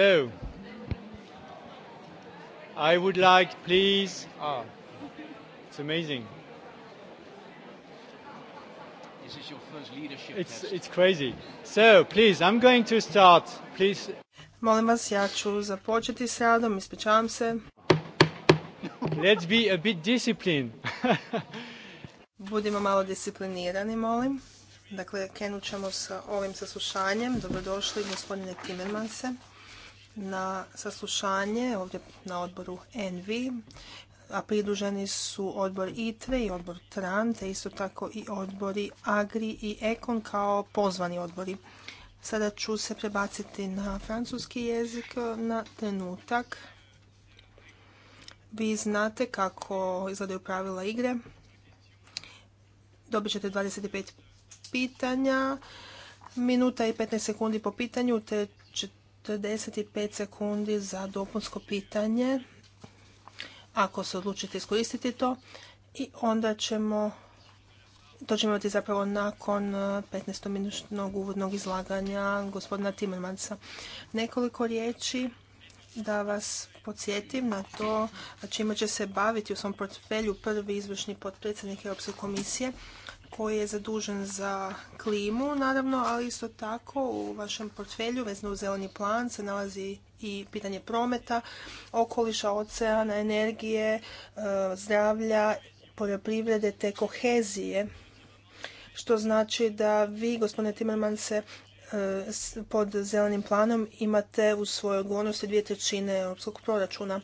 So, I would like, please. Ah, it's amazing. This is your first leadership it's, test. It's crazy. So, please, I'm going to start. Please. Molim vas, ja ću započeti s radom, ispričavam se. Let's be a bit disciplined. Budimo malo disciplinirani, molim. Dakle, krenut ćemo sa ovim saslušanjem. Dobrodošli, gospodine Timmermanse na saslušanje ovdje na odboru ENVI, a pridruženi su odbor ITRE i odbor TRAN, te isto tako i odbori AGRI i EKON kao pozvani odbori. Sada ću se prebaciti na francuski jezik na trenutak. Vi znate kako izgledaju pravila igre. Dobit ćete 25 pitanja, minuta i 15 sekundi po pitanju, te 45 sekundi za dopunsko pitanje, ako se odlučite iskoristiti to. I onda ćemo, to ćemo imati zapravo nakon 15-minutnog e, uvodnog izlaganja gospodina Timmermansa. Nekoliko riječi da vas podsjetim na to čime će se baviti u svom portfelju prvi izvršni potpredsjednik Europske komisije koji je zadužen za klimu, naravno, ali isto tako u vašem portfelju vezno u zeleni plan se nalazi i pitanje prometa, okoliša, oceana, energije, e, zdravlja, poljoprivrede te kohezije. Što znači da vi, gospodine Timerman, e, se pod zelenim planom imate u svojoj odgovornosti dvije trećine europskog proračuna.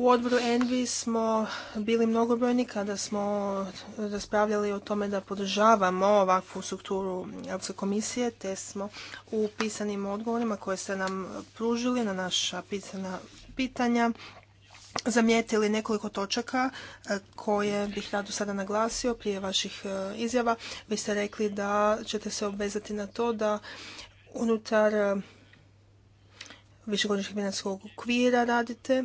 U odboru Envi smo bili mnogobrojni kada smo raspravljali o tome da podržavamo ovakvu strukturu Europske komisije, te smo u pisanim odgovorima koje ste nam pružili na naša pisana pitanja zamijetili nekoliko točaka e, koje bih rado sada naglasio prije vaših e, izjava. Vi ste rekli da ćete se obvezati na to da unutar e, višegodišnjeg financijskog okvira radite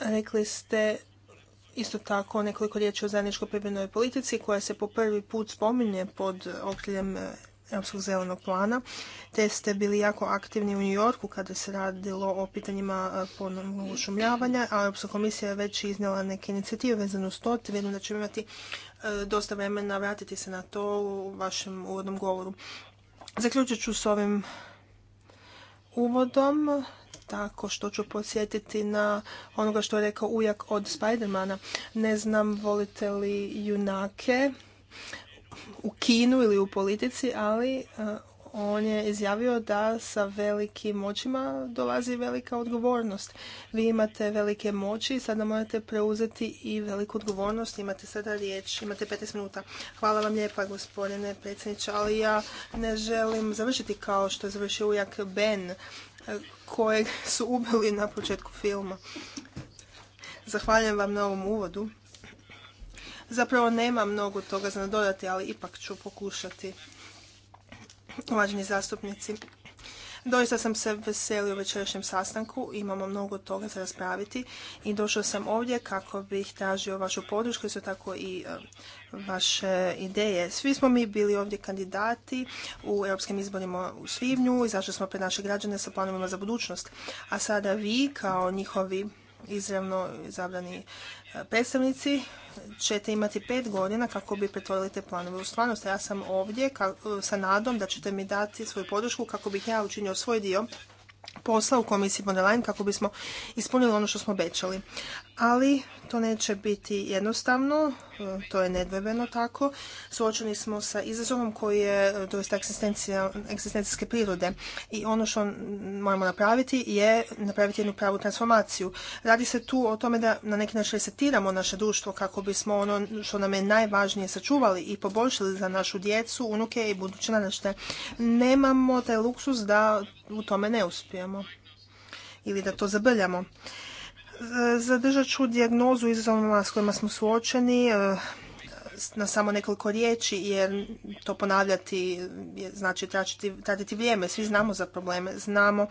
Rekli ste isto tako nekoliko riječi o zajedničkoj poljoprivrednoj politici koja se po prvi put spominje pod okriljem e, Europskog zelenog plana, te ste bili jako aktivni u New Yorku kada se radilo o pitanjima e, ponovnog ušumljavanja, a Europska komisija je već iznijela neke inicijative vezano s to, te vjerujem da ćemo imati e, dosta vremena vratiti se na to u vašem uvodnom govoru. Zaključit ću s ovim uvodom tako što ću podsjetiti na onoga što je rekao ujak od Spidermana. Ne znam volite li junake u kinu ili u politici, ali eh, on je izjavio da sa velikim moćima dolazi velika odgovornost. Vi imate velike moći i sada morate preuzeti i veliku odgovornost. Imate sada riječ, imate 15 minuta. Hvala vam lijepa gospodine predsjedniče, ali ja ne želim završiti kao što je završio ujak Ben kojeg su ubili na početku filma. Zahvaljujem vam na ovom uvodu. Zapravo nema mnogo toga za nadodati, ali ipak ću pokušati. Uvaženi zastupnici, Doista sam se veselio večerašnjem sastanku, imamo mnogo toga za raspraviti i došao sam ovdje kako bih tražio vašu podršku, isto tako i e, vaše ideje. Svi smo mi bili ovdje kandidati u europskim izborima u svibnju, izašli smo pred naše građane sa planovima za budućnost. A sada vi kao njihovi izravno izabrani predstavnici ćete imati pet godina kako bi pretvorili te planove u stvarnost. Ja sam ovdje sa nadom da ćete mi dati svoju podršku kako bih ja učinio svoj dio posla u komisiji Bonelain kako bismo ispunili ono što smo obećali ali to neće biti jednostavno, e, to je nedvojbeno tako. Suočeni smo sa izazovom koji je doista e, egzistencijske prirode i ono što moramo napraviti je napraviti jednu pravu transformaciju. Radi se tu o tome da na neki način resetiramo naše društvo kako bismo ono što nam je najvažnije sačuvali i poboljšali za našu djecu, unuke i buduće narašte. Nemamo taj luksus da u tome ne uspijemo ili da to zabrljamo. Zadržat ću dijagnozu izazovima s kojima smo suočeni e, na samo nekoliko riječi jer to ponavljati znači tratiti vrijeme. Svi znamo za probleme, znamo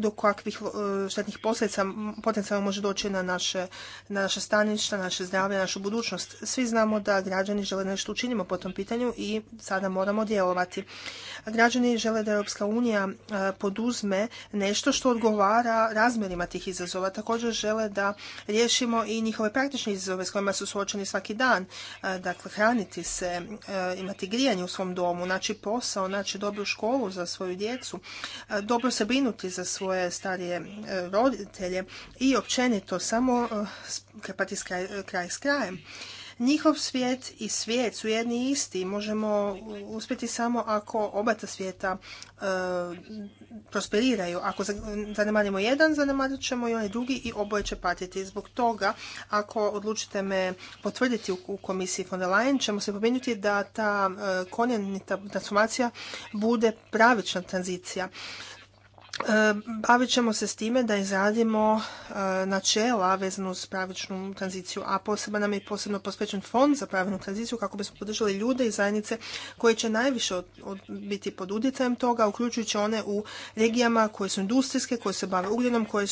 do kakvih e, štetnih posljedica potencijalno može doći na naše, na naše staništa, naše zdravlje, našu budućnost. Svi znamo da građani žele nešto učinimo po tom pitanju i sada moramo djelovati. Građani žele da Europska unija e, poduzme nešto što odgovara razmjerima tih izazova. Također žele da riješimo i njihove praktične izazove s kojima su suočeni svaki dan. E, dakle, hraniti se, imati grijanje u svom domu, naći posao, naći dobru školu za svoju djecu, dobro se brinuti za svoje svoje starije e, roditelje i općenito samo krpati e, kraj s krajem. Njihov svijet i svijet su jedni isti. Možemo uspjeti samo ako oba ta svijeta e, prosperiraju. Ako zanemarimo jedan, zanemarit ćemo i onaj drugi i oboje će patiti. Zbog toga, ako odlučite me potvrditi u komisiji von der Leyen, ćemo se pobrinuti da ta konjenita transformacija bude pravična tranzicija. E, bavit ćemo se s time da izradimo e, načela vezano uz pravičnu tranziciju, a posebno nam je posebno posvećen fond za pravičnu tranziciju kako bismo podržali ljude i zajednice koje će najviše biti pod utjecajem toga, uključujući one u regijama koje su industrijske, koje se bave ugljenom, koje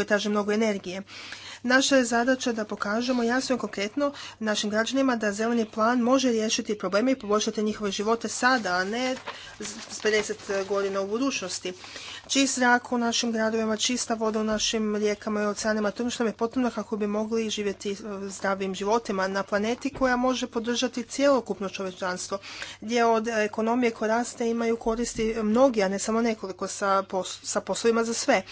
e, traže mnogo energije. Naša je zadaća da pokažemo jasno i konkretno našim građanima da zeleni plan može riješiti probleme i poboljšati njihove živote sada, a ne s 50 godina u budućnosti. Čist zrak u našim gradovima, čista voda u našim rijekama i oceanima, to ono što nam je potrebno kako bi mogli živjeti e, zdravim životima na planeti koja može podržati cjelokupno čovječanstvo, gdje od ekonomije koja raste imaju koristi mnogi, a ne samo nekoliko sa, sa poslovima za sve.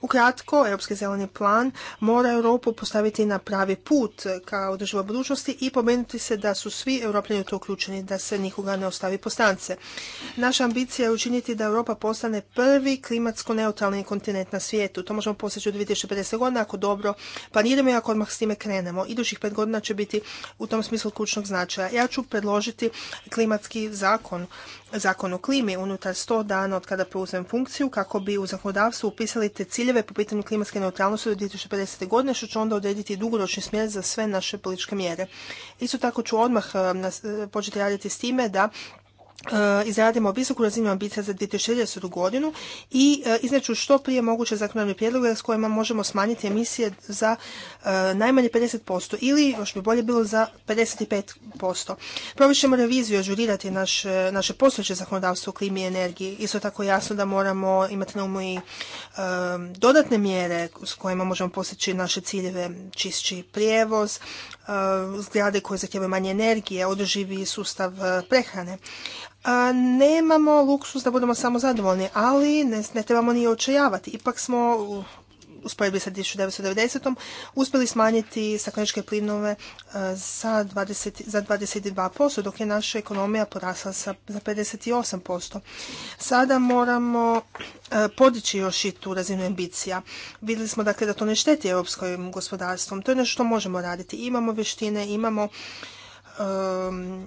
Ukratko, Europski zeleni plan mora Europu postaviti na pravi put ka održivoj budućnosti i pomenuti se da su svi europljani to uključeni, da se nikoga ne ostavi po stance. Naša ambicija je učiniti da Europa postane prvi klimatsko neutralni kontinent na svijetu. To možemo postići u 2050 godina ako dobro planiramo i ako odmah s time krenemo. Idućih pet godina će biti u tom smislu ključnog značaja. Ja ću predložiti klimatski zakon zakon o klimi unutar 100 dana od kada preuzmem funkciju kako bi u zakonodavstvu upisali te ciljeve po pitanju klimatske neutralnosti do 2050. godine što ću onda odrediti dugoročni smjer za sve naše političke mjere. Isto tako ću odmah eh, eh, početi raditi s time da E, izradimo visoku razinu ambicija za 2060. godinu i e, izneću što prije moguće zakonodavne prijedloge s kojima možemo smanjiti emisije za e, najmanje 50% ili još bi bolje bilo za 55%. Provišemo ćemo reviziju ažurirati naš, naše postojeće zakonodavstvo o klimi i energiji. Isto tako jasno da moramo imati na umu i dodatne mjere s kojima možemo postići naše ciljeve čišći prijevoz, zgrade koje zahtijevaju manje energije, održivi sustav prehrane a, nemamo luksus da budemo samo zadovoljni, ali ne, trebamo ni očajavati. Ipak smo uh, usporedbi sa 1990. uspjeli smanjiti stakleničke plinove uh, za, 20, za 22%, dok je naša ekonomija porasla sa, za 58%. Sada moramo uh, podići još i tu razinu ambicija. Vidjeli smo dakle da to ne šteti europskom gospodarstvom. To je nešto što možemo raditi. Imamo vještine, imamo um,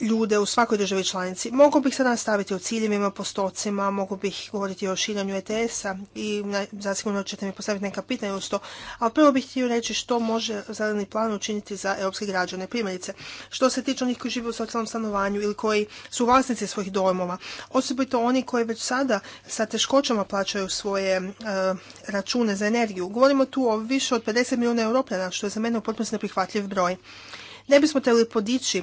ljude u svakoj državi članici. Mogu bih sada nastaviti o ciljevima, postocima, mogu bih govoriti o širanju ETS-a i zasigurno ćete mi postaviti neka pitanja uz to, ali prvo bih htio reći što može zadani plan učiniti za europske građane. Primjerice, što se tiče onih koji žive u socijalnom stanovanju ili koji su vlasnici svojih domova, osobito oni koji već sada sa teškoćama plaćaju svoje e, račune za energiju. Govorimo tu o više od 50 milijuna europljana, što je za mene u potpunosti neprihvatljiv broj ne bismo trebali podići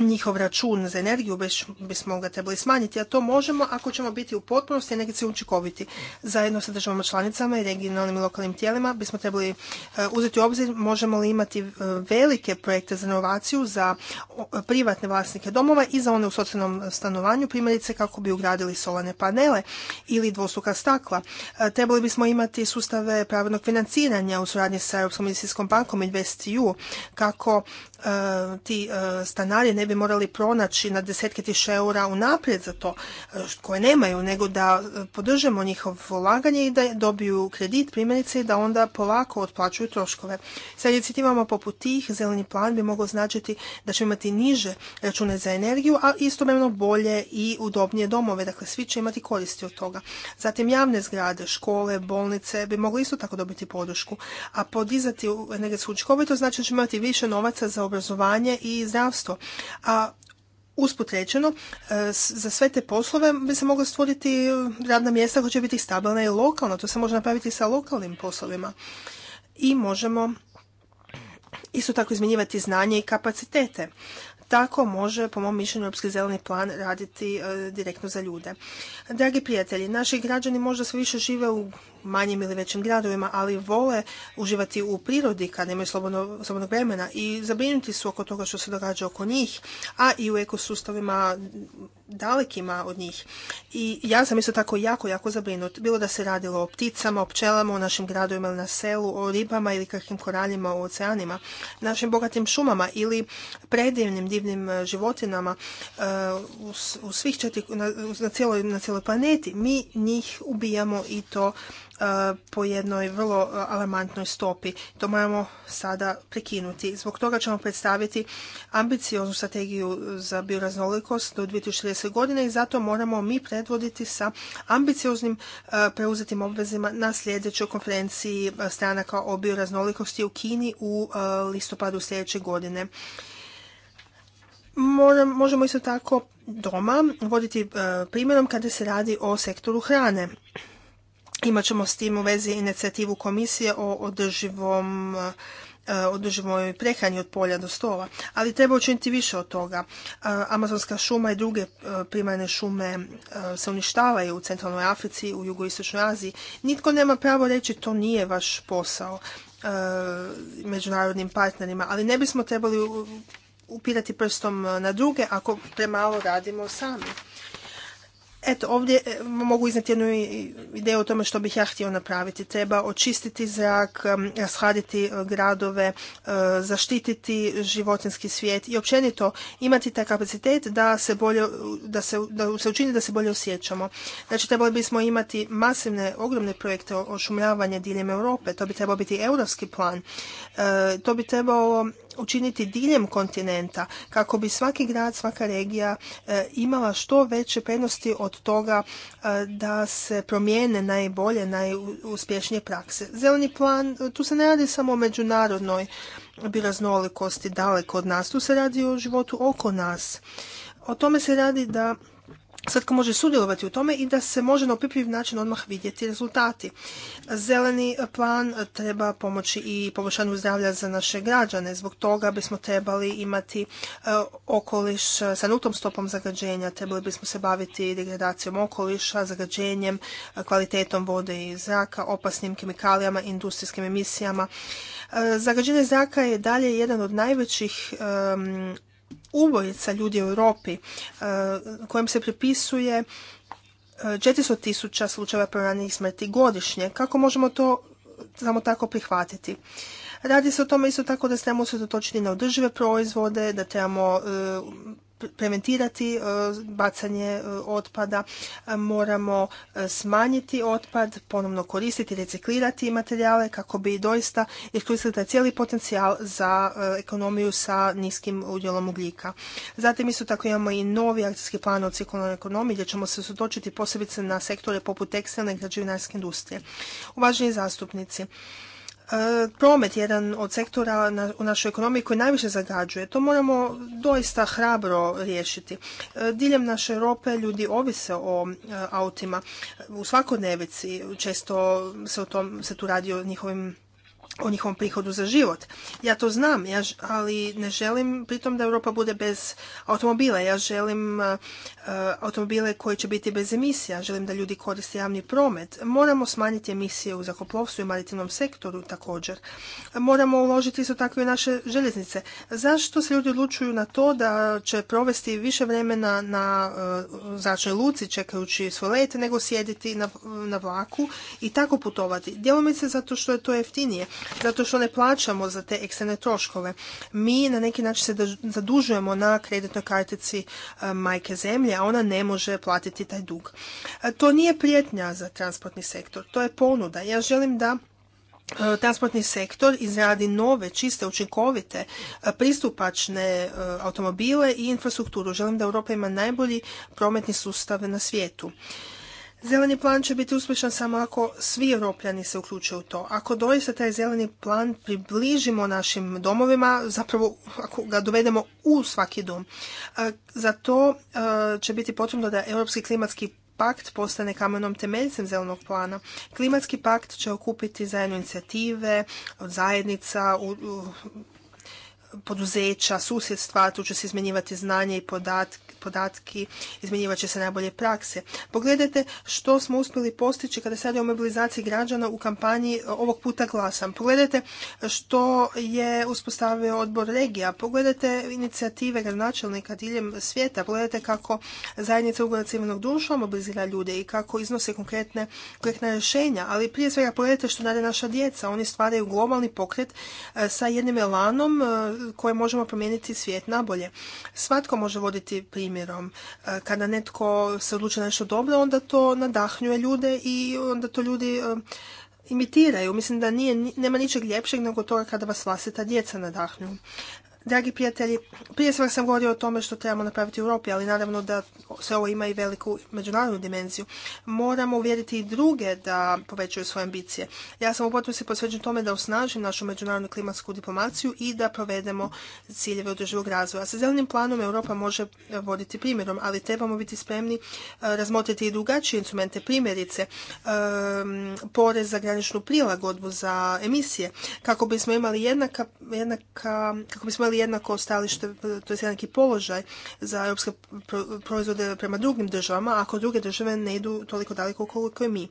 njihov račun za energiju bismo ga trebali smanjiti, a to možemo ako ćemo biti u potpunosti energetski učinkoviti. Zajedno sa državama članicama i regionalnim i lokalnim tijelima bismo trebali e, uzeti u obzir možemo li imati e, velike projekte za inovaciju za privatne vlasnike domova i za one u socijalnom stanovanju, primjerice kako bi ugradili solane panele ili dvostruka stakla. E, trebali bismo imati sustave pravnog financiranja u suradnji sa Europskom investicijskom bankom InvestEU kako ti stanari ne ne bi morali pronaći na desetke tisuća eura unaprijed za to e, koje nemaju, nego da e, podržemo njihovo ulaganje i da dobiju kredit primjerice i da onda polako otplaćuju troškove. Sa inicijativama poput tih zeleni plan bi mogao značiti da će imati niže račune za energiju, a istovremeno bolje i udobnije domove, dakle svi će imati koristi od toga. Zatim javne zgrade, škole, bolnice bi mogli isto tako dobiti podršku, a podizati energetsku učinkovitost znači da će imati više novaca za obrazovanje i zdravstvo, a usput rečeno, e, za sve te poslove bi se mogla stvoriti radna mjesta koja će biti stabilna i lokalna. To se može napraviti sa lokalnim poslovima. I možemo isto tako izmjenjivati znanje i kapacitete. Tako može, po mom mišljenju, Europski zeleni plan raditi e, direktno za ljude. Dragi prijatelji, naši građani možda sve više žive u manjim ili većim gradovima, ali vole uživati u prirodi kad imaju slobodno, slobodnog vremena i zabrinuti su oko toga što se događa oko njih, a i u ekosustavima dalekima od njih. I ja sam isto tako jako, jako zabrinut. Bilo da se radilo o pticama, o pčelama, o našim gradovima ili na selu, o ribama ili kakvim koraljima, u oceanima, našim bogatim šumama ili predivnim, divnim e, životinama e, u svih četiri, na, na cijeloj planeti. Mi njih ubijamo i to E, po jednoj vrlo e, alarmantnoj stopi. To moramo sada prekinuti. Zbog toga ćemo predstaviti ambicioznu strategiju za bioraznolikost do 2030. godine i zato moramo mi predvoditi sa ambicioznim e, preuzetim obvezima na sljedećoj konferenciji stranaka o bioraznolikosti u Kini u listopadu sljedeće godine. Možemo isto tako doma voditi primjerom kada se radi o sektoru hrane. Imat ćemo s tim u vezi inicijativu komisije o održivom e, održivoj prehrani od polja do stola. Ali treba učiniti više od toga. E, amazonska šuma i druge e, primarne šume se uništavaju u centralnoj Africi, u jugoistočnoj Aziji. Nitko nema pravo reći to nije vaš posao međunarodnim partnerima, ali ne bismo trebali upirati prstom na druge ako premalo radimo sami. Eto, ovdje e, mogu iznijeti jednu ideju o tome što bih ja htio napraviti. Treba očistiti zrak, rashladiti e, gradove, e, zaštititi životinski svijet i općenito imati taj kapacitet da se bolje, da se, da se učini da se bolje osjećamo. Znači, trebali bismo imati masivne, ogromne projekte ošumljavanja diljem Europe. To bi trebao biti europski plan. To bi trebalo učiniti diljem kontinenta kako bi svaki grad, svaka regija e, imala što veće prednosti od toga e, da se promijene najbolje, najuspješnije prakse. Zeleni plan, tu se ne radi samo o međunarodnoj biraznolikosti daleko od nas, tu se radi o životu oko nas. O tome se radi da svatko može sudjelovati u tome i da se može na opipljiv način odmah vidjeti rezultati. Zeleni plan treba pomoći i poboljšanju zdravlja za naše građane. Zbog toga bismo trebali imati e, okoliš e, sa nultom stopom zagađenja. Trebali bismo se baviti degradacijom okoliša, zagađenjem, e, kvalitetom vode i zraka, opasnim kemikalijama, industrijskim emisijama. Zagađenje zraka je dalje jedan od najvećih ubojica ljudi u Europi e, kojem se pripisuje 400 e, tisuća slučajeva proranih smrti godišnje. Kako možemo to samo tako prihvatiti? Radi se o tome isto tako da se trebamo na održive proizvode, da trebamo e, preventirati e, bacanje e, otpada, moramo e, smanjiti otpad, ponovno koristiti, reciklirati materijale kako bi doista iskoristili taj cijeli potencijal za ekonomiju sa niskim udjelom ugljika. Zatim isto tako imamo i novi akcijski plan o cirkularnoj ekonomiji gdje ćemo se sotočiti posebice na sektore poput tekstilne i građevinarske industrije. Uvaženi zastupnici, E, promet jedan od sektora u našoj ekonomiji koji najviše zagađuje. To moramo doista hrabro riješiti. E, diljem naše Europe ljudi ovise o e, autima. U svakodnevici često se, o tom, se tu radi o njihovim o njihovom prihodu za život. Ja to znam, ja, ali ne želim pritom da Europa bude bez automobila. Ja želim eh, eh, automobile koji će biti bez emisija. Želim da ljudi koriste javni promet. Moramo smanjiti emisije u zakoplovstvu i maritimnom sektoru također. Moramo uložiti isto tako i naše željeznice. Zašto se ljudi odlučuju na to da će provesti više vremena na uh, zračnoj luci čekajući svoj let nego sjediti na, na vlaku i tako putovati? se zato što je to jeftinije zato što ne plaćamo za te eksterne troškove. Mi na neki način se zadužujemo na kreditnoj kartici e, majke zemlje, a ona ne može platiti taj dug. E, to nije prijetnja za transportni sektor, to je ponuda. Ja želim da e, transportni sektor izradi nove, čiste, učinkovite, pristupačne automobile i infrastrukturu. Želim da Europa ima najbolji prometni sustav na svijetu. Zeleni plan će biti uspješan samo ako svi europljani se uključuju u to. Ako doista taj zeleni plan približimo našim domovima, zapravo ako ga dovedemo u svaki dom. E, za to e, će biti potrebno da Europski klimatski pakt postane kamenom temeljcem zelenog plana. Klimatski pakt će okupiti zajedno inicijative od zajednica, poduzeća, susjedstva, tu će se izmenjivati znanje i podatki, izmenjivat će se najbolje prakse. Pogledajte što smo uspjeli postići kada se radi o mobilizaciji građana u kampanji e, ovog puta glasam. Pogledajte što je uspostavio odbor regija, pogledajte inicijative gradonačelnika diljem svijeta, pogledajte kako zajednica ugovora civilnog društva mobilizira ljude i kako iznose konkretne, konkretne rješenja, ali prije svega pogledajte što rade naša djeca, oni stvaraju globalni pokret e, sa jednim elanom e, koje možemo promijeniti svijet nabolje. Svatko može voditi primjerom. E, kada netko se odluči na nešto dobro, onda to nadahnjuje ljude i onda to ljudi e, imitiraju. Mislim da nije, nema ničeg ljepšeg nego toga kada vas vlastita djeca nadahnju. Dragi prijatelji, prije svega sam govorio o tome što trebamo napraviti u Europi, ali naravno da se ovo ima i veliku međunarodnu dimenziju. Moramo uvjeriti i druge da povećaju svoje ambicije. Ja sam u se posveđen tome da osnažim našu međunarodnu klimatsku diplomaciju i da provedemo ciljeve održivog razvoja. Sa zelenim planom Europa može voditi primjerom, ali trebamo biti spremni e, razmotriti i drugačije instrumente, primjerice e, porez za graničnu prilagodbu za emisije, kako bismo imali jednaka, jednaka kako bismo imali jednako stalište, to je jednaki položaj za europske proizvode prema drugim državama, ako druge države ne idu toliko daleko koliko i mi.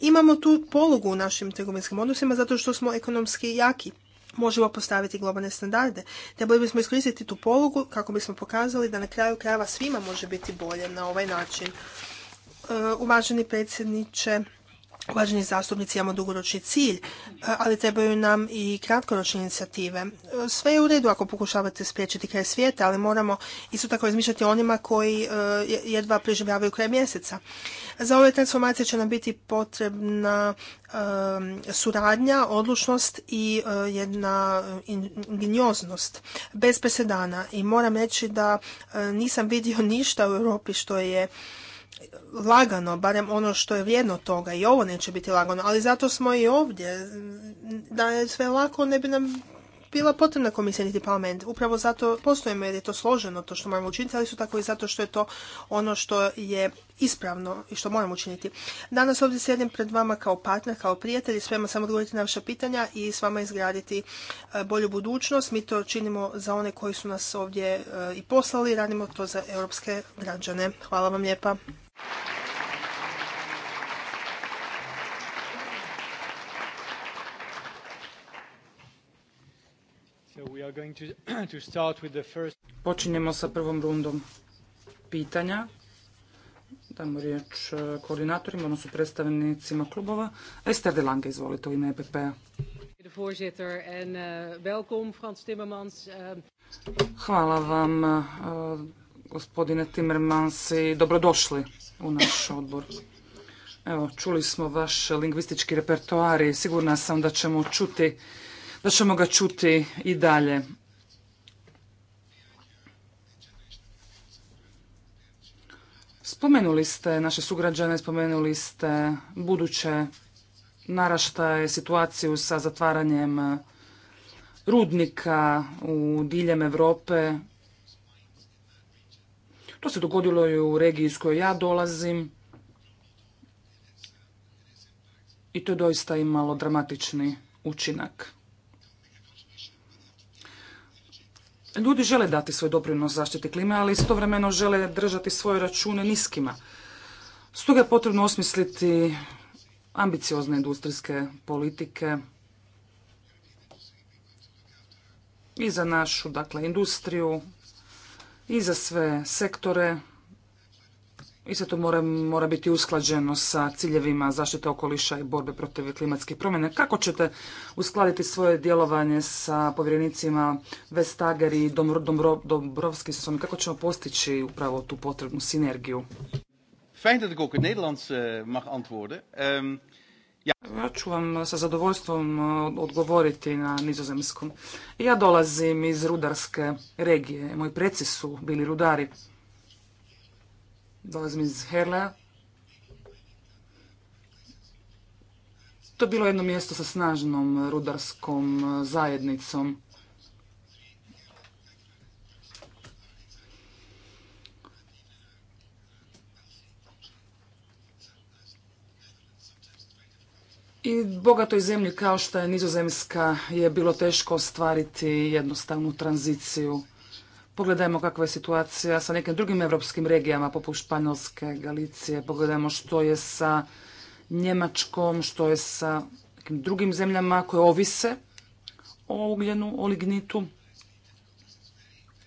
Imamo tu polugu u našim trgovinskim odnosima zato što smo ekonomski jaki možemo postaviti globalne standarde. Trebali bismo iskoristiti tu polugu kako bismo pokazali da na kraju krajeva svima može biti bolje na ovaj način. E, uvaženi predsjedniče Uvaženi zastupnici imamo dugoročni cilj, e, ali trebaju nam i kratkoročne inicijative. E, sve je u redu ako pokušavate spriječiti kraj svijeta, ali moramo isto tako razmišljati onima koji e, jedva preživljavaju kraj mjeseca. Za ove transformacije će nam biti potrebna suradnja, odlučnost i jedna ingenioznost bez presedana. I moram reći da nisam vidio ništa u Europi što je lagano, barem ono što je vrijedno toga i ovo neće biti lagano, ali zato smo i ovdje. Da je sve lako ne bi nam bila potrebna komisija niti parlament. Upravo zato postojimo jer je to složeno, to što moramo učiniti, ali su tako i zato što je to ono što je ispravno i što moramo učiniti. Danas ovdje sjedim pred vama kao partner, kao prijatelj i svema odgovoriti na vaša pitanja i s vama izgraditi e, bolju budućnost. Mi to činimo za one koji su nas ovdje e, i poslali, radimo to za europske građane. Hvala vam lijepa. Počinjemo sa prvom rundom pitanja. Damo riječ e, koordinatorima, odnosno predstavnicima klubova. Ester de Lange, izvolite u ime EPP-a. Eh, eh. Hvala vam, e, gospodine Timmermans, i dobrodošli u naš odbor. Evo, čuli smo vaš lingvistički repertoar i sigurna sam da ćemo čuti, da ćemo ga čuti i dalje. Spomenuli ste naše sugrađane, spomenuli ste buduće naraštaje, situaciju sa zatvaranjem rudnika u diljem Europe to se dogodilo i u regiji iz koje ja dolazim i to je doista imalo dramatični učinak. Ljudi žele dati svoj doprinos zaštiti klime, ali istovremeno žele držati svoje račune niskima. Stoga je potrebno osmisliti ambiciozne industrijske politike i za našu dakle, industriju, i za sve sektore i sve to mora, biti usklađeno sa ciljevima zaštite okoliša i borbe protiv klimatskih promjena. Kako ćete uskladiti svoje djelovanje sa povjerenicima Vestager i Dombrovskisom? Kako ćemo postići upravo tu potrebnu sinergiju? Fajn da ook in eh, mag ehm, ja ću vam sa zadovoljstvom e, odgovoriti na nizozemskom. Ja dolazim iz rudarske regije. Moji preci su bili rudari. Dolazim iz Herlea. To je bilo jedno mjesto sa snažnom rudarskom e, zajednicom. I bogatoj zemlji kao što je Nizozemska je bilo teško ostvariti jednostavnu tranziciju. Pogledajmo kakva je situacija sa nekim drugim europskim regijama poput Španjolske, Galicije, pogledajmo što je sa Njemačkom, što je sa nekim drugim zemljama koje ovise o ugljenu, o lignitu.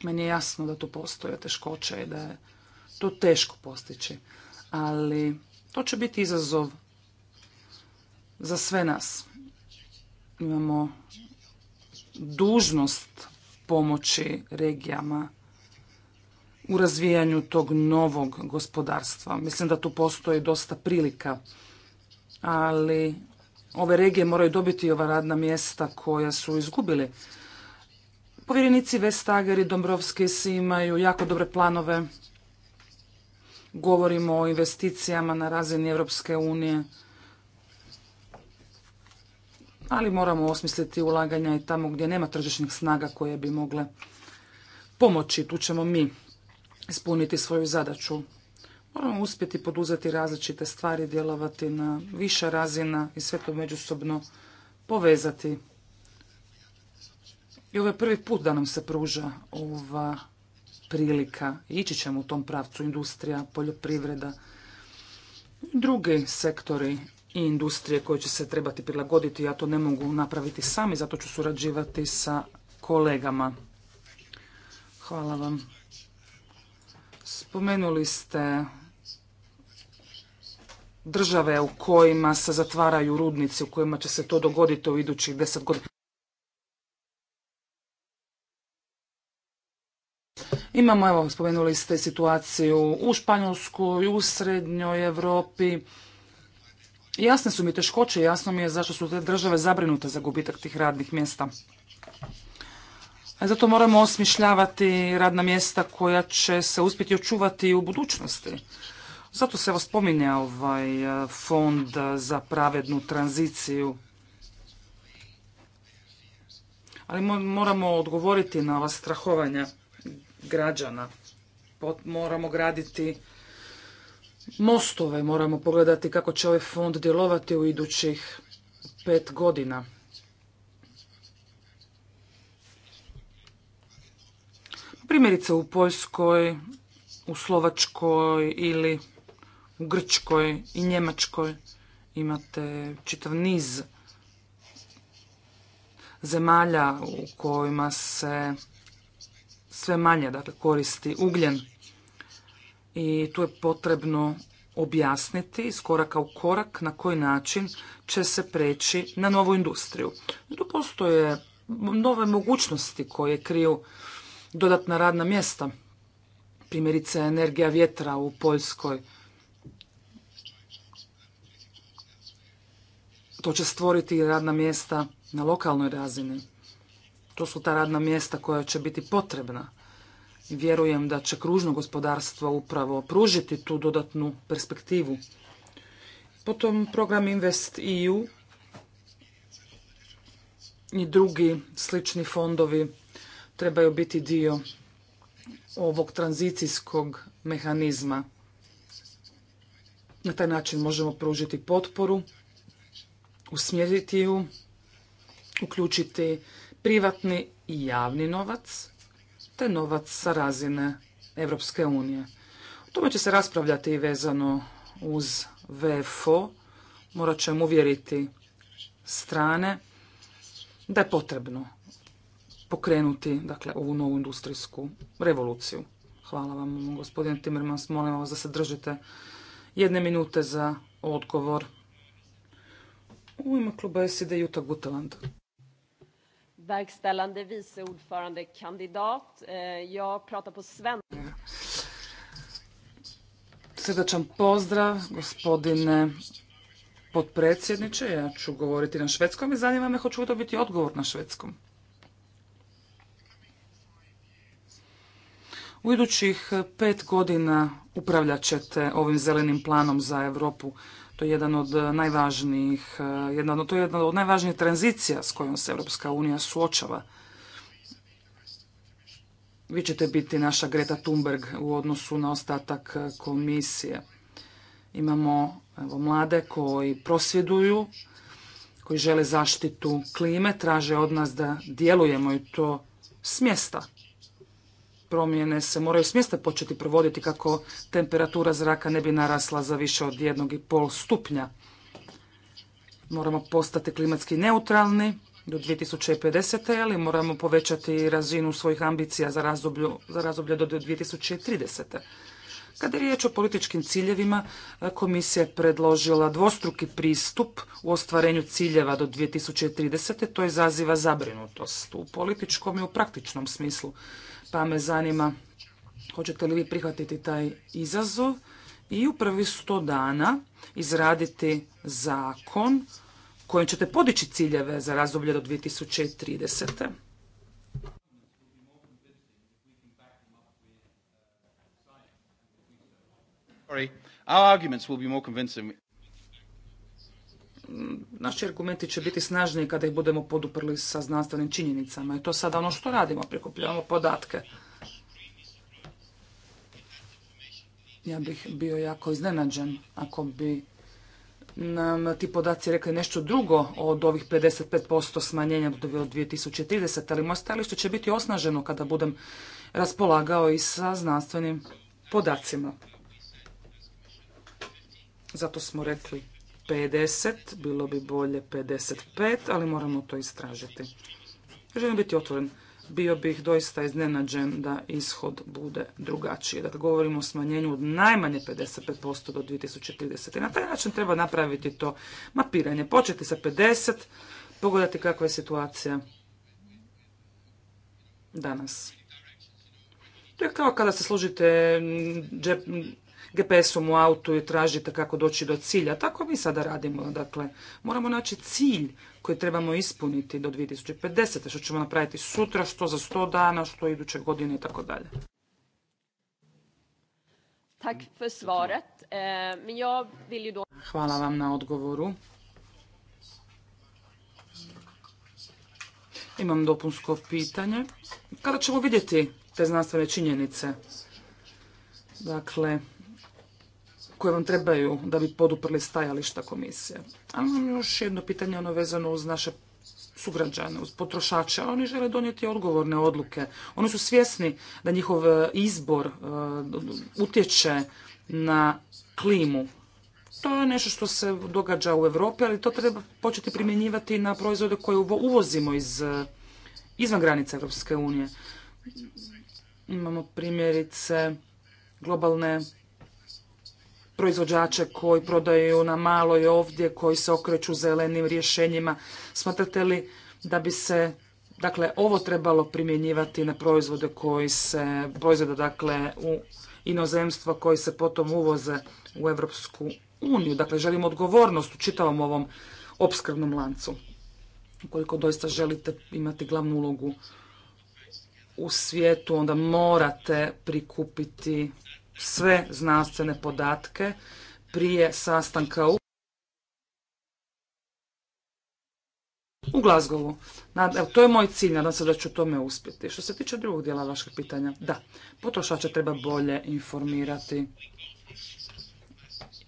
Meni je jasno da tu postoje teškoće i da je to teško postići, ali to će biti izazov za sve nas. Imamo dužnost pomoći regijama u razvijanju tog novog gospodarstva. Mislim da tu postoji dosta prilika, ali ove regije moraju dobiti ova radna mjesta koja su izgubili. Povjerenici Vestager i Dombrovski imaju jako dobre planove. Govorimo o investicijama na razini Europske unije ali moramo osmisliti ulaganja i tamo gdje nema tržišnih snaga koje bi mogle pomoći. Tu ćemo mi ispuniti svoju zadaću. Moramo uspjeti poduzeti različite stvari, djelovati na više razina i sve to međusobno povezati. I ovo je prvi put da nam se pruža ova prilika. Ići ćemo u tom pravcu, industrija, poljoprivreda, drugi sektori i industrije koje će se trebati prilagoditi. Ja to ne mogu napraviti sami, zato ću surađivati sa kolegama. Hvala vam. Spomenuli ste države u kojima se zatvaraju rudnici, u kojima će se to dogoditi u idućih deset godina. Imamo, evo, spomenuli ste situaciju u Španjolskoj, u Srednjoj Europi. Jasne su mi teškoće, jasno mi je zašto su te države zabrinute za gubitak tih radnih mjesta. E, zato moramo osmišljavati radna mjesta koja će se uspjeti očuvati u budućnosti. Zato se evo spominje ovaj e, fond za pravednu tranziciju. Ali moramo odgovoriti na ova strahovanja građana. Moramo graditi mostove. Moramo pogledati kako će ovaj fond djelovati u idućih pet godina. Primjerice u Poljskoj, u Slovačkoj ili u Grčkoj i Njemačkoj imate čitav niz zemalja u kojima se sve manje dakle, koristi ugljen i tu je potrebno objasniti iz koraka u korak na koji način će se preći na novu industriju. Tu postoje nove mogućnosti koje kriju dodatna radna mjesta. Primjerice energija vjetra u Poljskoj. To će stvoriti radna mjesta na lokalnoj razini. To su ta radna mjesta koja će biti potrebna. Vjerujem da će kružno gospodarstvo upravo pružiti tu dodatnu perspektivu. Potom program Invest EU i drugi slični fondovi trebaju biti dio ovog tranzicijskog mehanizma. Na taj način možemo pružiti potporu, usmjeriti ju, uključiti privatni i javni novac te novac sa razine Evropske unije. O tome će se raspravljati i vezano uz VFO. Morat ćemo uvjeriti strane da je potrebno pokrenuti dakle, ovu novu industrijsku revoluciju. Hvala vam, gospodin Timmermans. Molim vas da se držite jedne minute za odgovor. U ime kluba SID Juta Gutelanda verkställande vice kandidat. Eh, jag pratar på svenska. Srdačan pozdrav, gospodine potpredsjedniče. Ja ću govoriti na švedskom i zanima me hoću dobiti odgovor na švedskom. U idućih pet godina upravljat ćete ovim zelenim planom za Europu. To je jedan od eh, najvažnijih, eh, to je jedna od najvažnijih tranzicija s kojom se Europska unija suočava. Vi ćete biti naša Greta Thunberg u odnosu na ostatak eh, komisije. Imamo evo, mlade koji prosvjeduju, koji žele zaštitu klime, traže od nas da djelujemo i to s mjesta promjene se moraju smjesta početi provoditi kako temperatura zraka ne bi narasla za više od 1,5 stupnja. Moramo postati klimatski neutralni do 2050. ali moramo povećati razinu svojih ambicija za razdoblje, za razdoblje do 2030. Kada je riječ o političkim ciljevima, komisija je predložila dvostruki pristup u ostvarenju ciljeva do 2030. To izaziva zabrinutost u političkom i u praktičnom smislu pa me zanima hoćete li vi prihvatiti taj izazov i u prvi sto dana izraditi zakon kojim ćete podići ciljeve za razdoblje do 2030. Our arguments will be more convincing naši argumenti će biti snažniji kada ih budemo poduprli sa znanstvenim činjenicama. I to sada ono što radimo, prikupljamo podatke. Ja bih bio jako iznenađen ako bi nam ti podaci rekli nešto drugo od ovih 55% smanjenja do 2030, ali moj stajalište će biti osnaženo kada budem raspolagao i sa znanstvenim podacima. Zato smo rekli 50, bilo bi bolje 55, ali moramo to istražiti. Želim biti otvoren. Bio bih doista iznenađen da ishod bude drugačiji. Dakle, govorimo o smanjenju od najmanje 55% do 2030. I na taj način treba napraviti to mapiranje. Početi sa 50, pogledati kakva je situacija danas. To je kao kada se služite GPS-om u autu i tražite kako doći do cilja. Tako mi sada radimo. Dakle, moramo naći cilj koji trebamo ispuniti do 2050. Što ćemo napraviti sutra, što za 100 dana, što iduće godine i tako dalje. Eh, Hvala vam na odgovoru. Imam dopunsko pitanje. Kada ćemo vidjeti te znanstvene činjenice? Dakle, koje vam trebaju da bi poduprli stajališta komisije. a imam još jedno pitanje, ono vezano uz naše sugrađane, uz potrošače. Oni žele donijeti odgovorne odluke. Oni su svjesni da njihov e, izbor e, utječe na klimu. To je nešto što se događa u Europi, ali to treba početi primjenjivati na proizvode koje uvozimo iz, e, izvan granice Europske unije. Imamo primjerice globalne proizvođače koji prodaju na malo ovdje, koji se okreću zelenim rješenjima. Smatrate li da bi se dakle ovo trebalo primjenjivati na proizvode koji se proizvode dakle u inozemstvo koji se potom uvoze u Europsku uniju. Dakle, želimo odgovornost u čitavom ovom opskrbnom lancu. Ukoliko doista želite imati glavnu ulogu u svijetu, onda morate prikupiti sve znanstvene podatke prije sastanka u u Glazgovu. Evo, to je moj cilj, nadam se da ću tome uspjeti. Što se tiče drugog dijela vašeg pitanja, da, potrošače treba bolje informirati.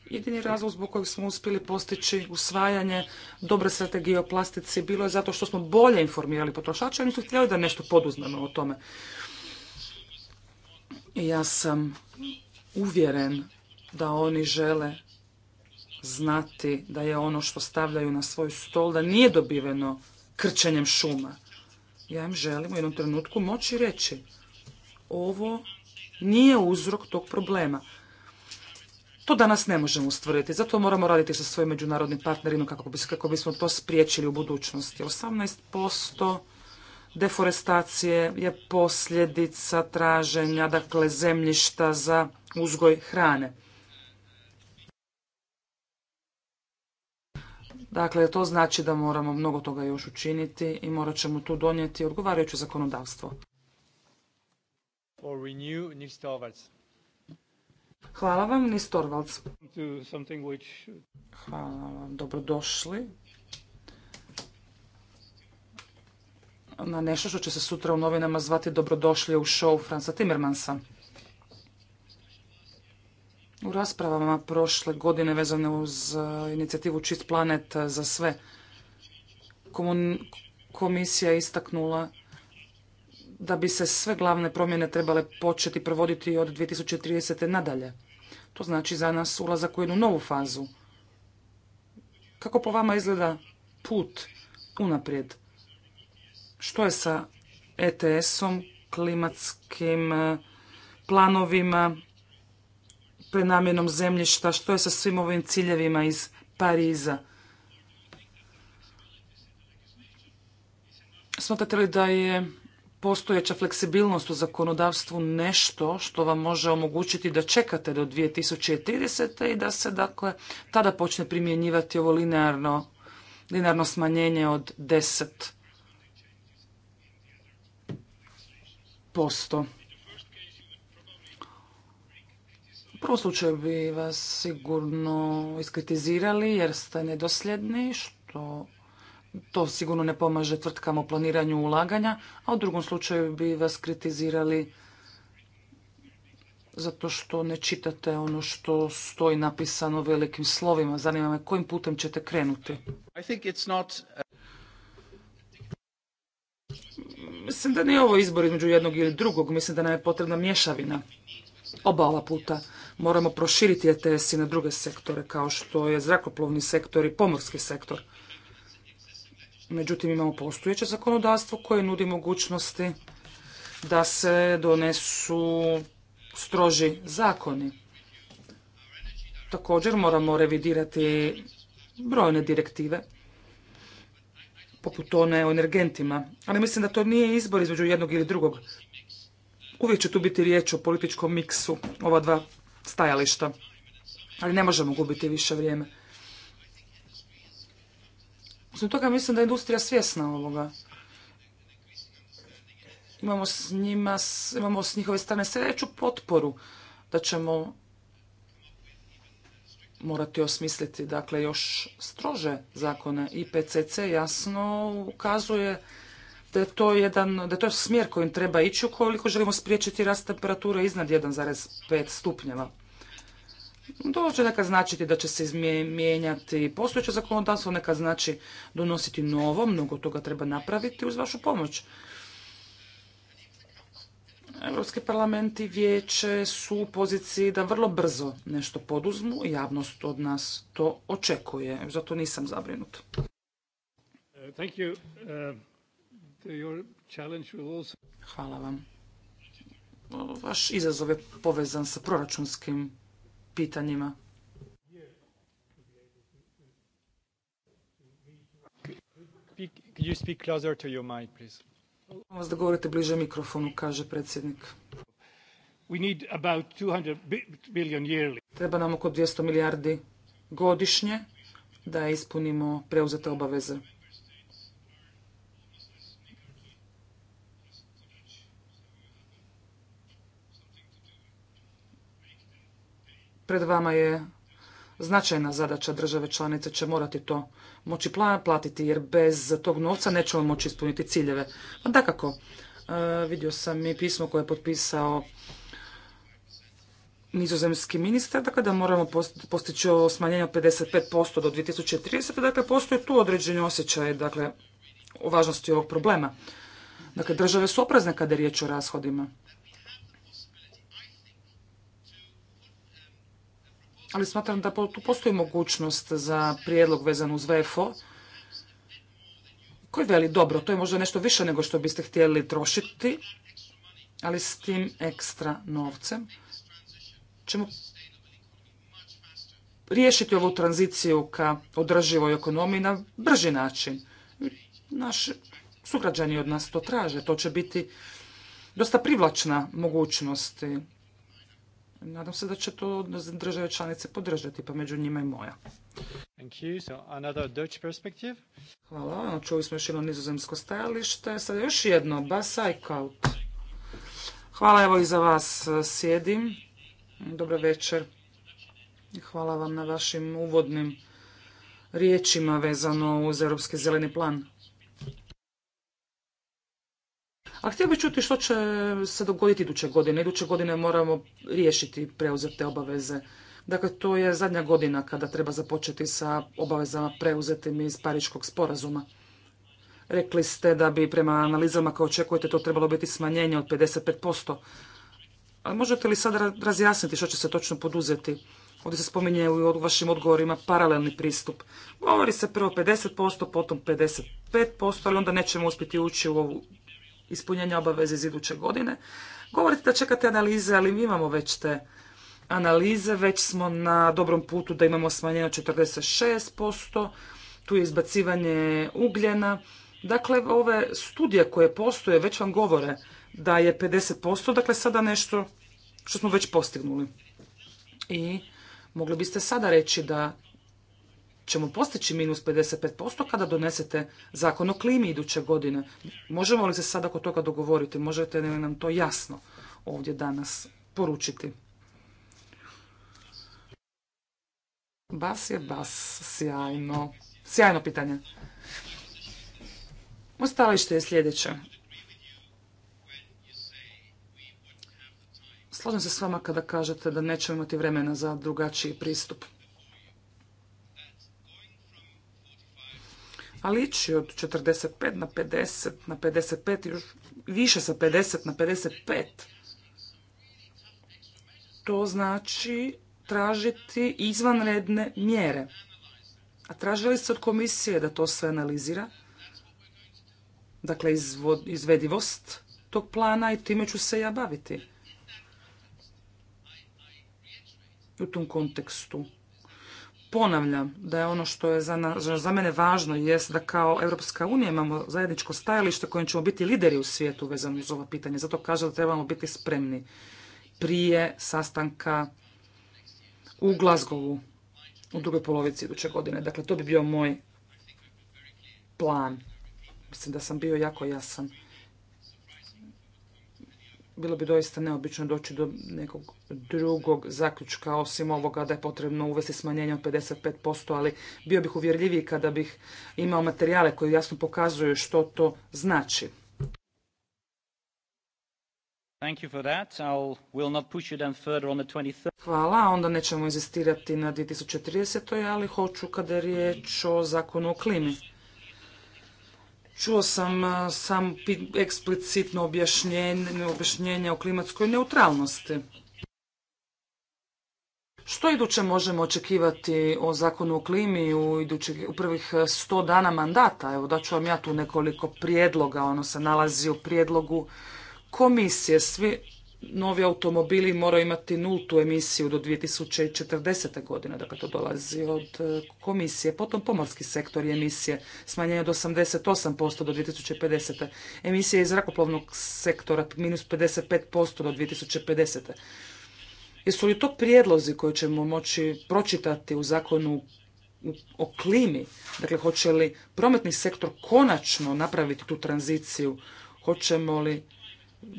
Jedini razlog zbog kojeg smo uspjeli postići usvajanje dobre strategije o plastici bilo je zato što smo bolje informirali potrošače, oni su htjeli da nešto poduzmemo o tome. Ja sam uvjeren da oni žele znati da je ono što stavljaju na svoj stol da nije dobiveno krčenjem šuma. Ja im želim u jednom trenutku moći reći ovo nije uzrok tog problema. To danas ne možemo stvoriti, zato moramo raditi sa svojim međunarodnim partnerima kako, kako bismo to spriječili u budućnosti. 18% deforestacije je posljedica traženja dakle zemljišta za uzgoj hrane. Dakle, to znači da moramo mnogo toga još učiniti i morat ćemo tu donijeti odgovarajuće zakonodavstvo. Hvala vam, Nistorvalds. Hvala vam, dobrodošli na nešto što će se sutra u novinama zvati Dobrodošli u show Franca Timmermansa. U raspravama prošle godine vezane uz e, inicijativu Čist planet e, za sve, komisija istaknula da bi se sve glavne promjene trebale početi provoditi od 2030. nadalje. To znači za nas ulazak u jednu novu fazu. Kako po vama izgleda put unaprijed? Što je sa ETS-om, klimatskim e, planovima, prenamjenom zemljišta, što je sa svim ovim ciljevima iz Pariza? Smatrate li da je postojeća fleksibilnost u zakonodavstvu nešto što vam može omogućiti da čekate do 2030. i da se dakle tada počne primjenjivati ovo linearno, linearno smanjenje od 10%? U prvom slučaju bi vas sigurno iskritizirali jer ste nedosljedni, što to sigurno ne pomaže tvrtkama u planiranju ulaganja, a u drugom slučaju bi vas kritizirali zato što ne čitate ono što stoji napisano velikim slovima. Zanima me kojim putem ćete krenuti. I think Mislim da nije ovo izbor između jednog ili drugog, mislim da nam je potrebna mješavina. Oba ova puta moramo proširiti ETS i na druge sektore, kao što je zrakoplovni sektor i pomorski sektor. Međutim, imamo postojeće zakonodavstvo koje nudi mogućnosti da se donesu stroži zakoni. Također moramo revidirati brojne direktive poput one o energentima. Ali mislim da to nije izbor između jednog ili drugog. Uvijek će tu biti riječ o političkom miksu ova dva stajališta. Ali ne možemo gubiti više vrijeme. Osim toga mislim da je industrija svjesna ovoga. Imamo s njima, imamo s njihove strane sreću potporu da ćemo morati osmisliti dakle još strože zakone. i IPCC jasno ukazuje da je to jedan, da je to smjer kojim treba ići ukoliko želimo spriječiti rast temperature iznad 1,5 stupnjeva. To će neka značiti da će se mijenjati postojeće zakonodavstvo, neka znači donositi novo, mnogo toga treba napraviti uz vašu pomoć. Europski parlament i vijeće su u poziciji da vrlo brzo nešto poduzmu i javnost od nas to očekuje. Zato nisam zabrinut. Uh, Hvala vam. Vaš izazov je povezan sa proračunskim pitanjima. Could you speak closer to your mic, please? vas da govorite bliže mikrofonu, kaže predsjednik. We need about 200 billion yearly. Treba nam oko 200 milijardi godišnje da ispunimo preuzete obaveze. Pred vama je značajna zadaća države članice će morati to moći platiti jer bez tog novca nećemo moći ispuniti ciljeve. Pa dakako, e, vidio sam i pismo koje je potpisao nizozemski ministar, dakle da moramo postići smanjenje od 55% do 2030. Dakle, postoje tu određeni osjećaj dakle, o važnosti ovog problema. Dakle, države su oprezne kada je riječ o rashodima. ali smatram da tu postoji mogućnost za prijedlog vezan uz VFO koji veli dobro, to je možda nešto više nego što biste htjeli trošiti, ali s tim ekstra novcem ćemo riješiti ovu tranziciju ka održivoj ekonomiji na brži način. Naši sugrađani od nas to traže, to će biti dosta privlačna mogućnost. Nadam se da će to države članice podržati, pa među njima i moja. Thank you. So another Dutch perspective. Hvala. Čuli smo još jedno nizozemsko stajalište. Sada još jedno, Basajkaut. Hvala evo i za vas e, sjedim. Dobar večer. Hvala vam na vašim uvodnim riječima vezano uz Europski zeleni plan. A htio bih čuti što će se dogoditi iduće godine. Iduće godine moramo riješiti preuzete obaveze. Dakle, to je zadnja godina kada treba započeti sa obavezama preuzetim iz Pariškog sporazuma. Rekli ste da bi prema analizama koje očekujete to trebalo biti smanjenje od 55%. A možete li sad razjasniti što će se točno poduzeti? Ovdje se spominje u vašim odgovorima paralelni pristup. Govori se prvo 50%, potom 55%, ali onda nećemo uspjeti ući u ovu ispunjenja obaveze iz iduće godine. Govorite da čekate analize, ali mi imamo već te analize, već smo na dobrom putu da imamo smanjenje 46%, tu je izbacivanje ugljena. Dakle, ove studije koje postoje već vam govore da je 50%, dakle sada nešto što smo već postignuli. I mogli biste sada reći da ćemo postići minus 55% kada donesete zakon o klimi iduće godine. Možemo li se sad oko toga dogovoriti? Možete li nam to jasno ovdje danas poručiti? Bas je bas. Sjajno. Sjajno pitanje. Ostalište je sljedeće. Slažem se s vama kada kažete da nećemo imati vremena za drugačiji pristup. ali ići od 45 na 50 na 55 još više sa 50 na 55 to znači tražiti izvanredne mjere. A tražili ste od komisije da to sve analizira, dakle izvedivost tog plana i time ću se ja baviti. U tom kontekstu ponavljam da je ono što je za, mene važno jest da kao Europska unija imamo zajedničko stajalište kojim ćemo biti lideri u svijetu vezano uz ova pitanja. Zato kažem da trebamo biti spremni prije sastanka u Glasgowu u drugoj polovici iduće godine. Dakle, to bi bio moj plan. Mislim da sam bio jako jasan bilo bi doista neobično doći do nekog drugog zaključka osim ovoga da je potrebno uvesti smanjenje od 55%, ali bio bih uvjerljiviji kada bih imao materijale koji jasno pokazuju što to znači. Hvala, onda nećemo inzistirati na 2030. ali hoću kada je riječ o zakonu o klimi. Čuo sam e, sam eksplicitno objašnjenje, o klimatskoj neutralnosti. Što iduće možemo očekivati o zakonu o klimi u, prvih sto dana mandata? Evo da ću vam ja tu nekoliko prijedloga, ono se nalazi u prijedlogu komisije. Svi novi automobili moraju imati nultu emisiju do 2040. godine, dakle to dolazi od e, komisije. Potom pomorski sektor i emisije, smanjenje od 88% do 2050. Emisije iz zrakoplovnog sektora minus 55% do 2050. Jesu li to prijedlozi koje ćemo moći pročitati u zakonu o klimi? Dakle, hoće li prometni sektor konačno napraviti tu tranziciju? Hoćemo li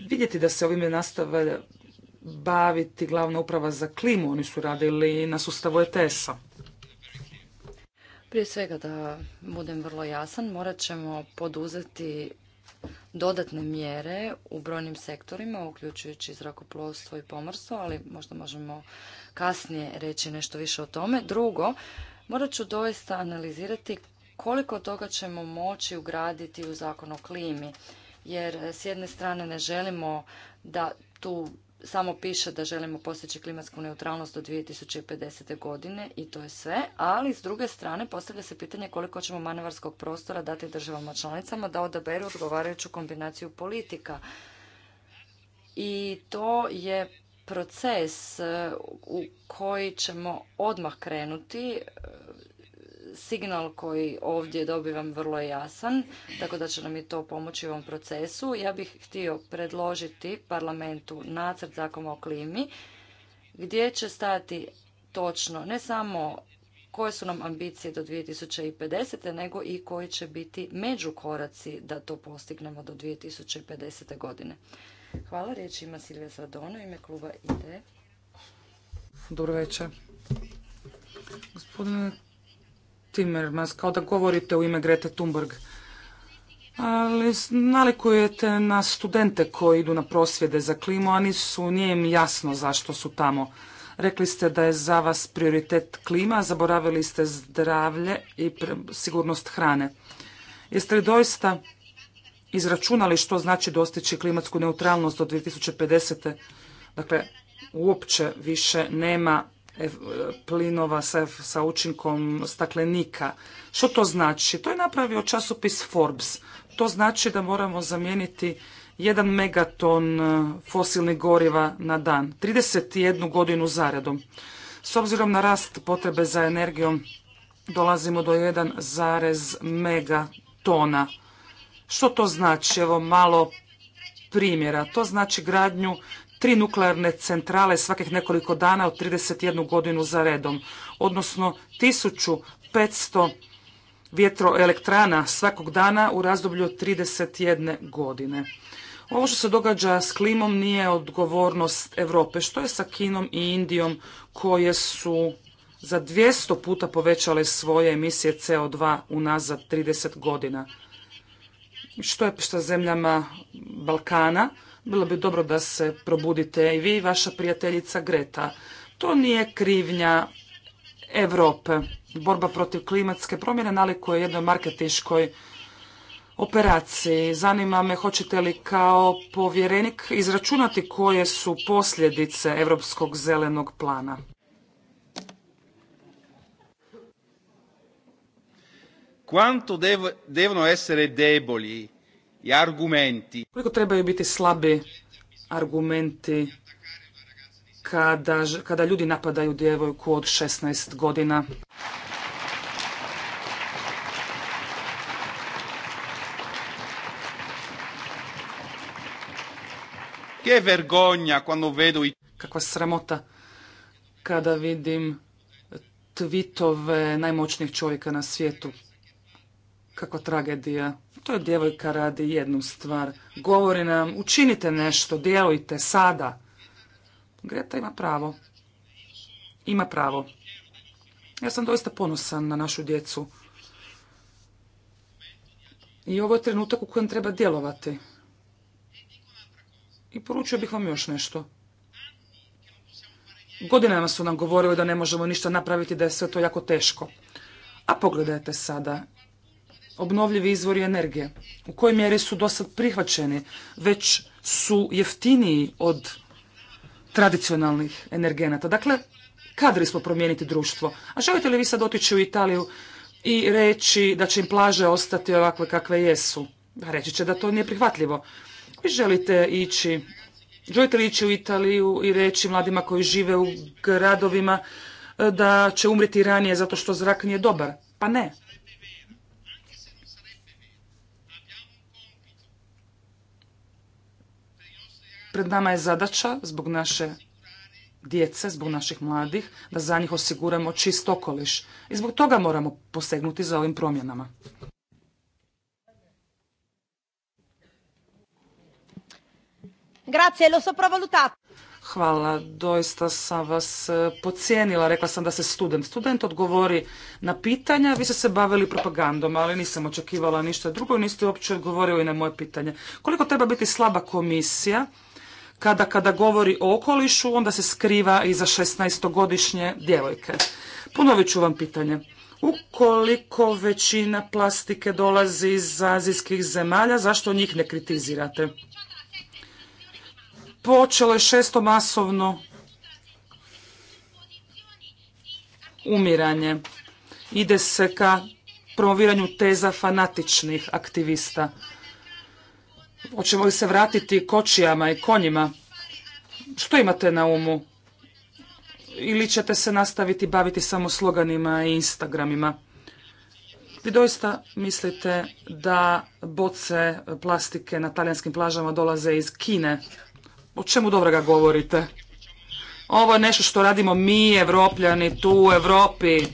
vidjeti da se ovime nastave baviti glavna uprava za klimu. Oni su radili na sustavu ETS-a. Prije svega da budem vrlo jasan, morat ćemo poduzeti dodatne mjere u brojnim sektorima, uključujući zrakoplovstvo i pomorstvo, ali možda možemo kasnije reći nešto više o tome. Drugo, morat ću doista analizirati koliko toga ćemo moći ugraditi u zakon o klimi jer e, s jedne strane ne želimo da tu samo piše da želimo postići klimatsku neutralnost do 2050. godine i to je sve, ali s druge strane postavlja se pitanje koliko ćemo manevarskog prostora dati državama članicama da odaberu odgovarajuću kombinaciju politika. I to je proces e, u koji ćemo odmah krenuti e, signal koji ovdje dobivam vrlo jasan, tako da će nam i to pomoći u ovom procesu. Ja bih htio predložiti parlamentu nacrt zakona o klimi gdje će stati točno ne samo koje su nam ambicije do 2050. nego i koji će biti međukoraci da to postignemo do 2050. godine. Hvala, riječ ima Silvija ime kluba IDE. Dobro večer. Gospodine Timmermans, kao da govorite u ime Grete Thunberg. Ali nalikujete na studente koji idu na prosvjede za klimu, a nisu, nije im jasno zašto su tamo. Rekli ste da je za vas prioritet klima, zaboravili ste zdravlje i sigurnost hrane. Jeste li doista izračunali što znači dostići klimatsku neutralnost do 2050. Dakle, uopće više nema plinova sa, učinkom staklenika. Što to znači? To je napravio časopis Forbes. To znači da moramo zamijeniti jedan megaton e, fosilnih goriva na dan. 31 godinu zaredom. S obzirom na rast potrebe za energijom dolazimo do 1, megatona. Što to znači? Evo malo primjera. To znači gradnju tri nuklearne centrale svakih nekoliko dana od 31 godinu za redom, odnosno 1500 vjetroelektrana svakog dana u razdoblju od 31 godine. Ovo što se događa s klimom nije odgovornost Europe. Što je sa Kinom i Indijom koje su za 200 puta povećale svoje emisije CO2 unazad 30 godina? Što je sa zemljama Balkana bilo bi dobro da se probudite i vi i vaša prijateljica Greta. To nije krivnja Europe. Borba protiv klimatske promjene nalikuje jednoj marketinškoj operaciji. Zanima me hoćete li kao povjerenik izračunati koje su posljedice Europskog zelenog plana. Quanto devono essere deboli i argumenti. Koliko trebaju biti slabi argumenti kada, ljudi napadaju djevojku od 16 godina? Che vergogna quando vedo i... Kakva sramota kada vidim tvitove najmoćnijih čovjeka na svijetu kako tragedija. To je djevojka radi jednu stvar. Govori nam, učinite nešto, djelujte sada. Greta ima pravo. Ima pravo. Ja sam doista ponosan na našu djecu. I ovo je trenutak u kojem treba djelovati. I poručio bih vam još nešto. Godinama su nam govorili da ne možemo ništa napraviti, da je sve to jako teško. A pogledajte sada, obnovljivi izvori energije? U kojoj mjeri su do sad prihvaćeni? Već su jeftiniji od tradicionalnih energenata. Dakle, kadri smo promijeniti društvo. A želite li vi sad otići u Italiju i reći da će im plaže ostati ovakve kakve jesu? Reći će da to nije prihvatljivo. Vi želite ići Želite li ići u Italiju i reći mladima koji žive u gradovima e, da će umriti ranije zato što zrak nije dobar? Pa ne. Pred nama je zadaća zbog naše djece, zbog naših mladih, da za njih osiguramo čist okoliš. I zbog toga moramo posegnuti za ovim promjenama. Grazie, lo Hvala, doista sam vas e, pocijenila. Rekla sam da se student. Student odgovori na pitanja, vi ste se bavili propagandom, ali nisam očekivala ništa drugo i niste uopće odgovorili na moje pitanje. Koliko treba biti slaba komisija kada, kada govori o okolišu, onda se skriva iza 16-godišnje djevojke. Ponovit ću vam pitanje. Ukoliko većina plastike dolazi iz azijskih zemalja, zašto njih ne kritizirate? Počelo je šesto masovno umiranje. Ide se ka promoviranju teza fanatičnih aktivista. Hoćemo li se vratiti kočijama i konjima? Što imate na umu? Ili ćete se nastaviti baviti samo sloganima i Instagramima? Vi doista mislite da boce plastike na talijanskim plažama dolaze iz Kine? O čemu dobro ga govorite? Ovo je nešto što radimo mi, evropljani, tu u Europi.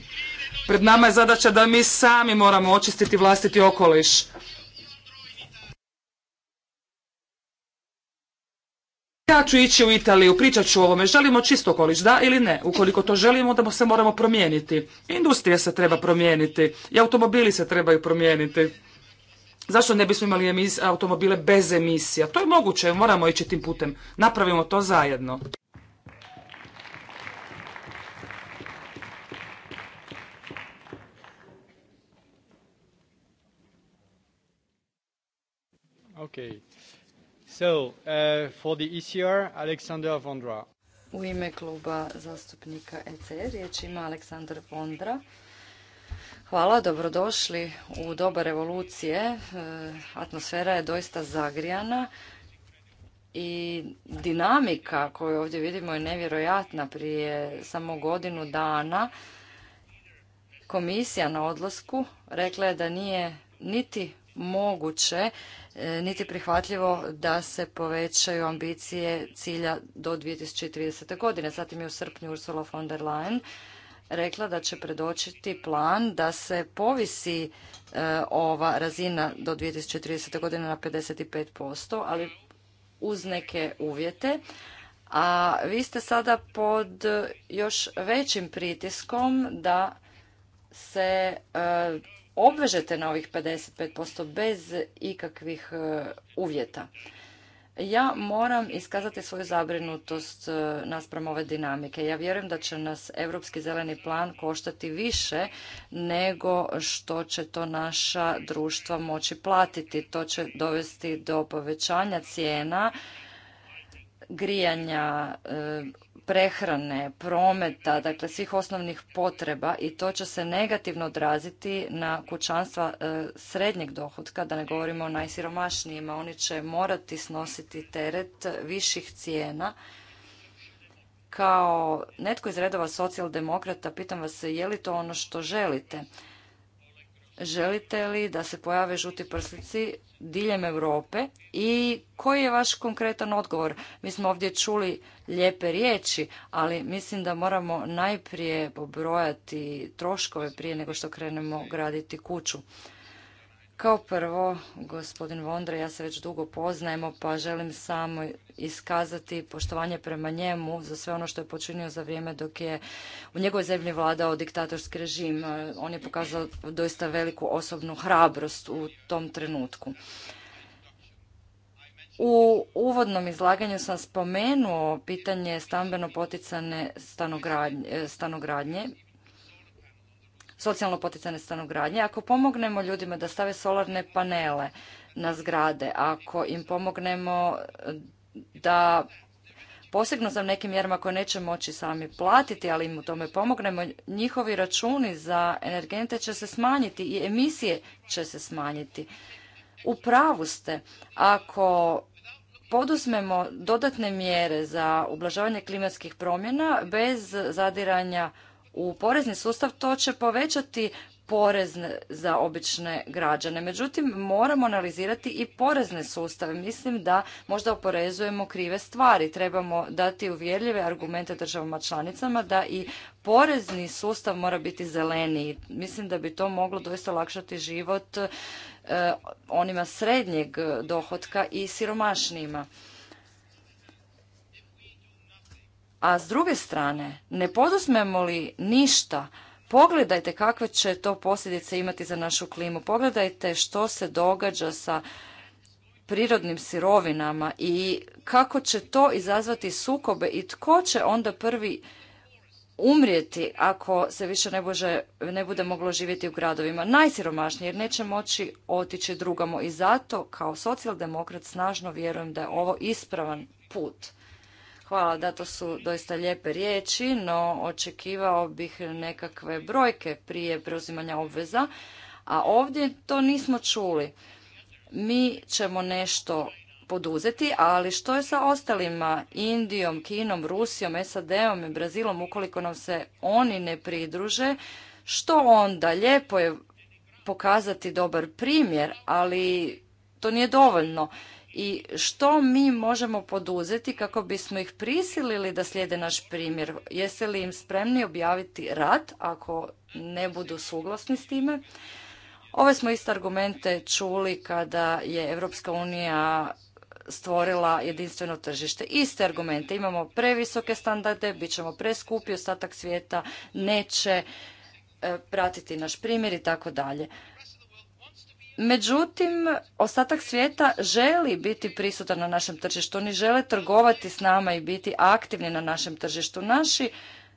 Pred nama je zadaća da mi sami moramo očistiti vlastiti okoliš. ja ću ići u Italiju, pričat ću o ovome, želimo čisto okoliš, da ili ne? Ukoliko to želimo, onda se moramo promijeniti. Industrija se treba promijeniti i automobili se trebaju promijeniti. Zašto ne bismo imali automobile bez emisija? To je moguće, moramo ići tim putem. Napravimo to zajedno. Okay. Uh, e u ime kluba zastupnika ECR riječ ima Aleksandar Vondra. Hvala, dobrodošli u doba revolucije. E, atmosfera je doista zagrijana i dinamika koju ovdje vidimo je nevjerojatna prije samo godinu dana. Komisija na odlasku rekla je da nije niti moguće E, niti prihvatljivo da se povećaju ambicije cilja do 2030. godine. Zatim je u srpnju Ursula von der Leyen rekla da će predočiti plan da se povisi e, ova razina do 2030. godine na 55%, ali uz neke uvjete. A vi ste sada pod još većim pritiskom da se e, obvežete na ovih 55% bez ikakvih e, uvjeta. Ja moram iskazati svoju zabrinutost e, naspram ove dinamike. Ja vjerujem da će nas Europski zeleni plan koštati više nego što će to naša društva moći platiti. To će dovesti do povećanja cijena grijanja, e, prehrane, prometa, dakle svih osnovnih potreba i to će se negativno odraziti na kućanstva e, srednjeg dohotka, da ne govorimo o najsiromašnijima, oni će morati snositi teret viših cijena. Kao netko iz redova socijaldemokrata pitam vas je li to ono što želite? Želite li da se pojave žuti prslici diljem Europe i koji je vaš konkretan odgovor? Mi smo ovdje čuli lijepe riječi, ali mislim da moramo najprije pobrojati troškove prije nego što krenemo graditi kuću. Kao prvo, gospodin Vondra, ja se već dugo poznajemo, pa želim samo iskazati poštovanje prema njemu za sve ono što je počinio za vrijeme dok je u njegovoj zemlji vladao diktatorski režim. On je pokazao doista veliku osobnu hrabrost u tom trenutku. U uvodnom izlaganju sam spomenuo pitanje stambeno poticane stanogradnje socijalno poticane stanogradnje, ako pomognemo ljudima da stave solarne panele na zgrade, ako im pomognemo eh, da posebno za nekim mjerama koje neće moći sami platiti, ali im u tome pomognemo, njihovi računi za energente će se smanjiti i emisije će se smanjiti. U pravu ste, ako poduzmemo dodatne mjere za ublažavanje klimatskih promjena bez zadiranja u porezni sustav, to će povećati porez za obične građane. Međutim, moramo analizirati i porezne sustave. Mislim da možda oporezujemo krive stvari. Trebamo dati uvjerljive argumente državama članicama da i porezni sustav mora biti zeleniji. Mislim da bi to moglo doista olakšati život eh, onima srednjeg dohotka i siromašnijima. A s druge strane, ne poduzmemo li ništa, pogledajte kakve će to posljedice imati za našu klimu. Pogledajte što se događa sa prirodnim sirovinama i kako će to izazvati sukobe i tko će onda prvi umrijeti ako se više ne, bože, ne bude moglo živjeti u gradovima. najsiromašnije jer neće moći otići drugamo i zato kao socijaldemokrat snažno vjerujem da je ovo ispravan put. Hvala, da to su doista lijepe riječi, no očekivao bih nekakve brojke prije preuzimanja obveza, a ovdje to nismo čuli. Mi ćemo nešto poduzeti, ali što je sa ostalima, Indijom, Kinom, Rusijom, SAD-om i Brazilom, ukoliko nam se oni ne pridruže, što onda? Lijepo je pokazati dobar primjer, ali to nije dovoljno i što mi možemo poduzeti kako bismo ih prisilili da slijede naš primjer? Jeste li im spremni objaviti rat ako ne budu suglasni s time? Ove smo iste argumente čuli kada je Europska unija stvorila jedinstveno tržište. Iste argumente. Imamo previsoke standarde, bit ćemo preskupi, ostatak svijeta neće e, pratiti naš primjer i tako dalje. Međutim, ostatak svijeta želi biti prisutan na našem tržištu. Oni žele trgovati s nama i biti aktivni na našem tržištu. Naši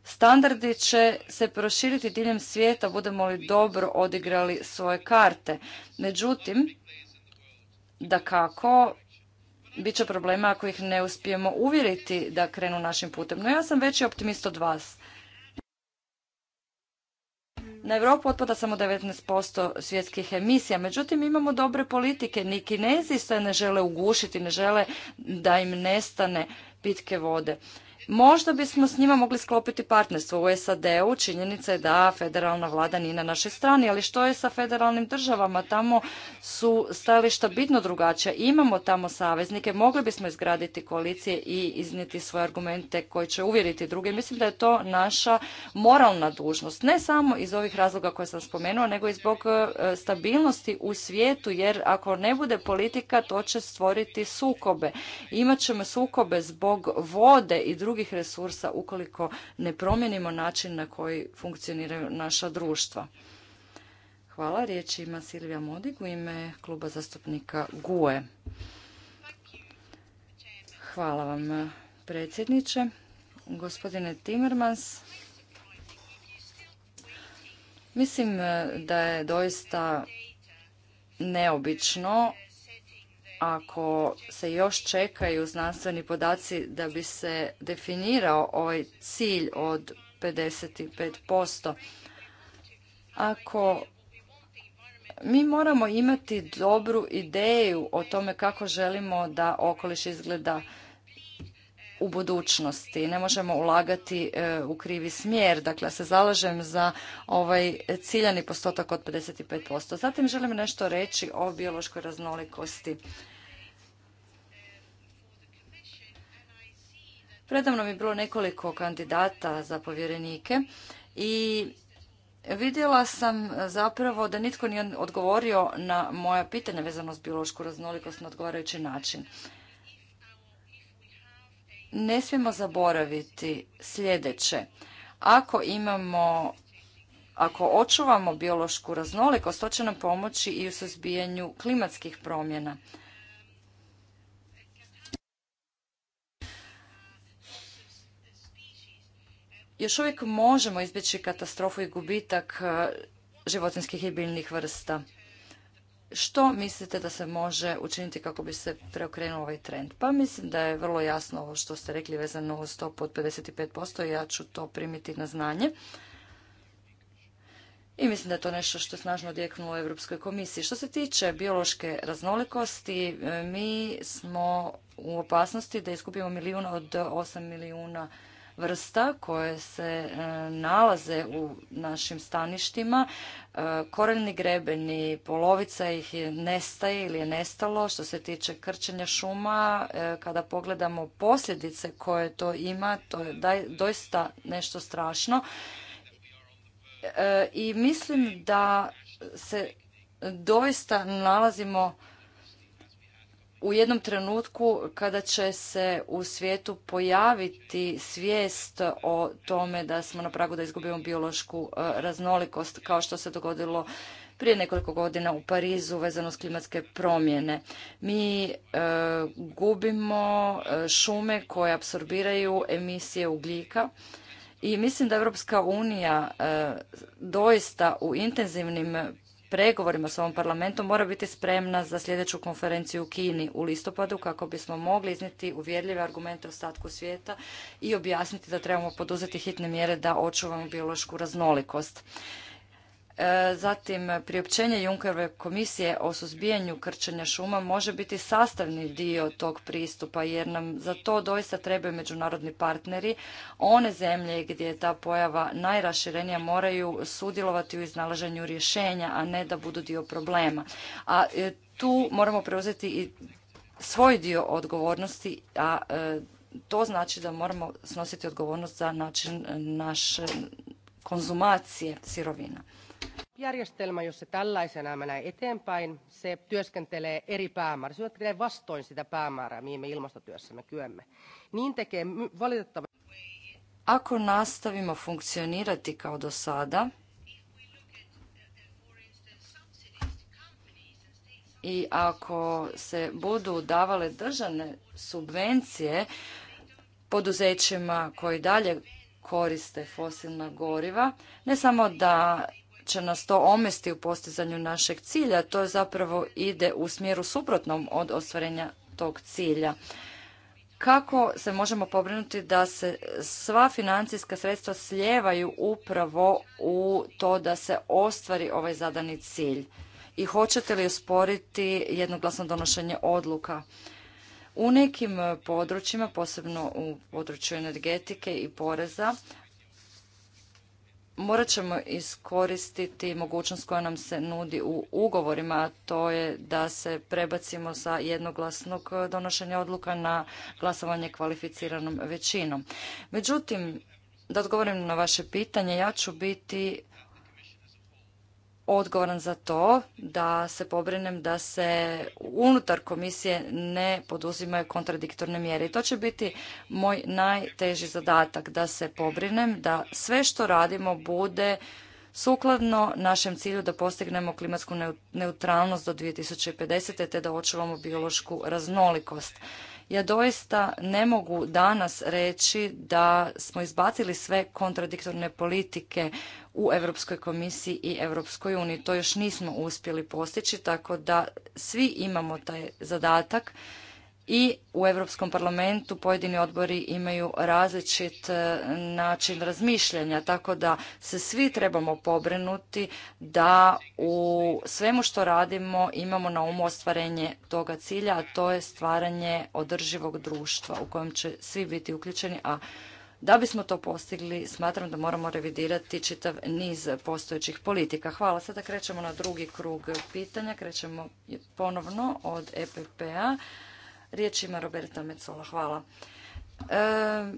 standardi će se proširiti diljem svijeta, budemo li dobro odigrali svoje karte. Međutim, da kako, bit će problema ako ih ne uspijemo uvjeriti da krenu našim putem. No ja sam veći optimist od vas na Europu otpada samo 19% svjetskih emisija. Međutim, imamo dobre politike. Ni kinezi se ne žele ugušiti, ne žele da im nestane pitke vode. Možda bismo s njima mogli sklopiti partnerstvo u SAD-u. Činjenica je da federalna vlada nije na našoj strani, ali što je sa federalnim državama? Tamo su stajališta bitno drugačija. Imamo tamo saveznike, mogli bismo izgraditi koalicije i iznijeti svoje argumente koje će uvjeriti druge. Mislim da je to naša moralna dužnost. Ne samo iz ovih razloga koje sam spomenuo, nego i zbog e, stabilnosti u svijetu, jer ako ne bude politika, to će stvoriti sukobe. Imaćemo sukobe zbog vode i drugih drugih resursa ukoliko ne promijenimo način na koji funkcioniraju naša društva. Hvala. Riječ ima Silvija Modig u ime kluba zastupnika GUE. Hvala vam predsjedniče. Gospodine Timmermans, mislim da je doista neobično ako se još čekaju znanstveni podaci da bi se definirao ovaj cilj od 55%. Ako mi moramo imati dobru ideju o tome kako želimo da okoliš izgleda u budućnosti. Ne možemo ulagati e, u krivi smjer. Dakle, se zalažem za ovaj ciljani postotak od 55%. Zatim želim nešto reći o biološkoj raznolikosti. Predavno mi je bilo nekoliko kandidata za povjerenike i vidjela sam zapravo da nitko nije odgovorio na moja pitanja vezano s biološku raznolikost na odgovarajući način ne smijemo zaboraviti sljedeće. Ako imamo ako očuvamo biološku raznolikost, to će nam pomoći i u suzbijanju klimatskih promjena. Još uvijek možemo izbjeći katastrofu i gubitak eh, životinskih i biljnih vrsta što mislite da se može učiniti kako bi se preokrenuo ovaj trend? Pa mislim da je vrlo jasno ovo što ste rekli vezano uz stopu od 55% i ja ću to primiti na znanje. I mislim da je to nešto što je snažno odjeknulo u Europskoj komisiji. Što se tiče biološke raznolikosti, e, mi smo u opasnosti da izgubimo milijuna od 8 milijuna vrsta koje se e, nalaze u našim staništima. E, koreljni grebeni, polovica ih nestaje ili je nestalo što se tiče krčenja šuma. E, kada pogledamo posljedice koje to ima, to je doista nešto strašno. I mislim da se doista nalazimo u jednom trenutku kada će se u svijetu pojaviti svijest o tome da smo na pragu da izgubimo biološku e, raznolikost kao što se dogodilo prije nekoliko godina u Parizu vezano s klimatske promjene. Mi e, gubimo e, šume koje apsorbiraju emisije ugljika i mislim da Europska unija doista u intenzivnim pregovorima s ovom parlamentom mora biti spremna za sljedeću konferenciju u Kini u listopadu kako bismo mogli iznijeti uvjerljive argumente ostatku svijeta i objasniti da trebamo poduzeti hitne mjere da očuvamo biološku raznolikost. E, zatim, priopćenje Junkerove komisije o suzbijanju krčenja šuma može biti sastavni dio tog pristupa, jer nam za to doista trebaju međunarodni partneri. One zemlje gdje je ta pojava najraširenija moraju sudjelovati u iznalaženju rješenja, a ne da budu dio problema. A e, tu moramo preuzeti i svoj dio odgovornosti, a e, to znači da moramo snositi odgovornost za način naše konzumacije sirovina järjestelmä, jos se tällaisena menee eteenpäin, se työskentelee eri päämäärä. Se työskentelee vastoin sitä päämäärää, mihin me ilmastotyössämme kyemme. Niin tekee valitettavasti. Ako nastavimo funkcionirati kao do sada, i ako se budu davale državne subvencije poduzećima koji dalje koriste fosilna goriva, ne samo da će nas to omesti u postizanju našeg cilja. To zapravo ide u smjeru suprotnom od ostvarenja tog cilja. Kako se možemo pobrinuti da se sva financijska sredstva slijevaju upravo u to da se ostvari ovaj zadani cilj? I hoćete li osporiti jednoglasno donošenje odluka? U nekim područjima, posebno u području energetike i poreza, morat ćemo iskoristiti mogućnost koja nam se nudi u ugovorima, a to je da se prebacimo sa jednoglasnog donošenja odluka na glasovanje kvalificiranom većinom. Međutim, da odgovorim na vaše pitanje, ja ću biti odgovoran za to da se pobrinem da se unutar komisije ne poduzimaju kontradiktorne mjere. I to će biti moj najteži zadatak, da se pobrinem da sve što radimo bude sukladno našem cilju da postignemo klimatsku neutralnost do 2050. te da očuvamo biološku raznolikost. Ja doista ne mogu danas reći da smo izbacili sve kontradiktorne politike u Europskoj komisiji i Europskoj uniji. To još nismo uspjeli postići, tako da svi imamo taj zadatak i u Europskom parlamentu pojedini odbori imaju različit e, način razmišljanja, tako da se svi trebamo pobrinuti da u svemu što radimo imamo na umu ostvarenje toga cilja, a to je stvaranje održivog društva u kojem će svi biti uključeni, a da bismo to postigli, smatram da moramo revidirati čitav niz postojećih politika. Hvala. Sada krećemo na drugi krug pitanja. Krećemo ponovno od EPP-a. Riječ ima Roberta Mecola. Hvala. E,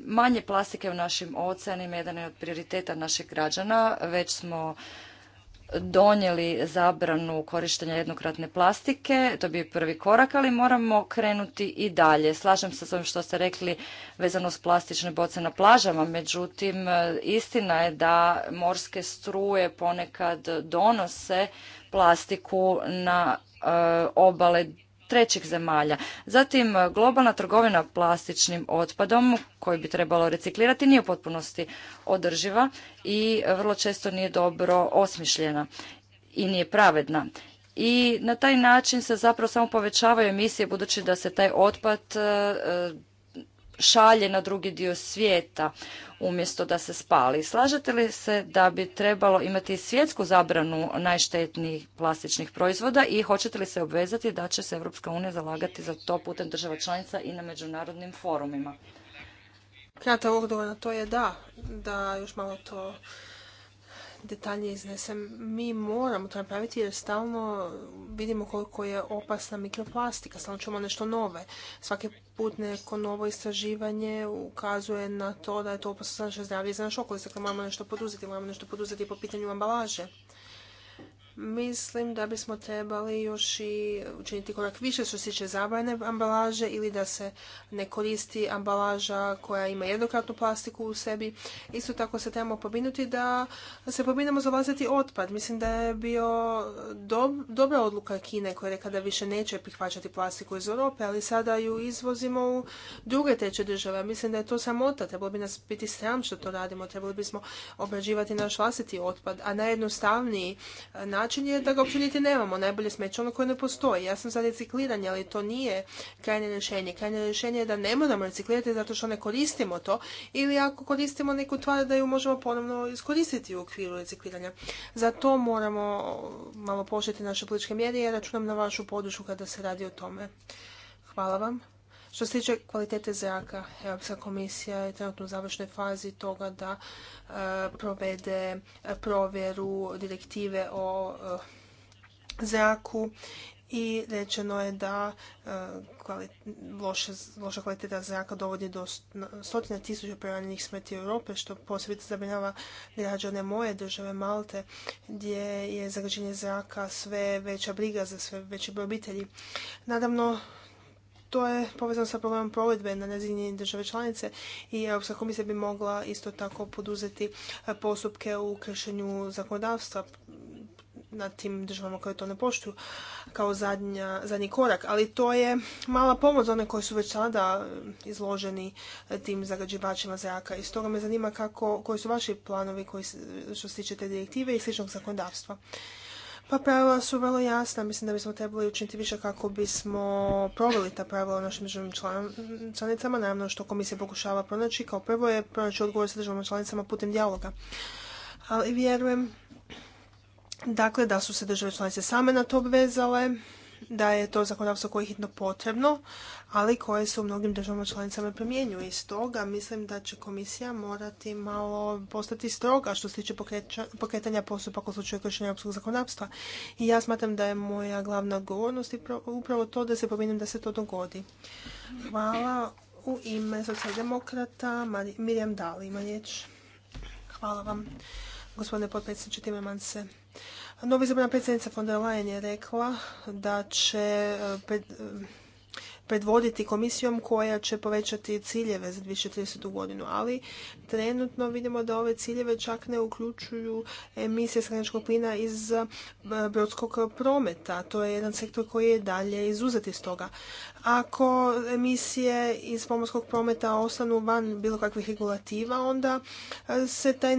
manje plastike u našim oceanima jedan je od prioriteta naših građana. Već smo donijeli zabranu korištenja jednokratne plastike, to bi prvi korak, ali moramo krenuti i dalje. Slažem se s ovim što ste rekli vezano s plastične boce na plažama, međutim e, istina je da morske struje ponekad donose plastiku na e, obale trećih zemalja. Zatim, globalna trgovina plastičnim otpadom koji bi trebalo reciklirati nije u potpunosti održiva i vrlo često nije dobro osmišljena i nije pravedna. I na taj način se zapravo samo povećavaju emisije budući da se taj otpad e, šalje na drugi dio svijeta umjesto da se spali. Slažete li se da bi trebalo imati svjetsku zabranu najštetnijih plastičnih proizvoda i hoćete li se obvezati da će se Europska unija zalagati za to putem država članica i na međunarodnim forumima? Kratak odgovor na to je da, da još malo to detalje iznesem. Mi moramo to napraviti jer stalno vidimo koliko je opasna mikroplastika. Stalno čujemo nešto nove. Svaki put neko novo istraživanje ukazuje na to da je to opasno za naše zdravlje i za naš okolice. Dakle, moramo nešto poduzeti. Moramo nešto poduzeti po pitanju ambalaže. Mislim da bismo trebali još i učiniti korak više što se tiče zabrane ambalaže ili da se ne koristi ambalaža koja ima jednokratnu plastiku u sebi. Isto tako se trebamo pobinuti da se pobinemo za vlastiti otpad. Mislim da je bio dobra odluka Kine koja je rekla da više neće prihvaćati plastiku iz Europe, ali sada ju izvozimo u druge treće države. Mislim da je to samota. Trebalo bi nas biti sram što to radimo. Trebali bismo obrađivati naš vlastiti otpad, a najjednostavniji način način je da ga uopće nemamo. Najbolje smeće ono koje ne postoji. Ja sam za recikliranje, ali to nije krajnje rješenje. Krajnje rješenje je da ne moramo reciklirati zato što ne koristimo to ili ako koristimo neku tvar da ju možemo ponovno iskoristiti u okviru recikliranja. Zato moramo malo početi naše političke mjere i ja računam na vašu podršku kada se radi o tome. Hvala vam. Što se tiče kvalitete zraka, Europska komisija je trenutno u završnoj fazi toga da e, provede e, provjeru direktive o e, zraku i rečeno je da loša, kvaliteta zraka dovodi do stotina tisuća preranjenih smrti u Europe, što posebice zabrinjava građane moje države Malte, gdje je zagađenje zraka sve veća briga za sve veći broj obitelji. Nadamno to je povezano sa problemom provedbe na razini države članice i Europska komisija bi mogla isto tako poduzeti e, postupke u kršenju zakonodavstva na tim državama koje to ne poštuju kao zadnja, zadnji korak. Ali to je mala pomoć za one koji su već sada izloženi e, tim zagađivačima zraka. I stoga me zanima kako, koji su vaši planovi koji, što se tiče te direktive i sličnog zakonodavstva. Pa pravila su vrlo jasna, mislim da bismo trebali učiniti više kako bismo proveli ta pravila u našim državnim članicama, naravno što komisija pokušava pronaći. Kao prvo je pronaći odgovor sa državama članicama putem dijaloga. Ali vjerujem dakle da su se države članice same na to obvezale da je to zakonodavstvo koje je hitno potrebno, ali koje se u mnogim državama članicama primjenjuje. I stoga mislim da će komisija morati malo postati stroga što se tiče pokretanja postupaka u slučaju kršenja europskog zakonodavstva. I ja smatram da je moja glavna odgovornost upravo to da se pominjem da se to dogodi. Hvala u ime socijaldemokrata Mirjam Dali ima riječ. Hvala vam, gospodine potpredsjedniče Timeman se. Novi izabrana predsjednica von der Leyen je rekla da će e, e, predvoditi komisijom koja će povećati ciljeve za 2030. godinu, ali trenutno vidimo da ove ciljeve čak ne uključuju emisije stakleničkog plina iz e, brodskog prometa. To je jedan sektor koji je dalje izuzet iz toga. Ako emisije iz pomorskog prometa ostanu van bilo kakvih regulativa, onda e, se taj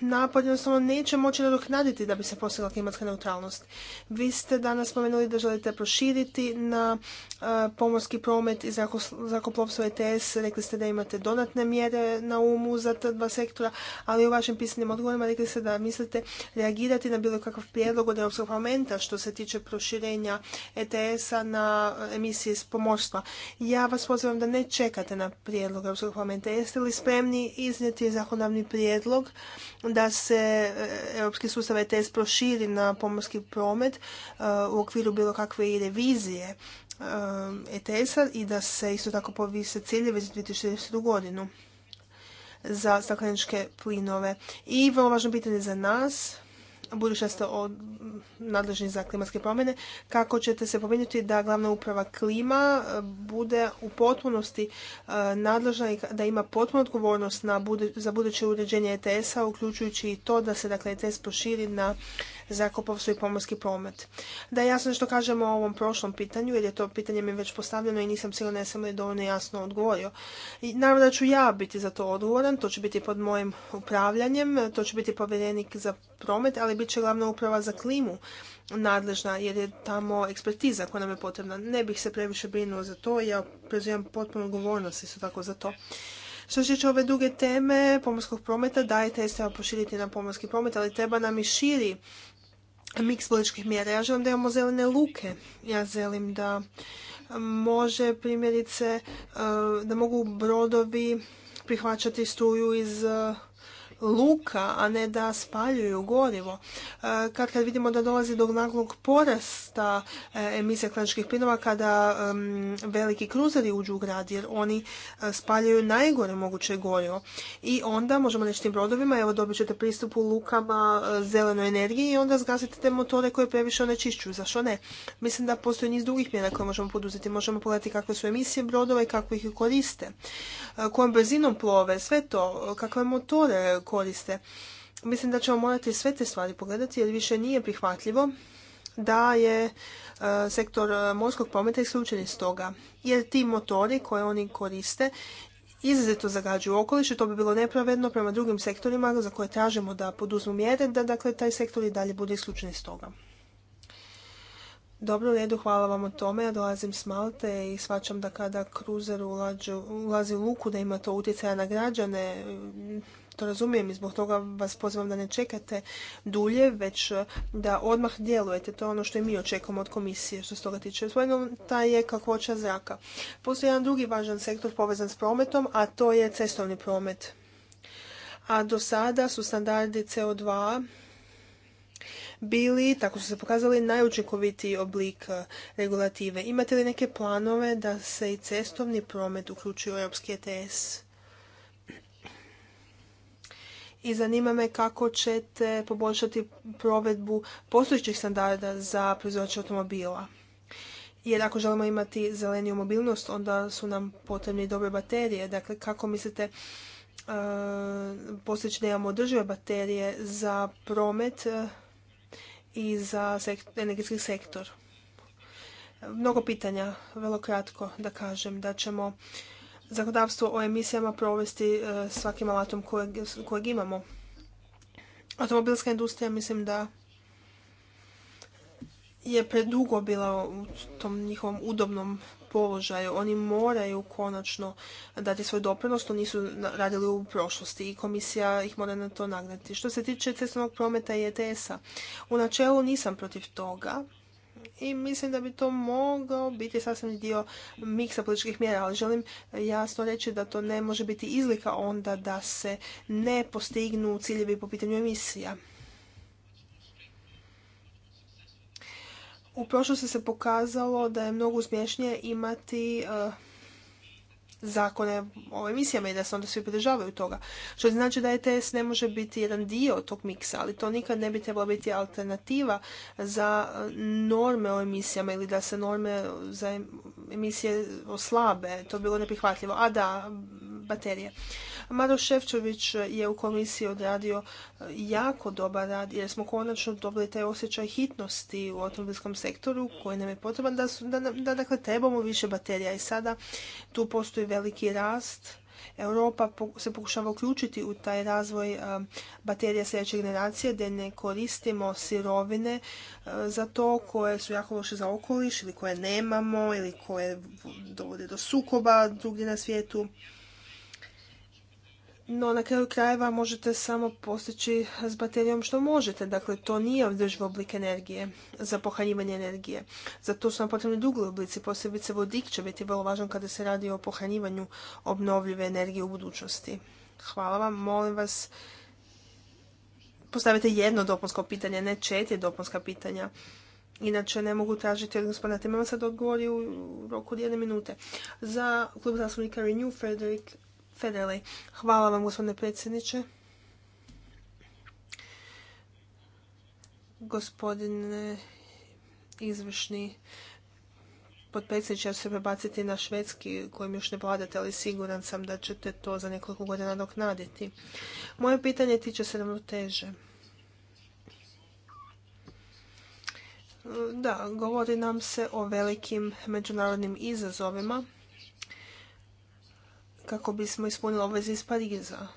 napad jednostavno neće moći nadoknaditi da bi se postigla klimatska neutralnost. Vi ste danas spomenuli da želite proširiti na e, pomorski promet i zrakoplovstvo ETS. Rekli ste da imate donatne mjere na umu za ta dva sektora, ali u vašim pisanim odgovorima rekli ste da mislite reagirati na bilo kakav prijedlog od Europskog parlamenta što se tiče proširenja ETS-a na emisije iz pomorskog pomorstva. Ja vas pozivam da ne čekate na prijedlog Europskog parlamenta. Jeste li spremni iznijeti zakonavni prijedlog da se e, Europski sustav ETS proširi na pomorski promet e, u okviru bilo kakve i revizije ETS-a e i da se isto tako povise ciljeve za 2040. godinu za stakleničke plinove. I vrlo važno pitanje za nas, budući da ste nadležni za klimatske promjene, kako ćete se pobrinuti da glavna uprava klima e, bude u potpunosti e, nadležna i da ima potpunu odgovornost na, za buduće uređenje ETS-a, uključujući i to da se dakle, ETS proširi na zrakoplovstvo i pomorski promet. Da je jasno što kažemo o ovom prošlom pitanju, jer je to pitanje mi već postavljeno i nisam sigurno, jesam li dovoljno jasno odgovorio. I naravno da ću ja biti za to odgovoran, to će biti pod mojim upravljanjem, to će biti povjerenik za promet, ali bit će glavna uprava za klimu nadležna jer je tamo ekspertiza koja nam je potrebna. Ne bih se previše brinuo za to, ja prezivam potpuno odgovornost isto tako za to. Što se tiče ove duge teme pomorskog prometa, da se na pomorski promet, ali treba nam i širi miks političkih mjera. Ja želim da imamo zelene luke. Ja želim da može primjerice eh, da mogu brodovi prihvaćati struju iz eh, luka, a ne da spaljuju gorivo. E, kad kad vidimo da dolazi do naglog porasta e, emisija klaničkih plinova kada veliki kruzeri uđu u grad jer oni e, spaljuju najgore moguće gorivo. I onda možemo reći tim brodovima, evo dobit ćete pristup u lukama zelenoj energiji i onda zgasite te motore koje previše onečišćuju. Zašto ne? Mislim da postoji niz drugih mjera koje možemo poduzeti. Možemo pogledati kakve su emisije brodova i kako ih koriste. Kojom brzinom plove, sve to, kakve motore koriste. Mislim da ćemo morati sve te stvari pogledati jer više nije prihvatljivo da je e, sektor e, morskog prometa isključen iz toga. Jer ti motori koje oni koriste izuzetno zagađuju okoliš i to bi bilo nepravedno prema drugim sektorima za koje tražimo da poduzmu mjere da dakle, taj sektor i dalje bude isključen iz toga. Dobro, u redu, hvala vam o tome. Ja dolazim s Malte i svačam da kada kruzer ulazi u luku da ima to utjecaja na građane, to razumijem i zbog toga vas pozivam da ne čekate dulje, već e, da odmah djelujete. To je ono što i mi očekujemo od komisije što se toga tiče. Svojno ta je kakvoća zraka. Postoji jedan drugi važan sektor povezan s prometom, a to je cestovni promet. A do sada su standardi CO2 bili, tako su se pokazali, najučinkovitiji oblik e, regulative. Imate li neke planove da se i cestovni promet uključi u Europski ETS? i zanima me kako ćete poboljšati provedbu postojećih standarda za proizvođače automobila. Jer ako želimo imati zeleniju mobilnost, onda su nam potrebne dobre baterije. Dakle, kako mislite e, postići da imamo održive baterije za promet e, i za energetski sektor? Mnogo pitanja, vrlo kratko da kažem, da ćemo zakonodavstvo o emisijama provesti e, svakim alatom kojeg, imamo. Automobilska industrija mislim da je predugo bila u tom njihovom udobnom položaju. Oni moraju konačno dati svoju doprinos, to nisu radili u prošlosti i komisija ih mora na to nagnati. Što se tiče cestovnog prometa i ETS-a, u načelu nisam protiv toga, i mislim da bi to mogao biti sasvim dio miksa političkih mjera, ali želim jasno reći da to ne može biti izlika onda da se ne postignu ciljevi po pitanju emisija. U prošlosti se pokazalo da je mnogo uspješnije imati eh, zakone o emisijama i da se onda svi pridržavaju toga. Što znači da ETS ne može biti jedan dio tog miksa, ali to nikad ne bi trebalo biti alternativa za e, norme o emisijama ili da se norme za emisije oslabe. To bi bilo neprihvatljivo. A da, baterije. Maro Šefčević je u komisiji odradio e, jako dobar rad jer smo konačno dobili taj osjećaj hitnosti u automobilskom sektoru koji nam je potreban da, su, da, da dakle, trebamo više baterija i sada tu postoji veliki rast Europa se pokušava uključiti u taj razvoj e, baterija sljedeće generacije gdje ne koristimo sirovine e, za to koje su jako loše za okoliš ili koje nemamo ili koje dovode do sukoba drugdje na svijetu no na kraju krajeva možete samo postići s baterijom što možete. Dakle, to nije održiv oblik energije za pohranjivanje energije. Za to su nam potrebni drugi oblici, posebice vodik će biti vrlo važan kada se radi o pohranjivanju obnovljive energije u budućnosti. Hvala vam, molim vas postavite jedno dopunsko pitanje, ne četiri dopunska pitanja. Inače ne mogu tražiti od gospodina Timmermansa sad odgovori u roku od jedne minute. Za klub zastupnika Renew Frederick. Federley. Hvala vam, gospodine predsjedniče. Gospodine izvršni potpredsjedniče, ja ću se prebaciti na švedski kojim još ne vladate, ali siguran sam da ćete to za nekoliko godina doknaditi. Moje pitanje tiče se ravnoteže. Da, govori nam se o velikim međunarodnim izazovima kako bismo ispunili obveze iz Pariza.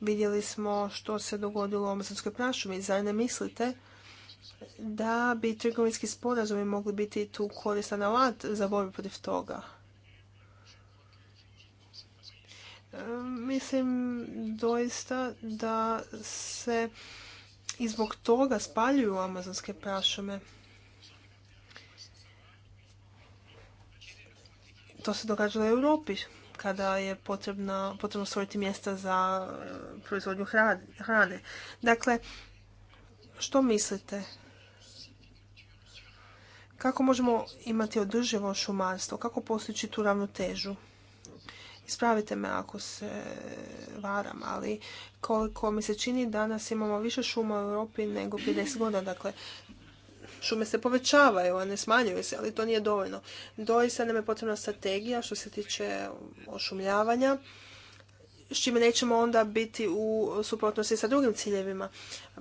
Vidjeli smo što se dogodilo u Amazonskoj prašumi. Zar ne mislite da bi trgovinski sporazumi mogli biti tu koristan alat za borbu protiv toga? E, mislim doista da se i zbog toga spaljuju amazonske prašume. To se događa u Europi kada je potrebno, potrebno stvoriti mjesta za e, proizvodnju hrane. Dakle, što mislite? Kako možemo imati održivo šumarstvo? Kako postići tu ravnotežu? Ispravite me ako se varam, ali koliko mi se čini danas imamo više šuma u Europi nego 50 godina. Dakle, šume se povećavaju, a ne smanjuju se, ali to nije dovoljno. Doista nam je potrebna strategija što se tiče ošumljavanja, s čime nećemo onda biti u suprotnosti sa drugim ciljevima.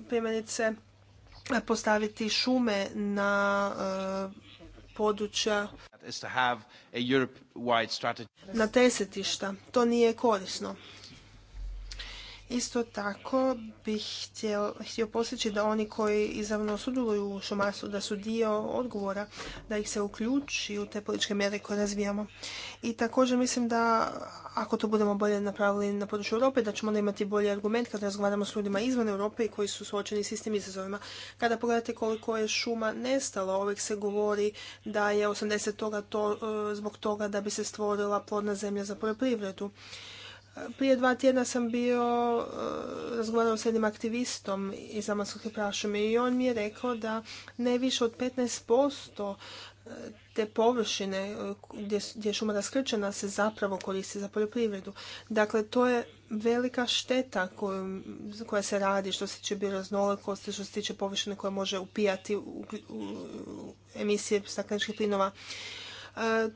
Primjerice, postaviti šume na e, područja na tesetišta. To nije korisno. Isto tako bih htio posjeći da oni koji izravno sudjeluju u šumarstvu, da su dio odgovora, da ih se uključi u te političke mjere koje razvijamo. I također mislim da ako to budemo bolje napravili na području Europe, da ćemo onda imati bolji argument kada razgovaramo s ljudima izvan Europe i koji su suočeni s istim izazovima. Kada pogledate koliko je šuma nestalo, uvijek se govori da je 80 toga to, eh, zbog toga da bi se stvorila plodna zemlja za poljoprivredu. Prije dva tjedna sam bio, e, razgovarao s jednim aktivistom iz Amanskog prašume i on mi je rekao da ne više od 15% e, te površine e, gdje, je šuma raskrčena se zapravo koristi za poljoprivredu. Dakle, to je velika šteta koja se radi što se tiče bioraznolikosti, što se tiče površine koja može upijati emisije stakleničkih plinova.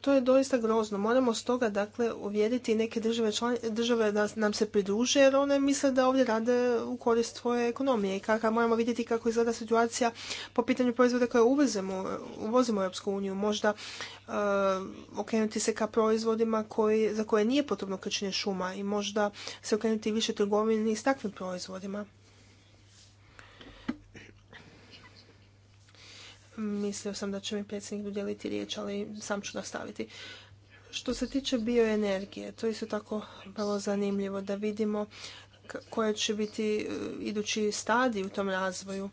To je doista grozno. Moramo stoga dakle uvjeriti neke države, član, države da nam se pridruže jer one misle da ovdje rade u korist svoje ekonomije i kakav moramo vidjeti kako izgleda situacija po pitanju proizvoda koje uvezemo, uvozimo u Europsku uniju. Možda okrenuti se ka proizvodima koji, za koje nije potrebno krčenje šuma i možda se okrenuti više trgovini s takvim proizvodima. Mislio sam da će mi predsjednik dodijeliti riječ, ali sam ću nastaviti. Što se tiče bioenergije, to je isto tako vrlo zanimljivo da vidimo koje će biti e, idući stadij u tom razvoju.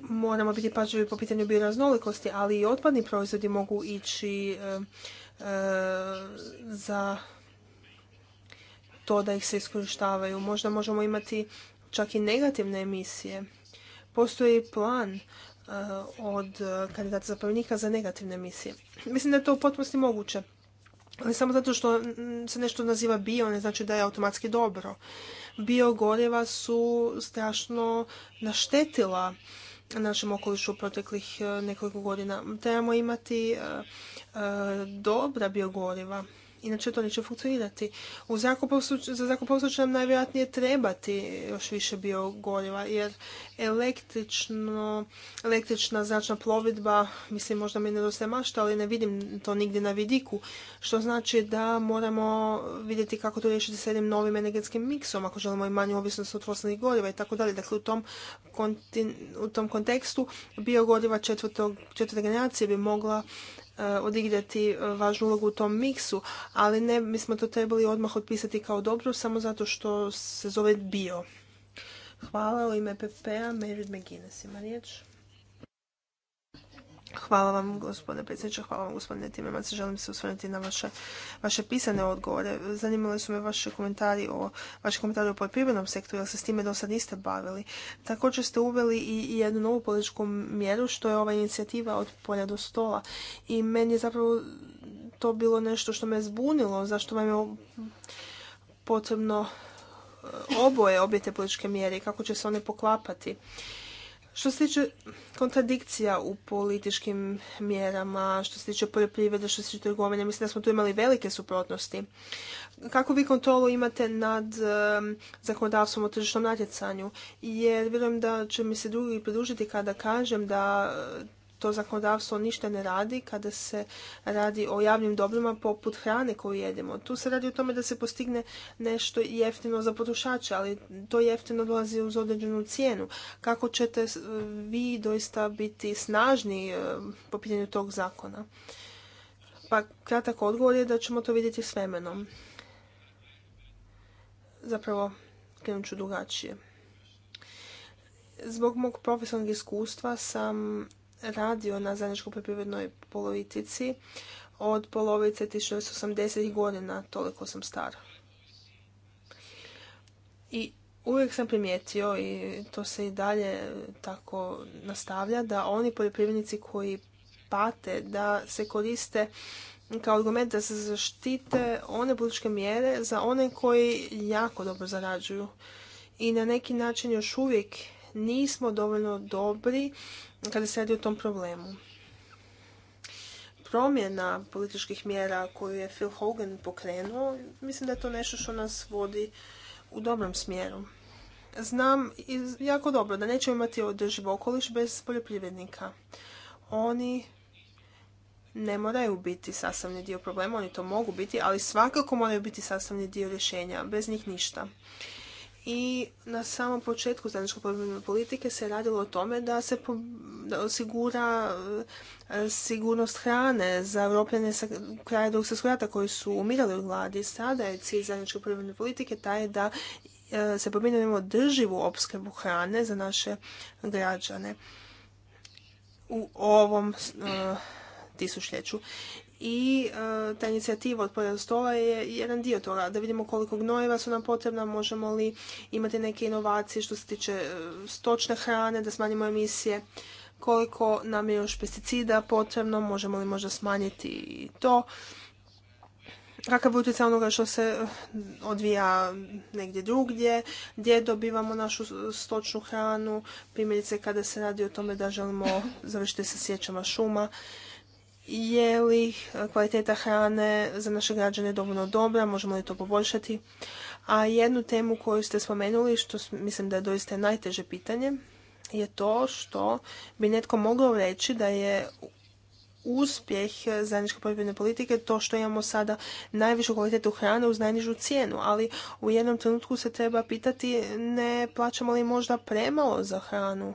Moramo biti pažljivi po pitanju bioraznolikosti, ali i otpadni proizvodi mogu ići e, e, za to da ih se iskorištavaju. Možda možemo imati čak i negativne emisije. Postoji plan eh, od kandidata zapovjednika za negativne emisije. Mislim da je to u potpunosti moguće. Ali samo zato što mm, se nešto naziva bio, ne znači da je automatski dobro. Biogoriva su strašno naštetila našem okolišu proteklih eh, nekoliko godina. Trebamo imati eh, dobra biogoriva inače to neće funkcionirati. U za zakupovstvu će nam najvjerojatnije trebati još više biogoriva, jer električno, električna zračna plovidba, mislim možda mi nedostaje mašta, ali ne vidim to nigdje na vidiku, što znači da moramo vidjeti kako to riješiti sa jednim novim energetskim miksom, ako želimo i manju ovisnost od fosilnih goriva i tako dalje. Dakle, u tom, u tom kontekstu biogoriva četvrte generacije bi mogla E, odigrati važnu ulogu u tom miksu, ali ne mi smo to trebali odmah otpisati kao dobro samo zato što se zove bio. Hvala u ime PP-a, Merit McGuinness ima riječ. Hvala vam, gospodine predsjedniče, hvala vam, gospodine Timemac. Želim se osvrnuti na vaše, vaše pisane odgovore. Zanimali su me vaši komentari o, vaši komentari o poljoprivrednom sektoru, jer se s time do sad niste bavili. Također ste uveli i jednu novu političku mjeru, što je ova inicijativa od polja do stola. I meni je zapravo to bilo nešto što me zbunilo, zašto vam je potrebno e, oboje, obje te političke mjere i kako će se one poklapati. Što se tiče kontradikcija u političkim mjerama, što se tiče poljoprivrede, što se tiče trgovine, mislim da smo tu imali velike suprotnosti. Kako vi kontrolu imate nad zakonodavstvom o tržišnom natjecanju? Jer vjerujem da će mi se drugi pridružiti kada kažem da to zakonodavstvo ništa ne radi kada se radi o javnim dobrima poput hrane koju jedemo. Tu se radi o tome da se postigne nešto jeftino za potrošače, ali to jeftino dolazi uz određenu cijenu. Kako ćete vi doista biti snažni e, po pitanju tog zakona? Pa kratak odgovor je da ćemo to vidjeti s vremenom. Zapravo, krenut ću drugačije. Zbog mog profesionalnog iskustva sam radio na zajedničkoj poljoprivrednoj politici od polovice 1980. godina, toliko sam stara. I uvijek sam primijetio i to se i dalje tako nastavlja da oni poljoprivrednici koji pate da se koriste kao argument da se zaštite one političke mjere za one koji jako dobro zarađuju. I na neki način još uvijek nismo dovoljno dobri kada se radi o tom problemu. Promjena političkih mjera koju je Phil Hogan pokrenuo, mislim da je to nešto što nas vodi u dobrom smjeru. Znam jako dobro da nećemo imati održiv okoliš bez poljoprivrednika. Oni ne moraju biti sastavni dio problema, oni to mogu biti, ali svakako moraju biti sastavni dio rješenja, bez njih ništa i na samom početku zajedničke poljoprivredne politike se radilo o tome da se osigura e, sigurnost hrane za Europljane sa kraja drugog svjetskog rata koji su umirali u gladi. Sada je cilj zajedničke poljoprivredne politike taj da e, se pominujemo drživu opskrbu hrane za naše građane u ovom e, tisućljeću i e, ta inicijativa od stola je jedan dio toga. Da vidimo koliko gnojeva su nam potrebna, možemo li imati neke inovacije što se tiče e, stočne hrane, da smanjimo emisije, koliko nam je još pesticida potrebno, možemo li možda smanjiti i to. Kakav je utjecaj onoga što se e, odvija negdje drugdje, gdje dobivamo našu stočnu hranu, primjerice kada se radi o tome da želimo završiti sa sjećama šuma je li eh, kvaliteta hrane za naše građane dovoljno dobra, možemo li to poboljšati. A jednu temu koju ste spomenuli, što mislim da je doista najteže pitanje, je to što bi netko mogao reći da je uspjeh eh, zajedničke poljoprivredne politike to što imamo sada najvišu kvalitetu hrane uz najnižu cijenu, ali u jednom trenutku se treba pitati ne plaćamo li možda premalo za hranu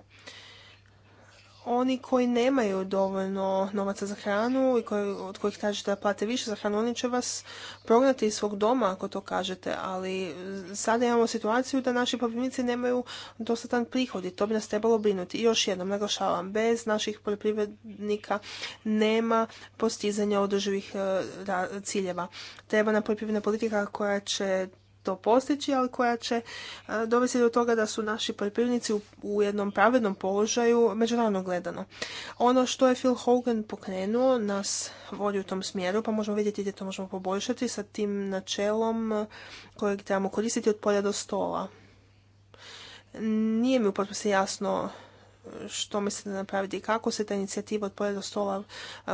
oni koji nemaju dovoljno novaca za hranu i koji, od kojih tražite da plate više za hranu, oni će vas prognati iz svog doma ako to kažete, ali sada imamo situaciju da naši poljoprivrednici nemaju dostatan prihod i to bi nas trebalo brinuti. I još jednom naglašavam, bez naših poljoprivrednika nema postizanja održivih eh, ciljeva. Treba nam poljoprivredna politika koja će to postići, ali koja će e, dovesti do toga da su naši poljoprivrednici u jednom pravednom položaju međunarodno gledano. Ono što je Phil Hogan pokrenuo nas vodi u tom smjeru, pa možemo vidjeti gdje to možemo poboljšati sa tim načelom kojeg trebamo koristiti od polja do stola. Nije mi u se jasno što mislite napraviti i kako se ta inicijativa od polja do stola e,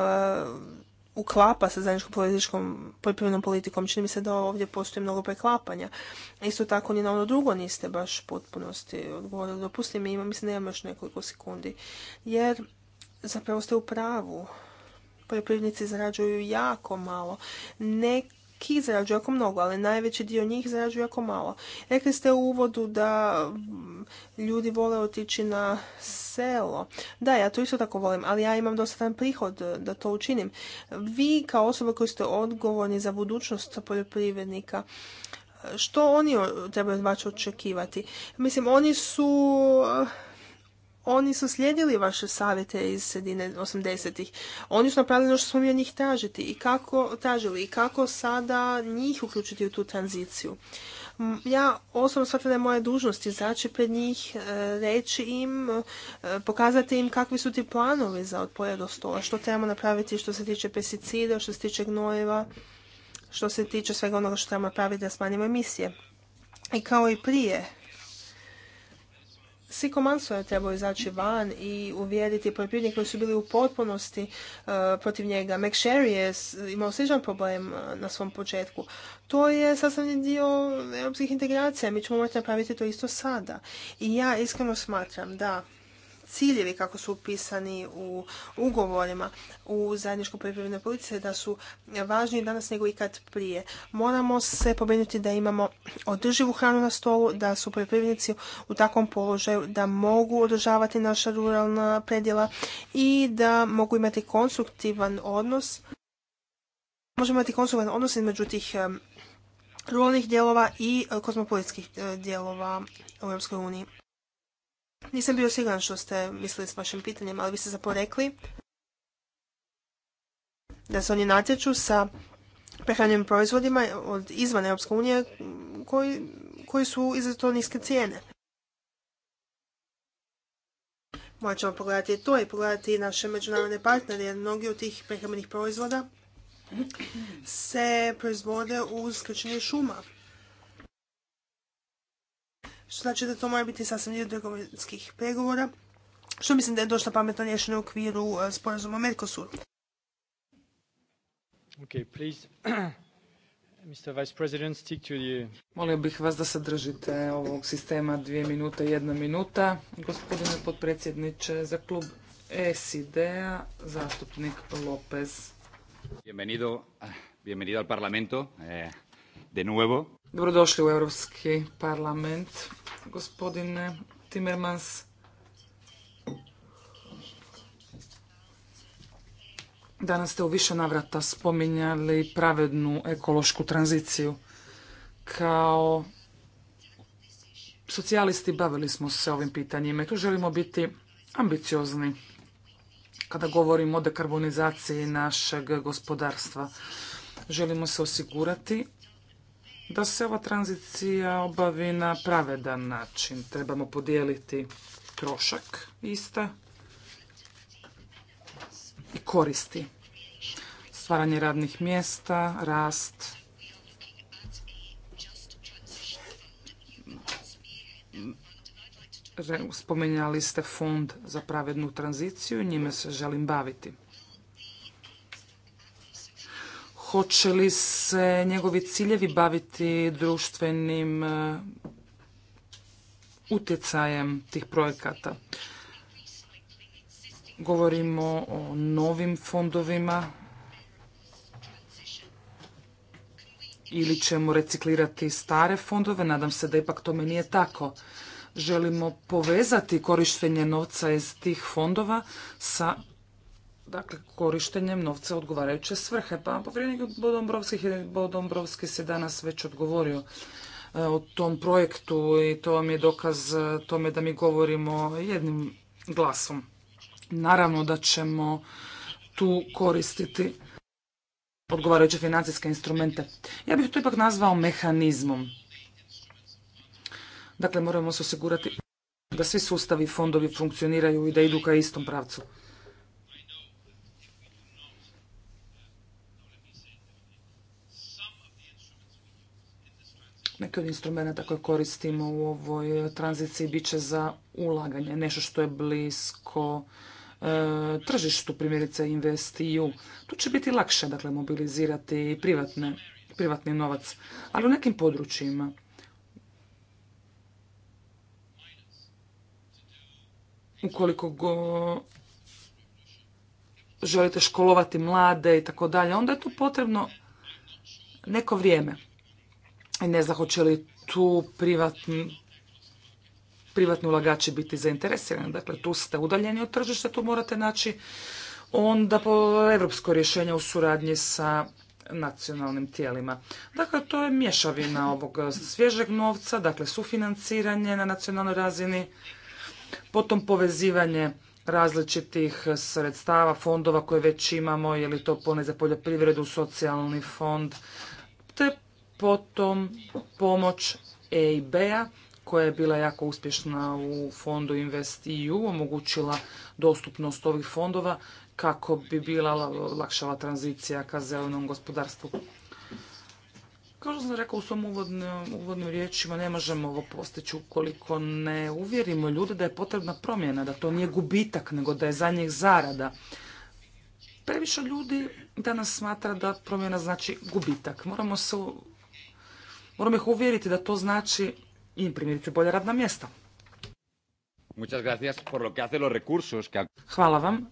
uklapa sa zajedničkom političkom poljoprivrednom politikom. Čini mi se da ovdje postoji mnogo preklapanja. Isto tako ni na ono drugo niste baš potpunosti odgovorili. Dopusti mi, ima, mislim da imam još nekoliko sekundi. Jer zapravo ste u pravu. Poljoprivrednici zarađuju jako malo. Neki ki zarađuju jako mnogo, ali najveći dio njih zarađuje jako malo. Rekli ste u uvodu da mm, ljudi vole otići na selo. Da, ja to isto tako volim, ali ja imam dostatan prihod e, da to učinim. Vi kao osoba koji ste odgovorni za budućnost poljoprivrednika, e, što oni trebaju od očekivati? Mislim, oni su e, oni su slijedili vaše savjete iz sredine 80-ih. Oni su napravili ono što smo mi od njih tražiti i kako, tražili i kako sada njih uključiti u tu tranziciju. Ja osobno shvatim da je moja dužnost izaći pred njih, e, reći im, e, pokazati im kakvi su ti planovi za od do što trebamo napraviti što se tiče pesticida, što se tiče gnojeva, što se tiče svega onoga što trebamo napraviti da smanjimo emisije. I kao i prije, Siko komanso je trebao izaći van i uvjeriti poljoprivrednike koji su bili u potpunosti e, protiv njega. McSherry je imao sličan problem e, na svom početku. To je sastavni dio europskih integracija. Mi ćemo morati napraviti to isto sada. I ja iskreno smatram da ciljevi kako su upisani u ugovorima u zajedničkoj poljoprivrednoj politici da su važniji danas nego ikad prije. Moramo se pobrinuti da imamo održivu hranu na stolu, da su poljoprivrednici u takvom položaju da mogu održavati naša ruralna predjela i da mogu imati konstruktivan odnos možemo imati konstruktivan odnos između tih ruralnih dijelova i e, kozmopolitskih e, dijelova u Europskoj uniji. Nisam bio siguran što ste mislili s vašim pitanjem, ali vi ste zaporekli da se oni natječu sa prehranjenim proizvodima od izvan Europske unije koji, koji su izrazito niske cijene. Morat ćemo pogledati to i pogledati naše međunarodne partnere, jer mnogi od tih prehrambenih proizvoda se proizvode u krčenje šuma. Što znači da to mora biti sasvim dio trgovinskih pregovora, što mislim da je došlo pametno rješeno u okviru e, sporazuma Mercosur. Okay, please. Mr. Vice President, stick to the... Molio bih vas da se držite ovog sistema dvije minute, jedna minuta. Gospodine podpredsjedniče za klub SID-a, zastupnik Lopez. Bienvenido, bienvenido al Parlamento, eh, de nuevo. Dobrodošli u Europski parlament, gospodine Timmermans. Danas ste u više navrata spominjali pravednu ekološku tranziciju. Kao socijalisti bavili smo se ovim pitanjima i tu želimo biti ambiciozni kada govorimo o dekarbonizaciji našeg gospodarstva. Želimo se osigurati da se ova tranzicija obavi na pravedan način. Trebamo podijeliti trošak ista i koristi. Stvaranje radnih mjesta, rast. Spomenjali ste fond za pravednu tranziciju i njime se želim baviti hoće li se njegovi ciljevi baviti društvenim e, utjecajem tih projekata. Govorimo o novim fondovima ili ćemo reciklirati stare fondove. Nadam se da ipak tome nije tako. Želimo povezati korištenje novca iz tih fondova sa dakle, korištenjem novca odgovarajuće svrhe. Pa i Bodombrovski se danas već odgovorio e, o tom projektu i to vam je dokaz e, tome da mi govorimo jednim glasom. Naravno da ćemo tu koristiti odgovarajuće financijske instrumente. Ja bih to ipak nazvao mehanizmom. Dakle, moramo se osigurati da svi sustavi i fondovi funkcioniraju i da idu ka istom pravcu. neki od instrumenta koje koristimo u ovoj e, tranziciji bit će za ulaganje, nešto što je blisko e, tržištu, primjerice investiju. Tu će biti lakše dakle, mobilizirati privatni novac, ali u nekim područjima. Ukoliko go želite školovati mlade i tako dalje, onda je tu potrebno neko vrijeme. Ne znam hoće li tu privatni, privatni ulagači biti zainteresirani. Dakle, tu ste udaljeni od tržišta, tu morate naći onda po evropsko rješenje u suradnji sa nacionalnim tijelima. Dakle, to je mješavina ovog svježeg novca, dakle sufinanciranje na nacionalnoj razini, potom povezivanje različitih sredstava, fondova koje već imamo, je li to pone za poljoprivredu, socijalni fond, te potom pomoć EIB-a koja je bila jako uspješna u fondu InvestEU, omogućila dostupnost ovih fondova kako bi bila lakšala tranzicija ka zelenom gospodarstvu. Kao što sam rekao u svom uvodnim, uvodnim riječima, ne možemo ovo postići ukoliko ne uvjerimo ljude da je potrebna promjena, da to nije gubitak, nego da je za njih zarada. Previše ljudi danas smatra da promjena znači gubitak. Moramo se Moram ih uvjeriti da to znači i primjerice bolje radna mjesta. Hvala vam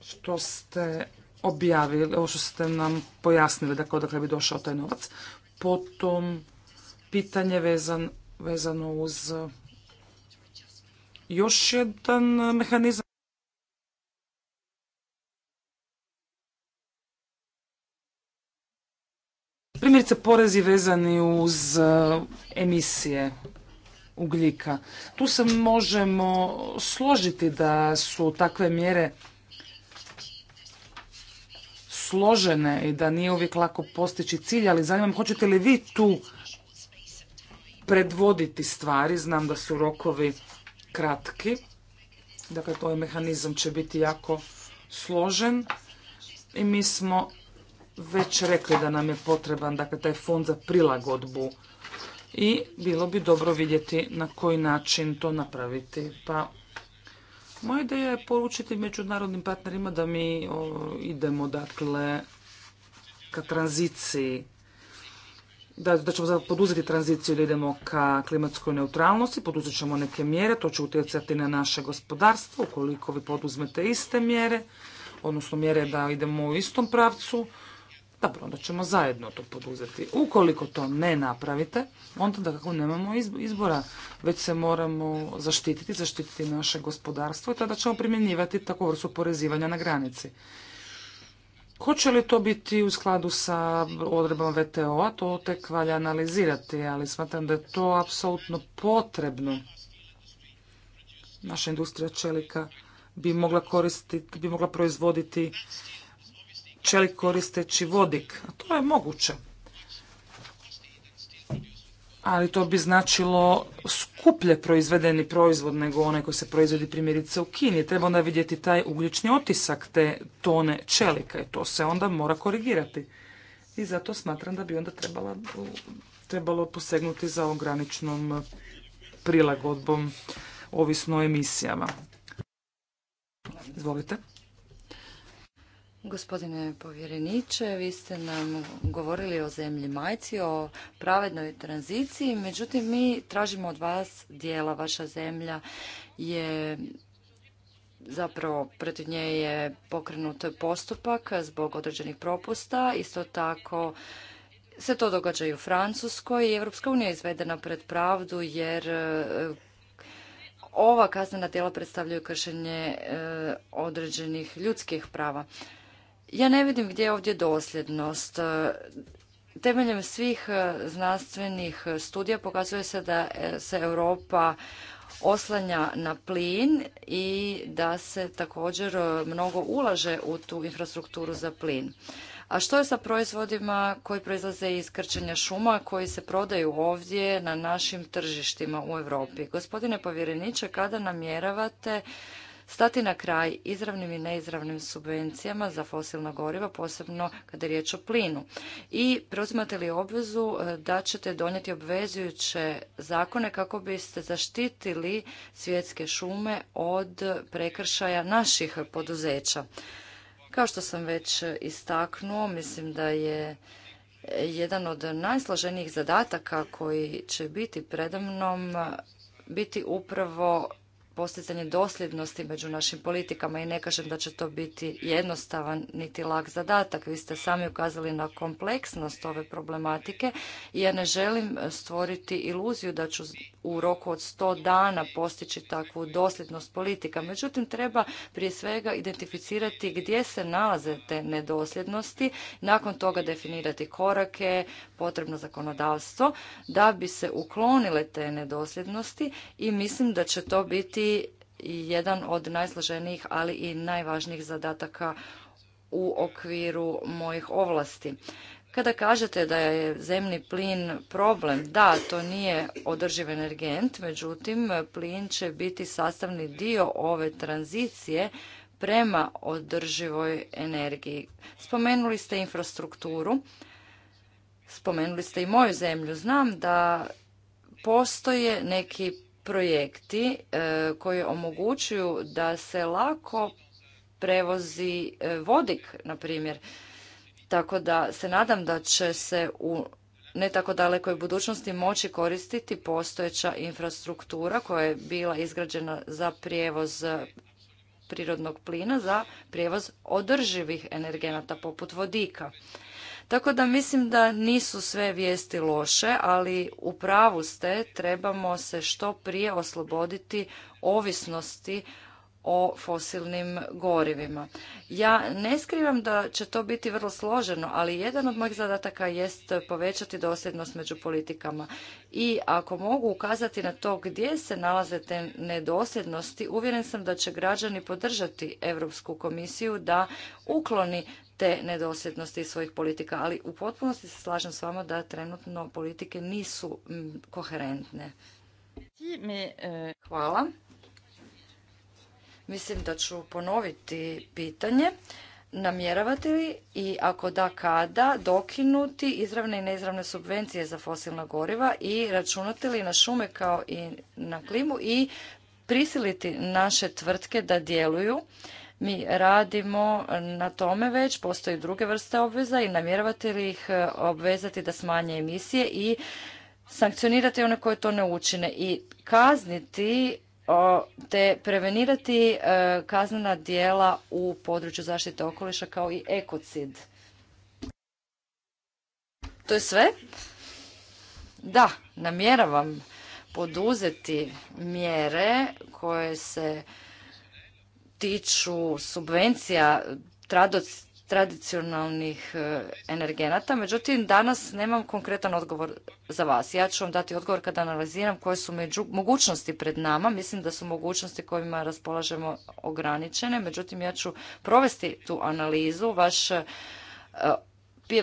što ste objavili, ovo što ste nam pojasnili, dakle odakle bi došao taj novac. Potom pitanje vezan, vezano uz još jedan mehanizam primjerice porezi vezani uz eh, emisije ugljika. Tu se možemo složiti da su takve mjere složene i da nije uvijek lako postići cilj, ali zanima hoćete li vi tu predvoditi stvari, znam da su rokovi kratki, dakle ovaj mehanizam će biti jako složen i mi smo već rekli da nam je potreban dakle, taj fond za prilagodbu i bilo bi dobro vidjeti na koji način to napraviti. Pa moja ideja je poručiti međunarodnim partnerima da mi idemo dakle ka tranziciji, da, da ćemo poduzeti tranziciju, da idemo ka klimatskoj neutralnosti, poduzet ćemo neke mjere, to će utjecati na naše gospodarstvo, ukoliko vi poduzmete iste mjere, odnosno mjere da idemo u istom pravcu, dobro, onda ćemo zajedno to poduzeti. Ukoliko to ne napravite, onda da kako nemamo izbora, već se moramo zaštititi, zaštititi naše gospodarstvo i tada ćemo primjenjivati tako vrstu porezivanja na granici. Hoće li to biti u skladu sa odredbama VTO-a, to tek valja analizirati, ali smatram da je to apsolutno potrebno. Naša industrija čelika bi mogla koristiti, bi mogla proizvoditi čelik koristeći vodik. A to je moguće. Ali to bi značilo skuplje proizvedeni proizvod nego onaj koji se proizvodi primjerice u Kini. Treba onda vidjeti taj ugljični otisak te tone čelika i to se onda mora korigirati. I zato smatram da bi onda trebala, trebalo posegnuti za ovom prilagodbom ovisno o emisijama. Izvolite. Gospodine povjereniče, vi ste nam govorili o zemlji majci, o pravednoj tranziciji, međutim mi tražimo od vas dijela. Vaša zemlja je zapravo protiv nje je pokrenut postupak zbog određenih propusta. Isto tako se to događa i u Francuskoj i Europska unija je izvedena pred pravdu jer e, ova kaznena djela predstavljaju kršenje e, određenih ljudskih prava. Ja ne vidim gdje je ovdje dosljednost. E, temeljem svih e, znanstvenih e, studija pokazuje se da se Europa oslanja na plin i da se također mnogo ulaže u tu infrastrukturu za plin. A što je sa proizvodima koji proizlaze iz krčenja šuma koji se prodaju ovdje na našim tržištima u Europi? Gospodine povjereniče, kada namjeravate stati na kraj izravnim i neizravnim subvencijama za fosilna goriva, posebno kada je riječ o plinu? I preuzimate li obvezu e, da ćete donijeti obvezujuće zakone kako biste zaštitili svjetske šume od prekršaja naših poduzeća? Kao što sam već istaknuo, mislim da je jedan od najsloženijih zadataka koji će biti predamnom e, biti upravo postizanje dosljednosti među našim politikama i ne kažem da će to biti jednostavan niti lak zadatak. Vi ste sami ukazali na kompleksnost ove problematike i ja ne želim stvoriti iluziju da ću u roku od 100 dana postići takvu dosljednost politika. Međutim, treba prije svega identificirati gdje se nalaze te nedosljednosti, nakon toga definirati korake, potrebno zakonodavstvo, da bi se uklonile te nedosljednosti i mislim da će to biti jedan od najsloženijih, ali i najvažnijih zadataka u okviru mojih ovlasti. Kada kažete da je zemni plin problem, da, to nije održiv energent, međutim, plin će biti sastavni dio ove tranzicije prema održivoj energiji. Spomenuli ste infrastrukturu, spomenuli ste i moju zemlju. Znam da postoje neki projekti e, koji omogućuju da se lako prevozi e, vodik, na primjer. Tako da se nadam da će se u ne tako dalekoj budućnosti moći koristiti postojeća infrastruktura koja je bila izgrađena za prijevoz prirodnog plina za prijevoz održivih energenata poput vodika. Tako da mislim da nisu sve vijesti loše, ali u pravu ste, trebamo se što prije osloboditi ovisnosti o fosilnim gorivima. Ja ne skrivam da će to biti vrlo složeno, ali jedan od mojih zadataka jest povećati dosljednost među politikama. I ako mogu ukazati na to gdje se nalaze te nedosljednosti, uvjeren sam da će građani podržati Europsku komisiju da ukloni te nedosljednosti svojih politika, ali u potpunosti se slažem s vama da trenutno politike nisu koherentne. E, Hvala. Mislim da ću ponoviti pitanje. Namjeravate li i ako da kada dokinuti izravne i neizravne subvencije za fosilna goriva i računate li na šume kao i na klimu i prisiliti naše tvrtke da djeluju? Mi radimo na tome već, postoje druge vrste obveza i namjeravate li ih e, obvezati da smanje emisije i sankcionirati one koje to ne učine i kazniti te prevenirati e, kaznena dijela u području zaštite okoliša kao i ekocid. To je sve? Da, namjeravam poduzeti mjere koje se tiču subvencija tradicionalnih e, energenata. Međutim, danas nemam konkretan odgovor za vas. Ja ću vam dati odgovor kada analiziram koje su mogućnosti pred nama. Mislim da su mogućnosti kojima raspolažemo ograničene. Međutim, ja ću provesti tu analizu. Vaš e,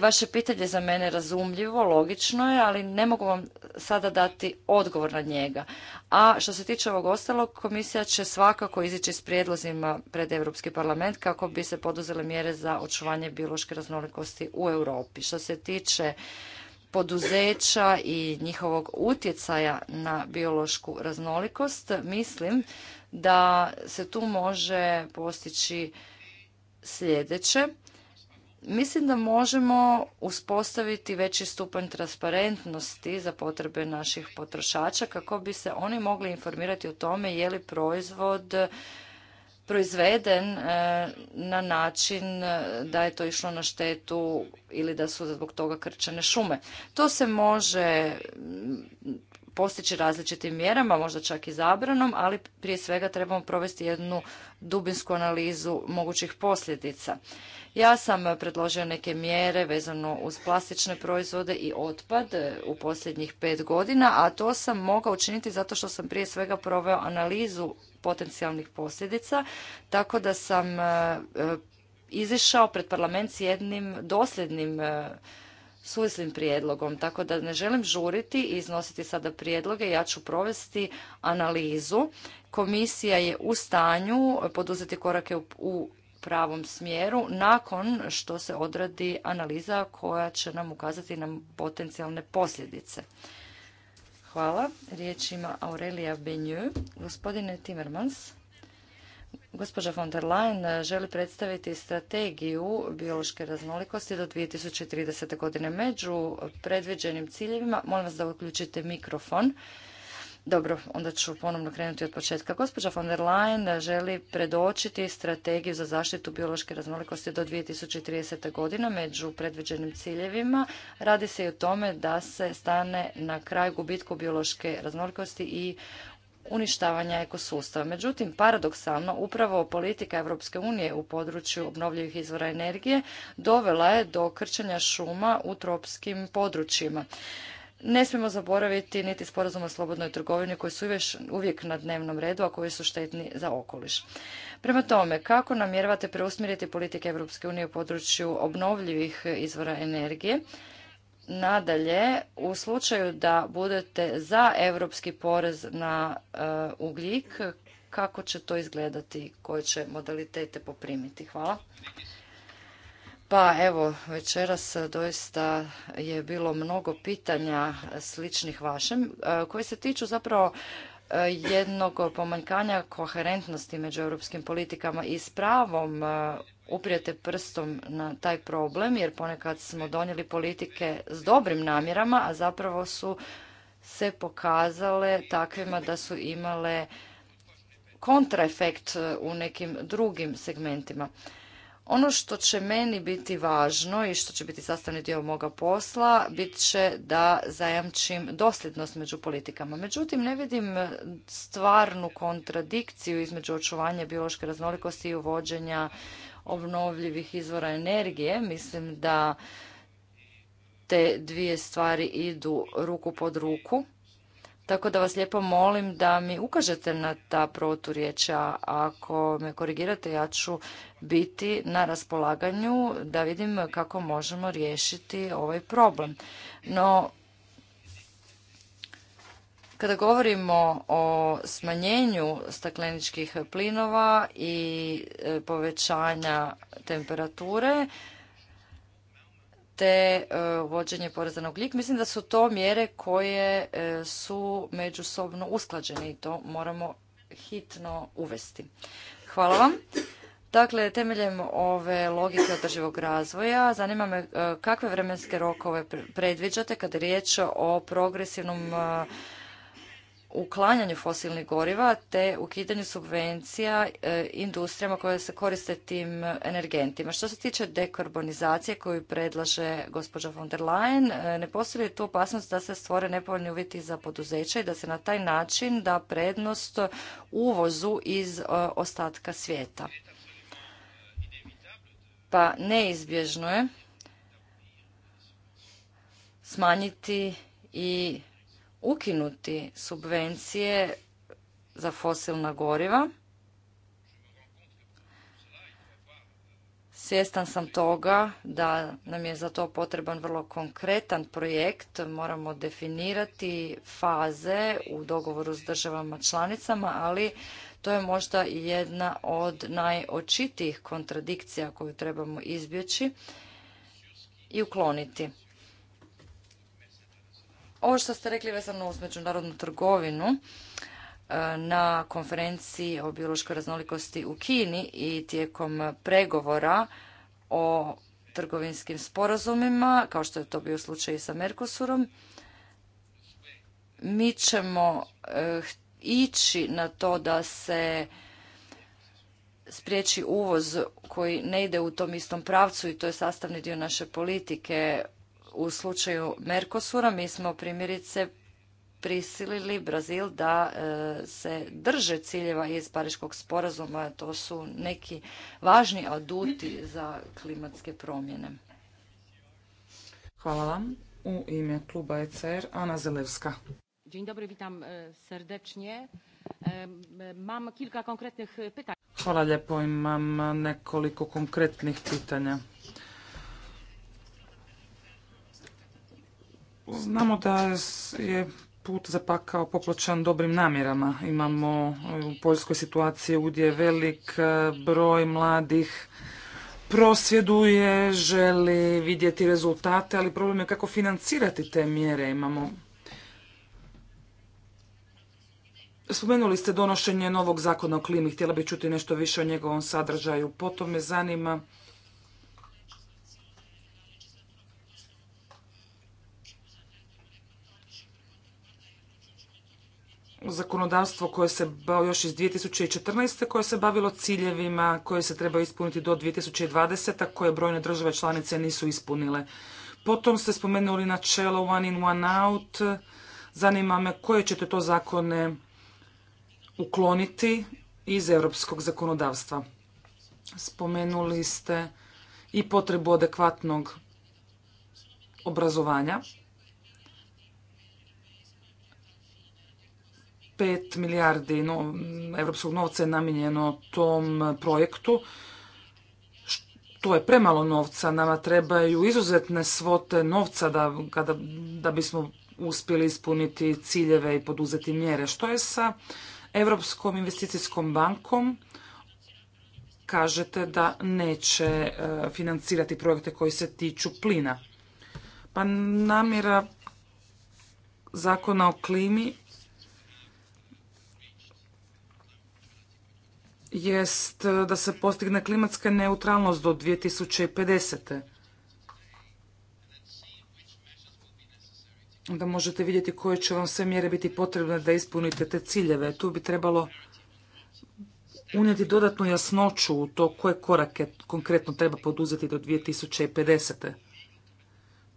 vaše pitanje za mene razumljivo, logično je, ali ne mogu vam sada dati odgovor na njega. A što se tiče ovog ostalog, komisija će svakako izići s prijedlozima pred Europski parlament kako bi se poduzele mjere za očuvanje biološke raznolikosti u Europi. Što se tiče poduzeća i njihovog utjecaja na biološku raznolikost, mislim da se tu može postići sljedeće. Mislim da možemo uspostaviti veći stupanj transparentnosti za potrebe naših potrošača kako bi se oni mogli informirati o tome je li proizvod proizveden e, na način e, da je to išlo na štetu ili da su zbog toga krčene šume. To se može postići različitim mjerama, možda čak i zabranom, ali prije svega trebamo provesti jednu dubinsku analizu mogućih posljedica. Ja sam predložio neke mjere vezano uz plastične proizvode i otpad u posljednjih pet godina, a to sam mogao učiniti zato što sam prije svega proveo analizu potencijalnih posljedica, tako da sam e, e, izišao pred parlament s jednim dosljednim e, suvislim prijedlogom, tako da ne želim žuriti i iznositi sada prijedloge, ja ću provesti analizu. Komisija je u stanju poduzeti korake u pravom smjeru nakon što se odradi analiza koja će nam ukazati na potencijalne posljedice. Hvala. Riječ ima Aurelija Benju. Gospodine Timmermans, gospođa von der Leyen želi predstaviti strategiju biološke raznolikosti do 2030. godine. Među predviđenim ciljevima, molim vas da uključite mikrofon, dobro, onda ću ponovno krenuti od početka. Gospođa von der Leyen želi predočiti strategiju za zaštitu biološke raznolikosti do 2030. godine među predviđenim ciljevima. Radi se i o tome da se stane na kraj gubitku biološke raznolikosti i uništavanja ekosustava. Međutim, paradoksalno, upravo politika Europske unije u području obnovljivih izvora energije dovela je do krčenja šuma u tropskim područjima. Ne smijemo zaboraviti niti sporazum o slobodnoj trgovini koji su uvijek na dnevnom redu, a koji su štetni za okoliš. Prema tome, kako namjeravate preusmjeriti politike Europske unije u području obnovljivih izvora energije? Nadalje, u slučaju da budete za europski porez na e, ugljik, kako će to izgledati, koje će modalitete poprimiti? Hvala. Pa evo, večeras doista je bilo mnogo pitanja sličnih vašem, e, koje se tiču zapravo e, jednog pomanjkanja koherentnosti među europskim politikama i s pravom e, uprijete prstom na taj problem, jer ponekad smo donijeli politike s dobrim namjerama, a zapravo su se pokazale takvima da su imale kontraefekt u nekim drugim segmentima. Ono što će meni biti važno i što će biti sastavni dio moga posla bit će da zajamčim dosljednost među politikama. Međutim, ne vidim stvarnu kontradikciju između očuvanja biološke raznolikosti i uvođenja obnovljivih izvora energije. Mislim da te dvije stvari idu ruku pod ruku. Tako da vas lijepo molim da mi ukažete na ta proturječja. Ako me korigirate, ja ću biti na raspolaganju da vidim kako možemo riješiti ovaj problem. No, kada govorimo o smanjenju stakleničkih plinova i e, povećanja temperature, te e, uvođenje poreza na ugljik. Mislim da su to mjere koje e, su međusobno usklađene i to moramo hitno uvesti. Hvala vam. Dakle, temeljem ove logike održivog razvoja, zanima me e, kakve vremenske rokove predviđate kada je riječ o progresivnom uklanjanju fosilnih goriva te ukidanju subvencija e, industrijama koje se koriste tim energentima. Što se tiče dekarbonizacije koju predlaže gospođa von der Leyen, e, ne postoji tu opasnost da se stvore nepovoljni uvjeti za poduzeća i da se na taj način da prednost uvozu iz e, ostatka svijeta. Pa neizbježno je smanjiti i ukinuti subvencije za fosilna goriva. Svjestan sam toga da nam je za to potreban vrlo konkretan projekt. Moramo definirati faze u dogovoru s državama članicama, ali to je možda jedna od najočitijih kontradikcija koju trebamo izbjeći i ukloniti. Ovo što ste rekli vezano uz međunarodnu trgovinu, e, na konferenciji o biološkoj raznolikosti u Kini i tijekom pregovora o trgovinskim sporazumima, kao što je to bio slučaj i sa Mercosurom, mi ćemo e, ići na to da se spriječi uvoz koji ne ide u tom istom pravcu i to je sastavni dio naše politike u slučaju Merkosura mi smo primjerice prisilili Brazil da e, se drže ciljeva iz Pariškog sporazuma. To su neki važni aduti za klimatske promjene. Hvala vam. U ime kluba ECR, Ana Zelevska. Dzień dobry, witam e, e, Mam kilka Hvala lijepo, imam nekoliko konkretnih pitanja. Znamo da je put zapakao popločan dobrim namjerama. Imamo u Poljskoj situaciji gdje je velik e, broj mladih prosvjeduje, želi vidjeti rezultate, ali problem je kako financirati te mjere. Imamo Spomenuli ste donošenje novog zakona o klimi, htjela bih čuti nešto više o njegovom sadržaju. Potom me zanima zakonodavstvo koje se bao još iz 2014. koje se bavilo ciljevima koje se treba ispuniti do 2020. koje brojne države članice nisu ispunile. Potom ste spomenuli načelo one in one out. Zanima me koje ćete to zakone ukloniti iz europskog zakonodavstva. Spomenuli ste i potrebu adekvatnog obrazovanja 5 milijardi europskog novca je namijenjeno tom projektu. To je premalo novca, nama trebaju izuzetne svote novca da, kada, da bismo uspjeli ispuniti ciljeve i poduzeti mjere. Što je sa Europskom investicijskom bankom? Kažete da neće e, financirati projekte koji se tiču plina. Pa namjera zakona o klimi jest e, da se postigne klimatska neutralnost do 2050. Da možete vidjeti koje će vam sve mjere biti potrebne da ispunite te ciljeve. Tu bi trebalo unijeti dodatnu jasnoću u to koje korake konkretno treba poduzeti do 2050.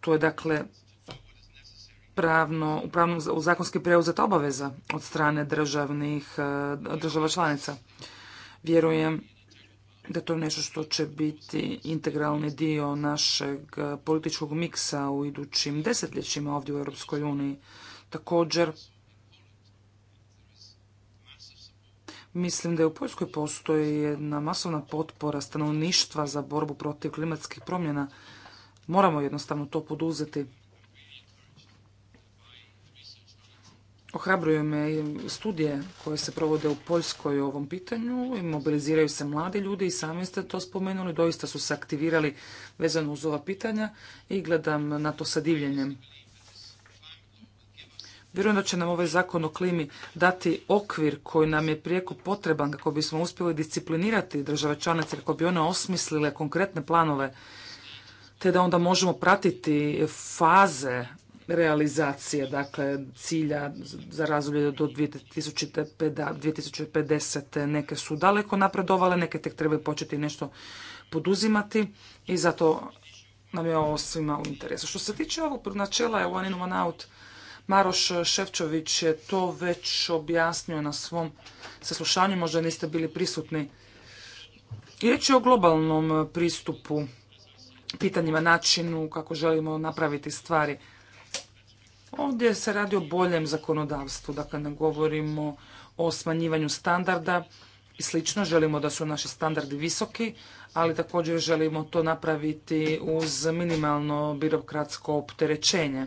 To je dakle pravno, u zakonski preuzet obaveza od strane državnih, e, država članica. Vjerujem da to je nešto što će biti integralni dio našeg političkog miksa u idućim desetljećima ovdje u Europskoj uniji. Također, mislim da je u Poljskoj postoji jedna masovna potpora stanovništva za borbu protiv klimatskih promjena. Moramo jednostavno to poduzeti. Ohrabruju me studije koje se provode u Poljskoj u ovom pitanju i mobiliziraju se mladi ljudi i sami ste to spomenuli, doista su se aktivirali vezano uz ova pitanja i gledam na to sa divljenjem. Vjerujem da će nam ovaj zakon o klimi dati okvir koji nam je prijeko potreban kako bismo uspjeli disciplinirati države članice, kako bi one osmislile konkretne planove, te da onda možemo pratiti faze realizacije, dakle cilja za razdoblje do 2050. Neke su daleko napredovale, neke tek trebaju početi nešto poduzimati i zato nam je ovo svima u interesu. Što se tiče ovog načela je one in one out, Maroš Ševčović je to već objasnio na svom saslušanju, možda niste bili prisutni. Riječ je o globalnom pristupu, pitanjima, načinu kako želimo napraviti stvari. Ovdje se radi o boljem zakonodavstvu, dakle ne govorimo o smanjivanju standarda i slično. Želimo da su naši standardi visoki, ali također želimo to napraviti uz minimalno birokratsko opterećenje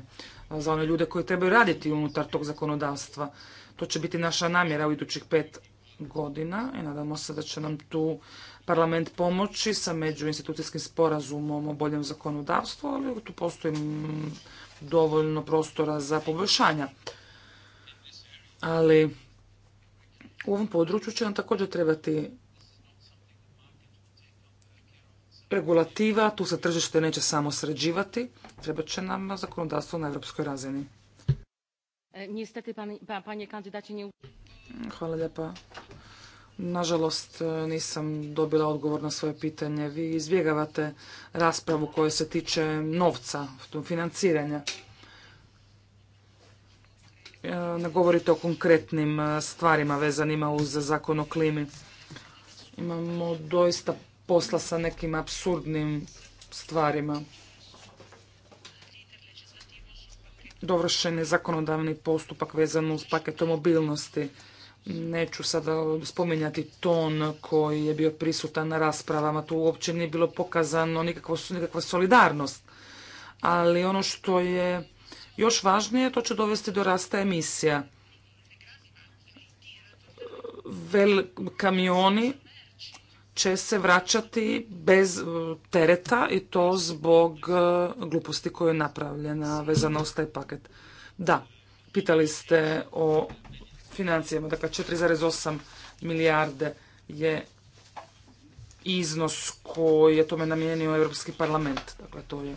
za one ljude koji trebaju raditi unutar tog zakonodavstva. To će biti naša namjera u idućih pet godina i nadamo se da će nam tu parlament pomoći sa međuinstitucijskim sporazumom o boljem zakonodavstvu, ali tu postoji dovoljno prostora za poboljšanja. Ali u ovom području će nam također trebati regulativa, tu se tržište neće samo sređivati, treba će nam zakonodavstvo na europskoj razini. E, pa, Hvala lijepa. Nažalost, e, nisam dobila odgovor na svoje pitanje. Vi izbjegavate raspravu koja se tiče novca, financiranja. E, ne govorite o konkretnim e, stvarima vezanima uz zakon o klimi. Imamo doista posla sa nekim absurdnim stvarima. Dovršen je zakonodavni postupak vezan uz paket o mobilnosti. Neću sada spominjati ton koji je bio prisutan na raspravama, tu uopće nije bilo pokazano nikakva solidarnost. Ali ono što je još važnije, to će dovesti do rasta emisija. Vel, kamioni će se vraćati bez e, tereta i to zbog e, gluposti koja je napravljena vezana uz taj paket. Da, pitali ste o financijama. Dakle, 4,8 milijarde je iznos koji je tome namijenio Europski parlament. Dakle, to je,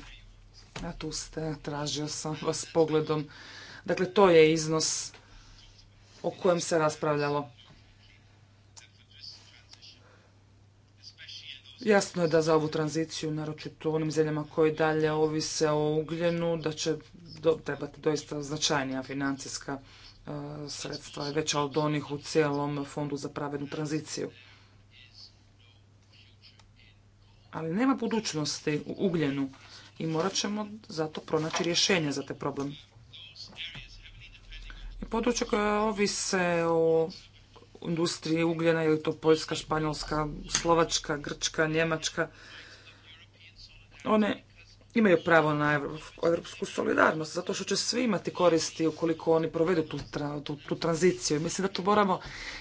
a tu ste, tražio sam vas pogledom. Dakle, to je iznos o kojem se raspravljalo. Jasno je da za ovu tranziciju, naročito onim zemljama koje dalje ovise o ugljenu, da će trebati doista značajnija financijska sredstva je veća od onih u cijelom fondu za pravednu tranziciju. Ali nema budućnosti u ugljenu i morat ćemo zato pronaći rješenje za te problem. Područje koje ovise o industriji ugljena, ili to Poljska, Španjolska, Slovačka, Grčka, Njemačka, one imaju pravo na europsku solidarnost, zato što će svi imati koristi ukoliko oni provedu tu, tranziciju. mislim da tu moramo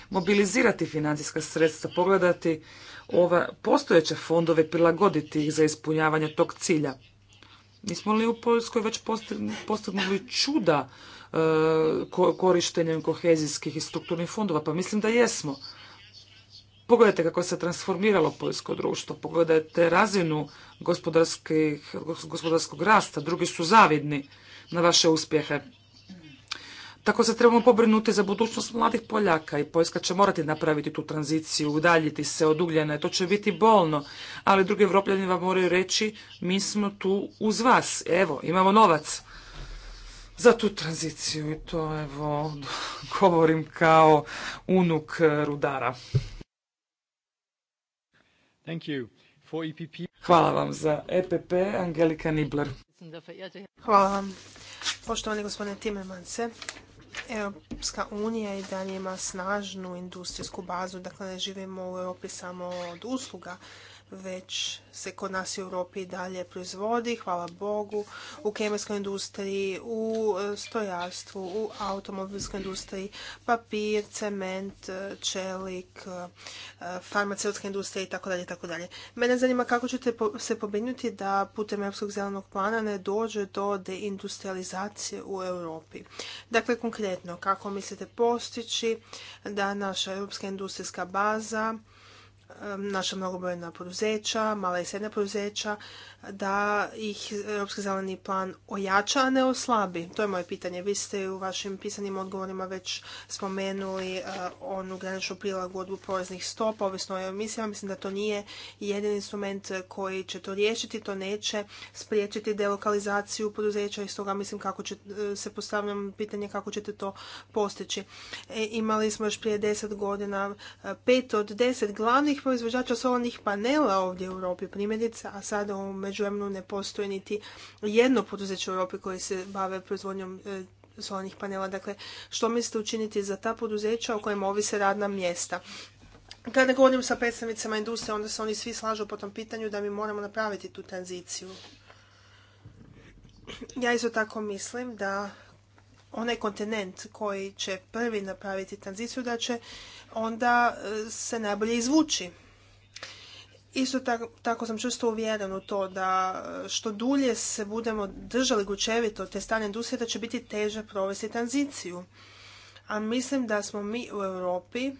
mobilizirati financijska sredstva, pogledati ove postojeće fondove, prilagoditi ih za ispunjavanje tog cilja. Nismo li u Poljskoj već postignuli čuda e, korištenjem kohezijskih i strukturnih fondova? Pa mislim da jesmo. Pogledajte kako se transformiralo poljsko društvo, pogledajte razinu gospodarskog rasta, drugi su zavidni na vaše uspjehe. Tako se trebamo pobrinuti za budućnost mladih Poljaka i Poljska će morati napraviti tu tranziciju, udaljiti se od ugljene, to će biti bolno, ali drugi evropljani vam moraju reći mi smo tu uz vas, evo, imamo novac za tu tranziciju i to evo govorim kao unuk rudara. E Hvala vam za EPP, Angelika Nibler. Hvala vam. Poštovani gospodine Timemance. Europska unija i dalje ima snažnu industrijsku bazu, dakle ne živimo u Europi samo od usluga, već se kod nas u Europi dalje proizvodi, hvala Bogu, u kemijskoj industriji, u e, stojarstvu, u automobilskoj industriji, papir, cement, e, čelik, e, farmaceutska industrija itd. itd. Mene zanima kako ćete se pobrinuti da putem Europskog zelenog plana ne dođe do deindustrializacije u Europi. Dakle, konkretno, kako mislite postići da naša europska industrijska baza naša mnogobrojna poduzeća, mala i srednja poduzeća, da ih Europski zeleni plan ojača, a ne oslabi? To je moje pitanje. Vi ste u vašim pisanim odgovorima već spomenuli eh, onu graničnu prilagodbu poreznih stopa, ovisno o emisijama. Mislim da to nije jedini instrument koji će to riješiti. To neće spriječiti delokalizaciju poduzeća i stoga mislim kako će, eh, se postavljam pitanje kako ćete to postići. E, imali smo još prije deset godina eh, pet od deset glavnih proizvođača solarnih panela ovdje u Europi primjerice, a sada u međuvremenu ne postoji niti jedno poduzeće u Europi koje se bave proizvodnjom e, solarnih panela. Dakle, što mislite učiniti za ta poduzeća o kojima ovise radna mjesta? Kada govorim sa predstavnicama industrije, onda se oni svi slažu po tom pitanju da mi moramo napraviti tu tranziciju. Ja isto tako mislim da onaj kontinent koji će prvi napraviti tranziciju, da će onda e, se najbolje izvući. Isto tako, tako sam često uvjeren u to da e, što dulje se budemo držali gučevito te stane industrije, da će biti teže provesti tranziciju. A mislim da smo mi u Europi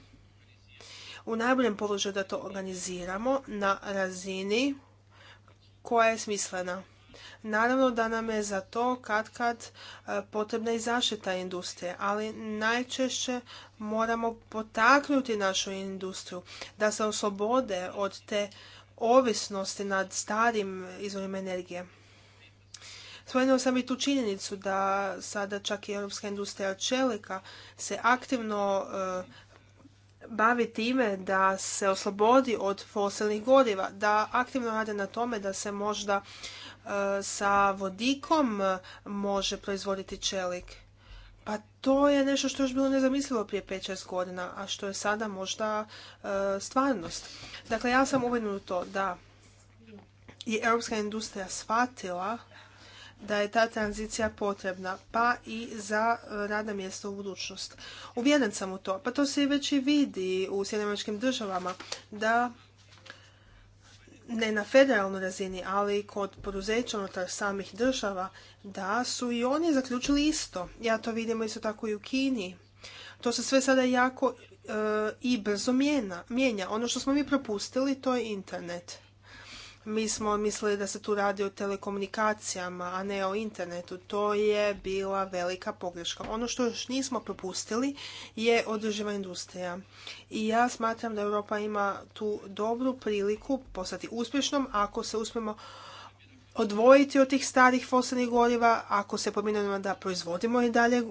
u najboljem položaju da to organiziramo na razini koja je smislena. Naravno da nam je za to kad kad e, potrebna i zaštita industrije, ali najčešće moramo potaknuti našu industriju da se oslobode od te ovisnosti nad starim izvorima energije. Spomenuo sam i tu činjenicu da sada čak i europska industrija čelika se aktivno e, bavi time da se oslobodi od fosilnih goriva, da aktivno rade na tome da se možda sa vodikom može proizvoditi čelik. Pa to je nešto što je još bilo nezamislivo prije 5-6 godina, a što je sada možda e, stvarnost. Dakle, ja sam uvjerena u to da je europska industrija shvatila da je ta tranzicija potrebna, pa i za radna mjesta u budućnost. Uvjeren sam u to, pa to se već i vidi u Sjedinjavačkim državama, da ne na federalnoj razini, ali kod poduzeća unutar samih država, da su i oni zaključili isto. Ja to vidimo isto tako i u Kini. To se sve sada jako e, i brzo mijenja. Ono što smo mi propustili, to je internet. Mi smo mislili da se tu radi o telekomunikacijama, a ne o internetu. To je bila velika pogreška. Ono što još nismo propustili je održiva industrija. I ja smatram da Europa ima tu dobru priliku postati uspješnom ako se uspijemo odvojiti od tih starih fosilnih goriva, ako se pominemo da proizvodimo i dalje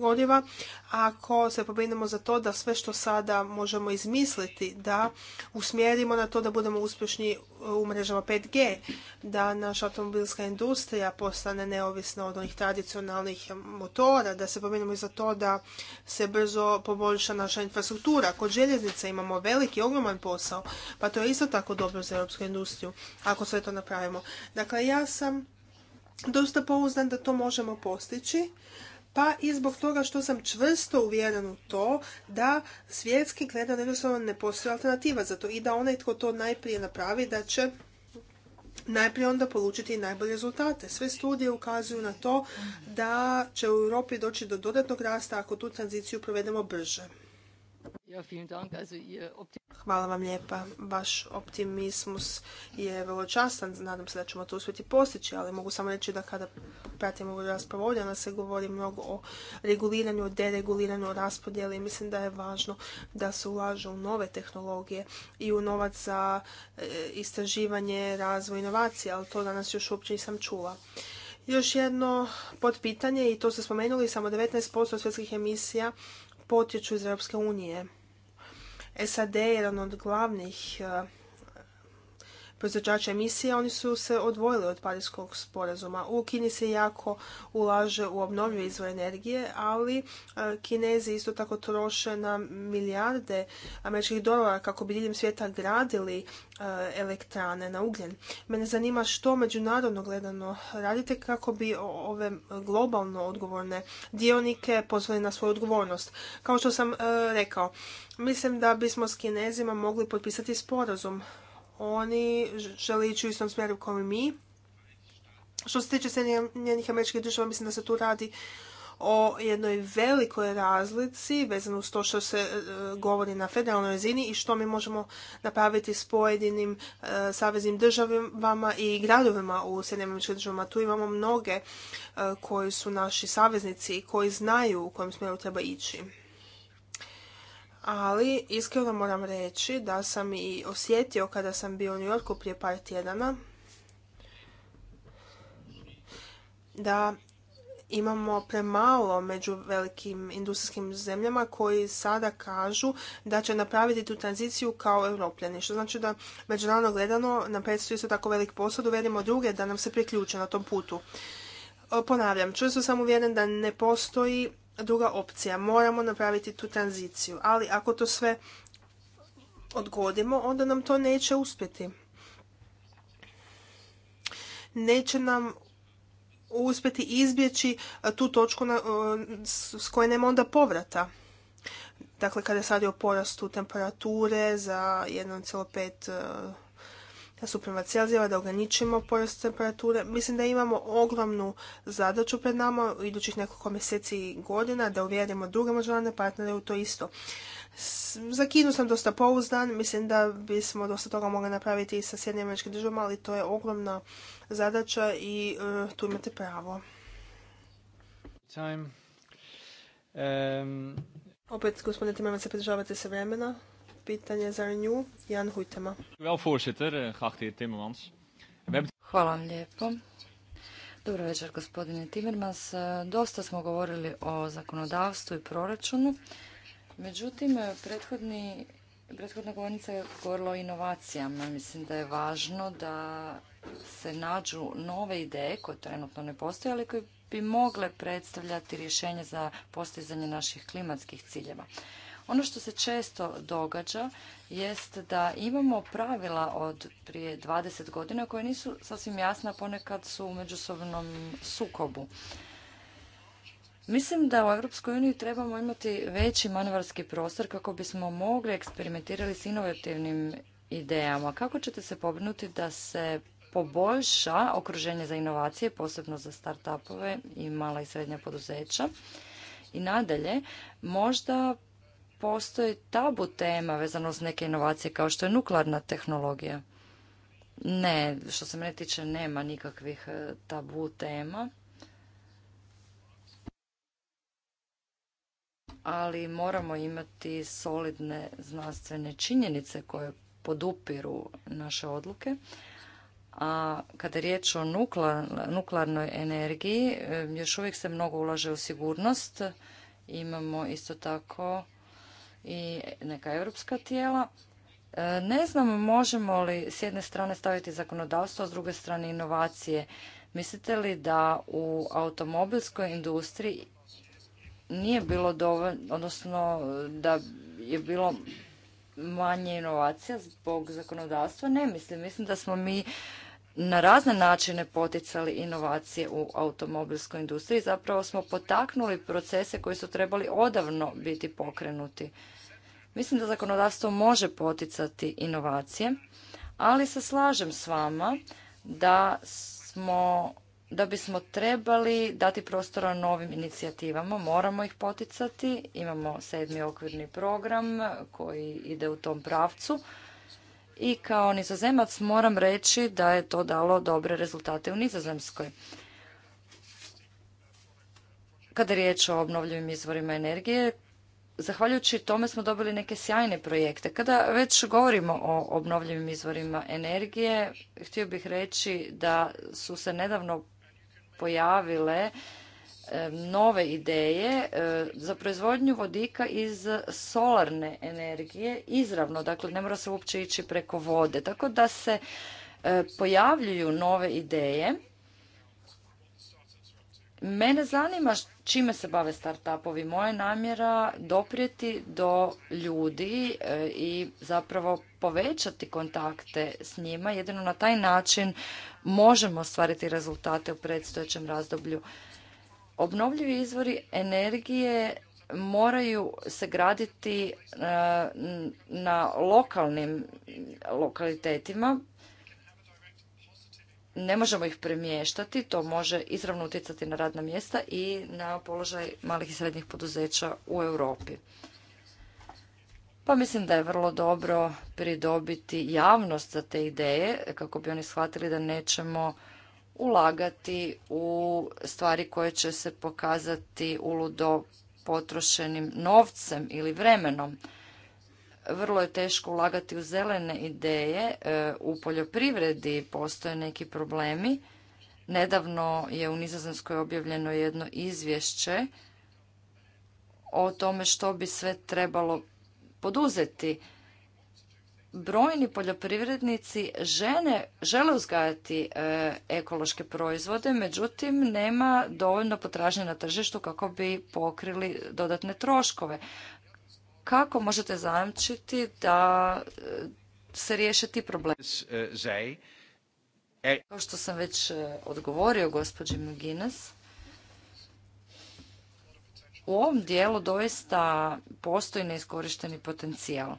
goriva, ako se pobinemo za to da sve što sada možemo izmisliti, da usmjerimo na to da budemo uspješni u mrežama 5G, da naša automobilska industrija postane neovisna od onih tradicionalnih motora, da se pomenemo i za to da se brzo poboljša naša infrastruktura. Kod željeznice imamo veliki, ogroman posao, pa to je isto tako dobro za europsku industriju, ako sve to napravimo. Dakle, ja sam dosta pouzdan da to možemo postići, pa i zbog toga što sam čvrsto uvjeren u to da svjetski gledan jednostavno ne postoji alternativa za to i da onaj tko to najprije napravi da će najprije onda polučiti najbolje rezultate. Sve studije ukazuju na to da će u Europi doći do dodatnog rasta ako tu tranziciju provedemo brže. Hvala vam lijepa. Vaš optimismus je vrlo častan. Nadam se da ćemo to uspjeti postići, ali mogu samo reći da kada pratimo ovu raspravu ovdje, ona se govori mnogo o reguliranju, o dereguliranju, o raspodjeli. Mislim da je važno da se ulaže u nove tehnologije i u novac za e, istraživanje, razvoj, inovacije, ali to danas još uopće nisam čula. Još jedno potpitanje, i to ste spomenuli, samo 19% svjetskih emisija potječu iz Europske unije SAD je jedan od glavnih eh, proizvođača emisije, oni su se odvojili od Parijskog sporazuma. U Kini se jako ulaže u obnovljive izvore energije, ali e, Kinezi isto tako troše na milijarde američkih dolara kako bi diljem svijeta gradili e, elektrane na ugljen. Mene zanima što međunarodno gledano radite kako bi ove globalno odgovorne dionike pozvali na svoju odgovornost. Kao što sam e, rekao, mislim da bismo s Kinezima mogli potpisati sporazum oni žele ići u istom smjeru kao i mi. Što se tiče Njenih američkih država, mislim da se tu radi o jednoj velikoj razlici vezano uz to što se e, govori na federalnoj razini i što mi možemo napraviti s pojedinim e, saveznim državama i gradovima u američkim državama. Tu imamo mnoge e, koji su naši saveznici i koji znaju u kojem smjeru treba ići ali iskreno moram reći da sam i osjetio kada sam bio u New Yorku prije par tjedana da imamo premalo među velikim industrijskim zemljama koji sada kažu da će napraviti tu tranziciju kao europljani. Što znači da međunarodno gledano nam predstavlja isto tako velik posao, Uvedimo druge da nam se priključe na tom putu. Ponavljam, čvrsto sam uvjeren da ne postoji druga opcija. Moramo napraviti tu tranziciju, ali ako to sve odgodimo, onda nam to neće uspjeti. Neće nam uspjeti izbjeći tu točku s koje nema onda povrata. Dakle, kada se radi o porastu temperature za 1,5 suprema Celzijeva, da ograničimo porast temperature. Mislim da imamo ogromnu zadaću pred nama u idućih nekoliko mjeseci i godina da uvjerimo druge međunarodne partnere u to isto. Za Kinu sam dosta pouzdan, mislim da bismo dosta toga mogli napraviti i sa Sjednjim američkim državama, ali to je ogromna zadaća i e, tu imate pravo. Opet, gospodine Timmermans, se pridržavate se vremena pitanje za nju, Jan Hujtema. Eh, Hvala vam lijepo. Dobro večer, gospodine Timmermans. Eh, dosta smo govorili o zakonodavstvu i proračunu. Međutim, eh, prethodni, prethodna govornica je govorila o inovacijama. Mislim da je važno da se nađu nove ideje koje trenutno ne postoje, ali koje bi mogle predstavljati rješenje za postizanje naših klimatskih ciljeva. Ono što se često događa jest da imamo pravila od prije 20 godina koje nisu sasvim jasna, ponekad su u međusobnom sukobu. Mislim da u Europskoj uniji trebamo imati veći manevarski prostor kako bismo mogli eksperimentirati s inovativnim idejama. Kako ćete se pobrinuti da se poboljša okruženje za inovacije, posebno za start-upove i mala i srednja poduzeća? I nadalje, možda postoji tabu tema vezano uz neke inovacije kao što je nuklearna tehnologija. Ne, što se mene tiče nema nikakvih e, tabu tema. Ali moramo imati solidne znanstvene činjenice koje podupiru naše odluke. A kada je riječ o nuklearnoj energiji, e, još uvijek se mnogo ulaže u sigurnost. Imamo isto tako i neka europska tijela. E, ne znam možemo li s jedne strane staviti zakonodavstvo, a s druge strane inovacije. Mislite li da u automobilskoj industriji nije bilo dovoljno, odnosno da je bilo manje inovacija zbog zakonodavstva? Ne mislim. Mislim da smo mi na razne načine poticali inovacije u automobilskoj industriji. Zapravo smo potaknuli procese koji su trebali odavno biti pokrenuti. Mislim da zakonodavstvo može poticati inovacije, ali se slažem s vama da smo da bismo trebali dati prostora novim inicijativama, moramo ih poticati. Imamo sedmi okvirni program koji ide u tom pravcu i kao nizozemac moram reći da je to dalo dobre rezultate u nizozemskoj. Kada je riječ o obnovljivim izvorima energije, zahvaljujući tome smo dobili neke sjajne projekte. Kada već govorimo o obnovljivim izvorima energije, htio bih reći da su se nedavno pojavile E, nove ideje e, za proizvodnju vodika iz solarne energije izravno, dakle ne mora se uopće ići preko vode. Tako da se e, pojavljuju nove ideje. Mene zanima čime se bave startupovi. Moja namjera doprijeti do ljudi i zapravo povećati kontakte s njima. Jedino na taj način možemo ostvariti rezultate u predstojećem razdoblju. Obnovljivi izvori energije moraju se graditi e, na, lokalnim lokalitetima. Ne možemo ih premještati, to može izravno utjecati na radna mjesta i na položaj malih i srednjih poduzeća u Europi. Pa mislim da je vrlo dobro pridobiti javnost za te ideje kako bi oni shvatili da nećemo ulagati u stvari koje će se pokazati uludo potrošenim novcem ili vremenom. Vrlo je teško ulagati u zelene ideje. E, u poljoprivredi postoje neki problemi. Nedavno je u Nizozemskoj objavljeno jedno izvješće o tome što bi sve trebalo poduzeti brojni poljoprivrednici žene, žele uzgajati e, ekološke proizvode, međutim nema dovoljno potražnje na tržištu kako bi pokrili dodatne troškove. Kako možete zajamčiti da e, se riješe ti problemi? E, Kao što sam već odgovorio gospođi Mugines, u ovom dijelu doista postoji neiskorišteni potencijal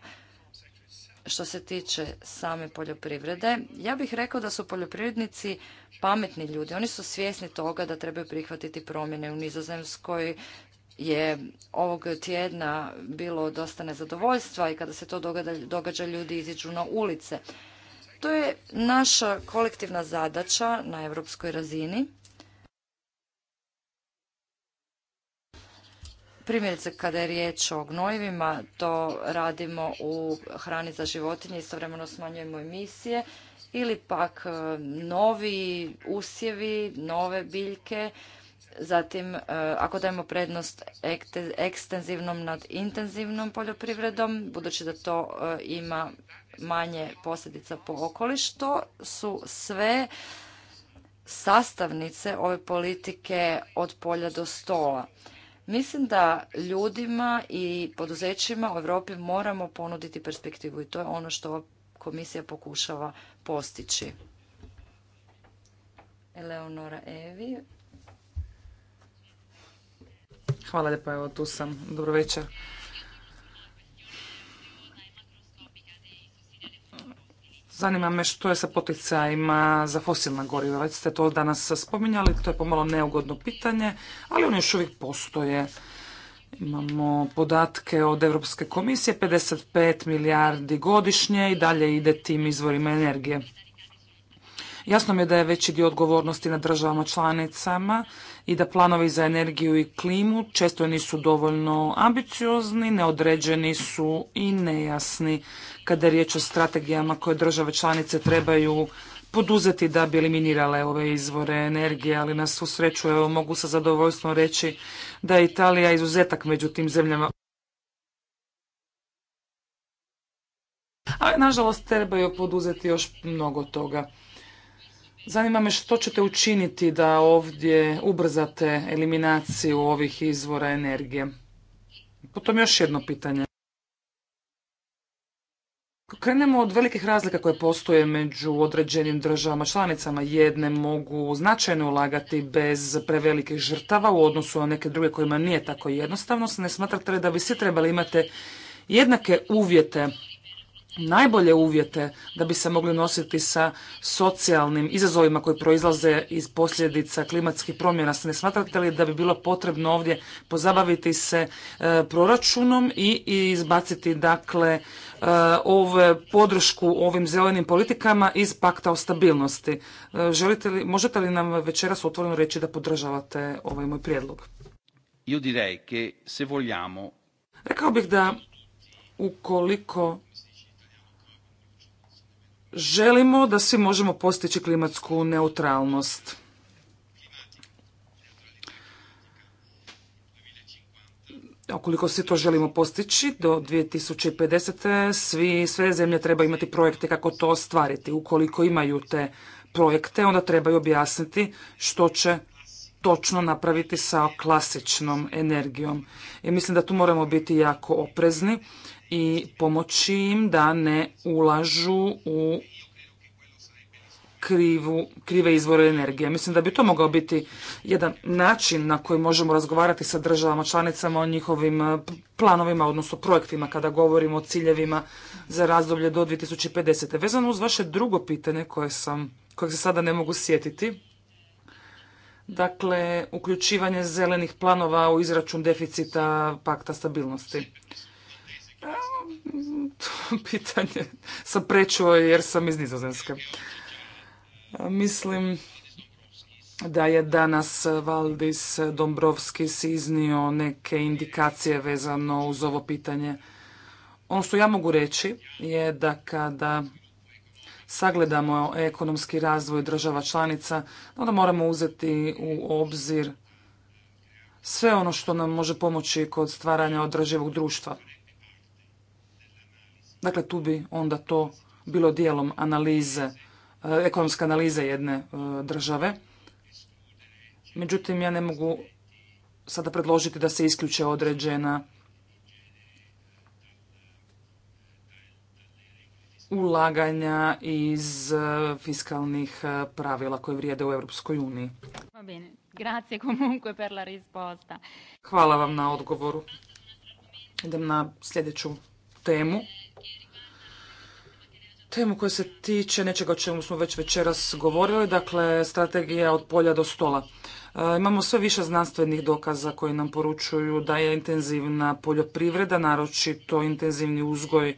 što se tiče same poljoprivrede. Ja bih rekao da su poljoprivrednici pametni ljudi. Oni su svjesni toga da trebaju prihvatiti promjene u Nizozemskoj, je ovog tjedna bilo dosta nezadovoljstva i kada se to događa, ljudi iziđu na ulice. To je naša kolektivna zadaća na europskoj razini Primjerice, kada je riječ o gnojivima, to radimo u hrani za životinje, istovremeno smanjujemo emisije, ili pak e, novi usjevi, nove biljke, zatim e, ako dajemo prednost ekstenzivnom nad intenzivnom poljoprivredom, budući da to e, ima manje posljedica po okoliš, to su sve sastavnice ove politike od polja do stola. Mislim da ljudima i poduzećima u Europi moramo ponuditi perspektivu i to je ono što komisija pokušava postići. Eleonora Evi. Hvala evo tu sam. Dobro večer. Zanima me što je sa poticajima za fosilna goriva. Već ste to danas spominjali, to je pomalo neugodno pitanje, ali oni još uvijek postoje. Imamo podatke od Europske komisije, 55 milijardi godišnje i dalje ide tim izvorima energije. Jasno mi je da je veći dio odgovornosti na državama članicama, i da planovi za energiju i klimu često nisu dovoljno ambiciozni, neodređeni su i nejasni kada je riječ o strategijama koje države članice trebaju poduzeti da bi eliminirale ove izvore energije, ali na svu sreću evo, mogu sa zadovoljstvom reći da je Italija izuzetak među tim zemljama. Ali nažalost trebaju poduzeti još mnogo toga. Zanima me što ćete učiniti da ovdje ubrzate eliminaciju ovih izvora energije. Potom još jedno pitanje. Krenemo od velikih razlika koje postoje među određenim državama članicama. Jedne mogu značajno ulagati bez prevelikih žrtava u odnosu na neke druge kojima nije tako jednostavno. Ne smatrate li da bi svi trebali imati jednake uvjete najbolje uvjete da bi se mogli nositi sa socijalnim izazovima koji proizlaze iz posljedica klimatskih promjena. Ne smatrate li da bi bilo potrebno ovdje pozabaviti se e, proračunom i, izbaciti dakle e, ovu podršku ovim zelenim politikama iz pakta o stabilnosti? E, želite li, možete li nam večeras otvoreno reći da podržavate ovaj moj prijedlog? Io se Rekao bih da ukoliko želimo da svi možemo postići klimatsku neutralnost. Ukoliko svi to želimo postići, do 2050. Svi, sve zemlje treba imati projekte kako to ostvariti. Ukoliko imaju te projekte, onda trebaju objasniti što će točno napraviti sa klasičnom energijom. I mislim da tu moramo biti jako oprezni i pomoći im da ne ulažu u krivu, krive izvore energije. Mislim da bi to mogao biti jedan način na koji možemo razgovarati sa državama članicama o njihovim eh, planovima, odnosno projektima kada govorimo o ciljevima za razdoblje do 2050. Vezano uz vaše drugo pitanje koje sam, kojeg se sada ne mogu sjetiti, dakle, uključivanje zelenih planova u izračun deficita pakta stabilnosti. To pitanje sam prečuo jer sam iz Nizozemske. Mislim da je danas Valdis Dombrovski iznio neke indikacije vezano uz ovo pitanje. Ono što ja mogu reći je da kada sagledamo ekonomski razvoj država članica, onda moramo uzeti u obzir sve ono što nam može pomoći kod stvaranja održivog društva. Dakle, tu bi onda to bilo dijelom analize, e, ekonomske analize jedne e, države. Međutim, ja ne mogu sada predložiti da se isključe određena ulaganja iz e, fiskalnih pravila koje vrijede u Europskoj uniji. Hvala vam na odgovoru. Idem na sljedeću temu temu koja se tiče nečega o čemu smo već večeras govorili, dakle strategija od polja do stola. E, imamo sve više znanstvenih dokaza koji nam poručuju da je intenzivna poljoprivreda, naročito intenzivni uzgoj e,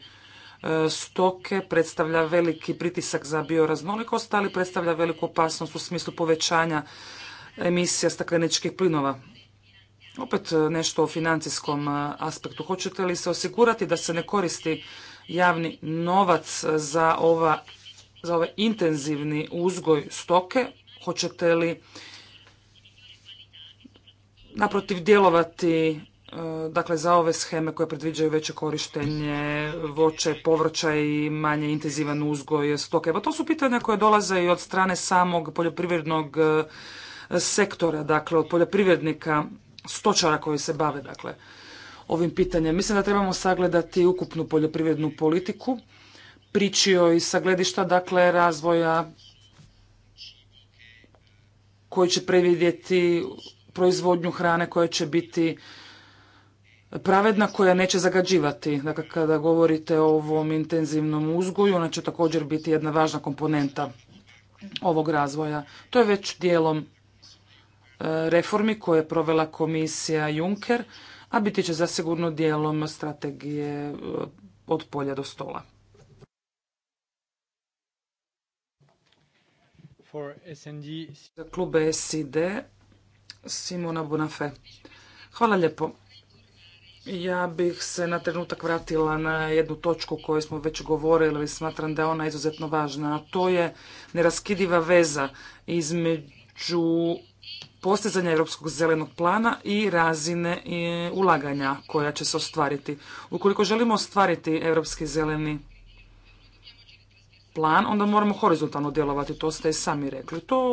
stoke, predstavlja veliki pritisak za bioraznolikost, ali predstavlja veliku opasnost u smislu povećanja emisija stakleničkih plinova. Opet e, nešto o financijskom aspektu. Hoćete li se osigurati da se ne koristi javni novac za, ova, ovaj intenzivni uzgoj stoke? Hoćete li naprotiv djelovati e, dakle za ove sheme koje predviđaju veće korištenje voće, povrća i manje intenzivan uzgoj stoke. Pa to su pitanja koje dolaze i od strane samog poljoprivrednog e, sektora, dakle od poljoprivrednika, stočara koji se bave dakle ovim pitanjem. Mislim da trebamo sagledati ukupnu poljoprivrednu politiku, pričio i sa gledišta dakle razvoja koji će previdjeti proizvodnju hrane koja će biti pravedna, koja neće zagađivati. Dakle, kada govorite o ovom intenzivnom uzgoju, ona će također biti jedna važna komponenta ovog razvoja. To je već dijelom e, reformi koje je provela komisija Juncker a biti će zasigurno dijelom strategije e, od polja do stola. Za klub SID Simona Bonafé. Hvala lijepo. Ja bih se na trenutak vratila na jednu točku koju smo već govorili, smatram da je ona izuzetno važna, a to je neraskidiva veza između postizanja Europskog zelenog plana i razine e, ulaganja koja će se ostvariti. Ukoliko želimo ostvariti Europski zeleni plan, onda moramo horizontalno djelovati, to ste i sami rekli. To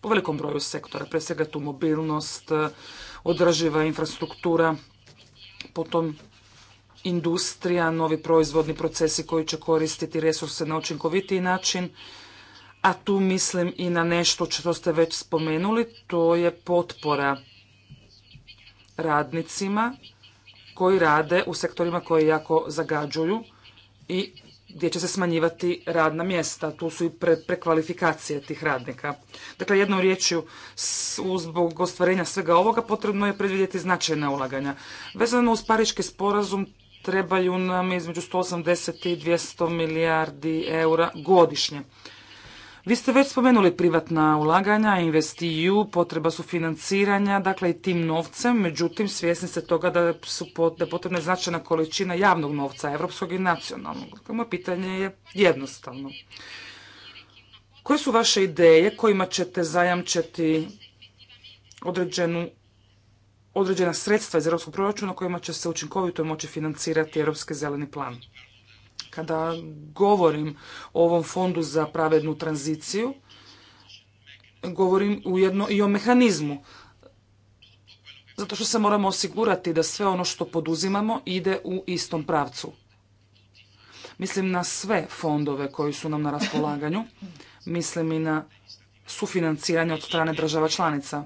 po velikom broju sektora, pre svega tu mobilnost, e, održiva infrastruktura, potom industrija, novi proizvodni procesi koji će koristiti resurse na učinkovitiji način, a tu mislim i na nešto što ste već spomenuli, to je potpora radnicima koji rade u sektorima koje jako zagađuju i gdje će se smanjivati radna mjesta. Tu su i prekvalifikacije tih radnika. Dakle, jednom riječju, uzbog ostvarenja svega ovoga potrebno je predvidjeti značajna ulaganja. Vezano uz Pariški sporazum trebaju nam između 180 i 200 milijardi eura godišnje. Vi ste već spomenuli privatna ulaganja, investiju, potreba su financiranja, dakle i tim novcem, međutim svjesni ste toga da su da je potrebna značajna količina javnog novca, evropskog i nacionalnog. Dakle, moje pitanje je jednostavno. Koje su vaše ideje kojima ćete zajamčiti određenu određena sredstva iz europskog proračuna kojima će se učinkovito moći financirati europski zeleni plan kada govorim o ovom fondu za pravednu tranziciju, govorim ujedno i o mehanizmu. Zato što se moramo osigurati da sve ono što poduzimamo ide u istom pravcu. Mislim na sve fondove koji su nam na raspolaganju, mislim i na sufinanciranje od strane država članica.